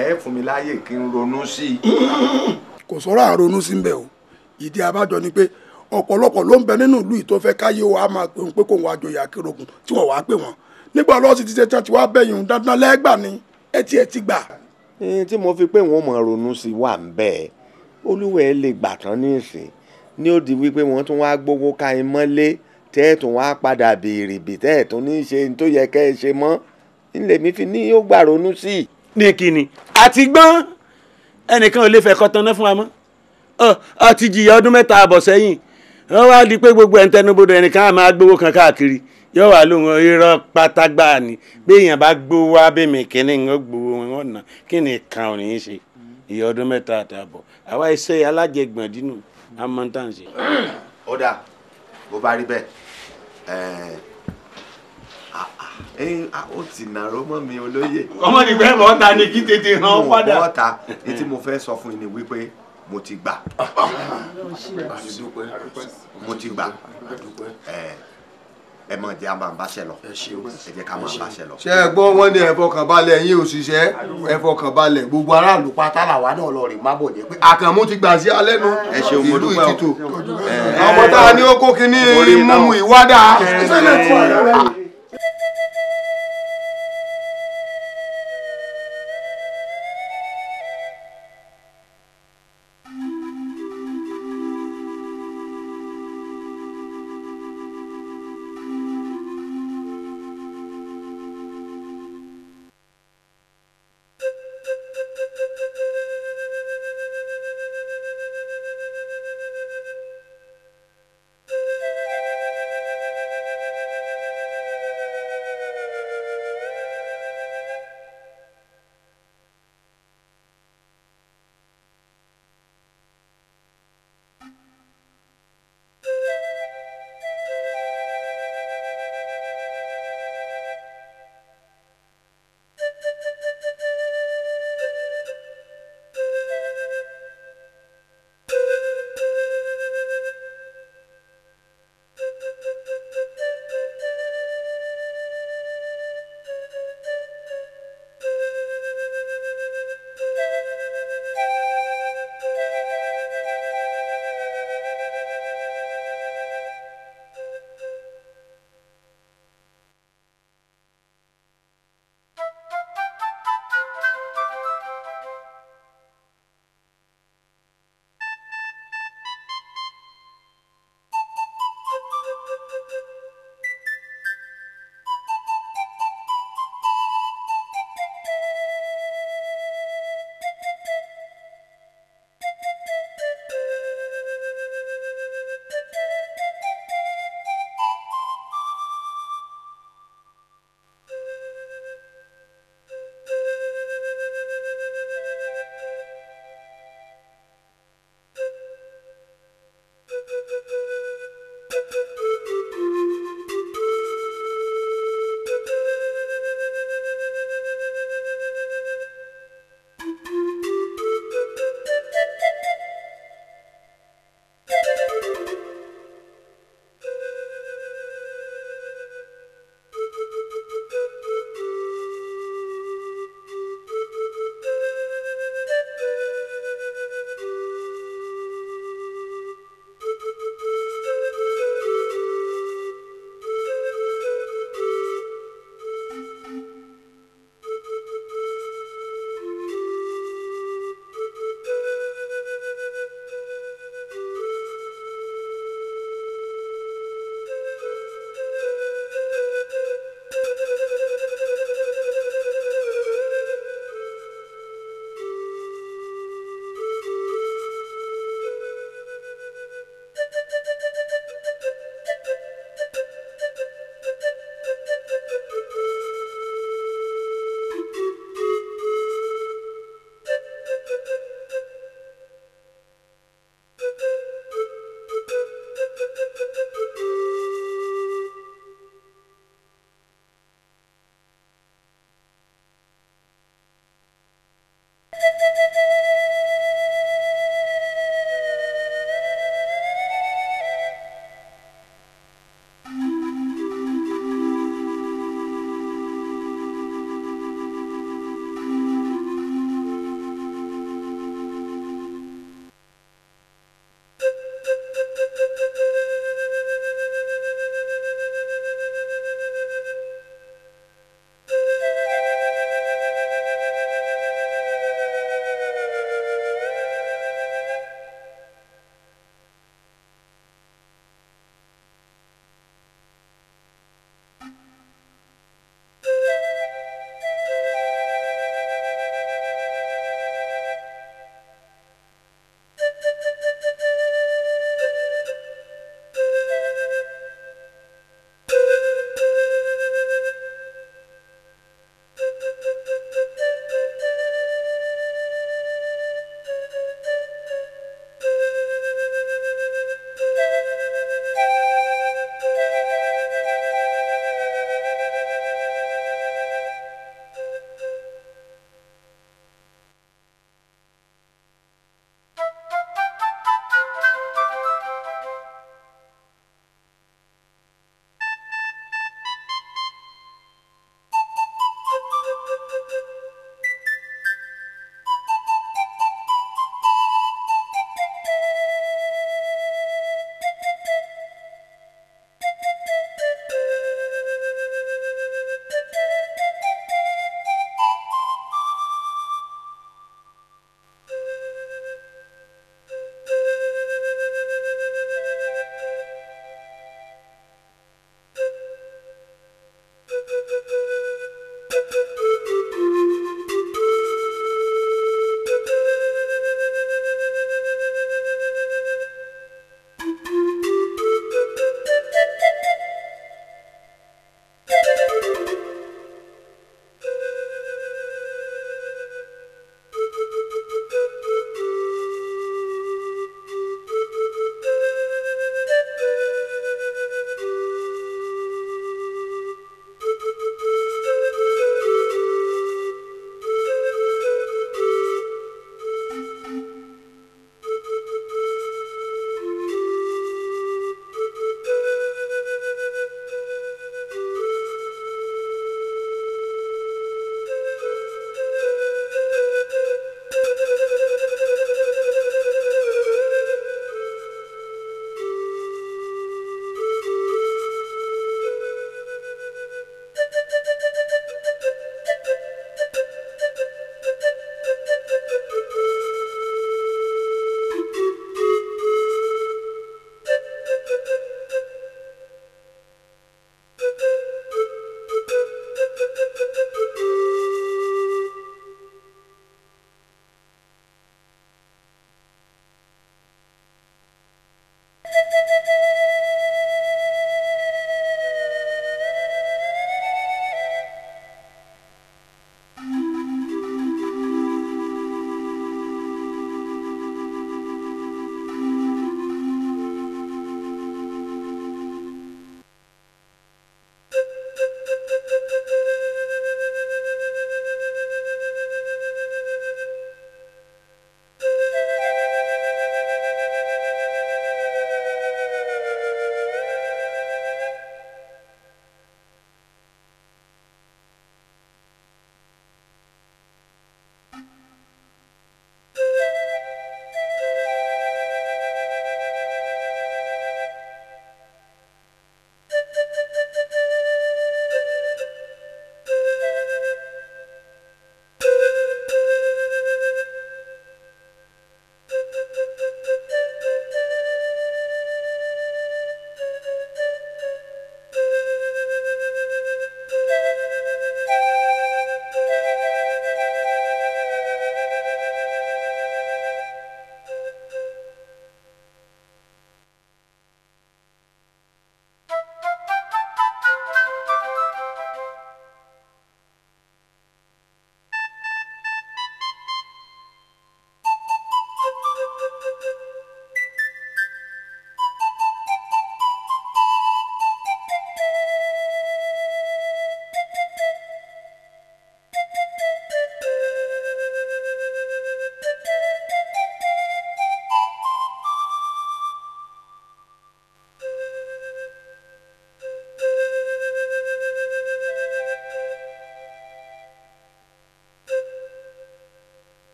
ẹ fún mi láàyè kí n ronú sí i. kò sọ̀rọ̀ àronú sí mbẹ́ o ìdí abájọ ni pé ọ̀pọ̀lọpọ̀ ló ń bẹ nínú ìlú yìí tó fẹ́ káyé wa máa pè ń pé kò ń wájọ ìyá kérogun tí wọ́n wá pè wọ́n nígbà ọlọ́sì ti ṣe tí wàá bẹ̀yìn dandan lẹ́gbàá ni ẹ tiẹ̀ ti gbà. tí mo fi pé wọn mọ̀ ronú sí wà ń bẹ́ẹ̀ olúwẹ̀ẹ́ lè gbà tán ní ìsìn ní ó di wípé wọ́n tún wá gbowó ka ẹ mọ́lé tẹ́ ẹ̀ tún wá padà béèrè bì tẹ́ ẹ̀ tún ní í ṣe ní tó yẹ kẹ́ ẹ ṣe mọ́ nílẹ̀ mi fi ní yóò gbà ronú sí i. ní kínní àti gbọ́n ẹnìkan ò lè fẹ́ kọ́ tanná fún wa mọ́ àti jìyà ọdún mẹ́ta àbọ̀ sẹ́yìn wọ́n wá di pé gbogbo ẹ̀ ń tẹnubodò ẹnìkan á máa kan káàkiri yóò wá lóhun irọ́ pátágbá ni bí èèyàn bá gbowó abẹ́mi ń gbowó wọn náà kínní kan ò ní í ṣe ìyá ọdún mẹ́ta àtààbọ̀ àwa iṣẹ́ alájẹgbọ̀n dínú amọ̀ntàǹsì. ó dà bó bá rí bẹ́ẹ̀ ẹyin ó ti nàró mọ́ mi olóyè. ọmọ nìgbẹ́ mọ́ ta ni kí tètè hàn padà. mo mọ́ ta ní tí mo fẹ́ sọ fún yín ni wípé mo ti gbà ah, mo ti gbà ẹ mọ̀ jẹ́ àmà báṣẹ lọ ẹ jẹ́ ká máa báṣẹ lọ. ṣé ẹ gbọ́ wọ́n ní ẹ̀fọkànbalẹ̀ yín òṣìṣẹ́ ẹ̀fọkànbalẹ̀ gbogbo aráàlú pátá làwa náà lọ rè mábọ̀ jẹ́ pé àkànmú ti gbà sí alẹ́ nu ìlú ìtìtò ọmọ tá ní ó kó kínní mímú ìwádà.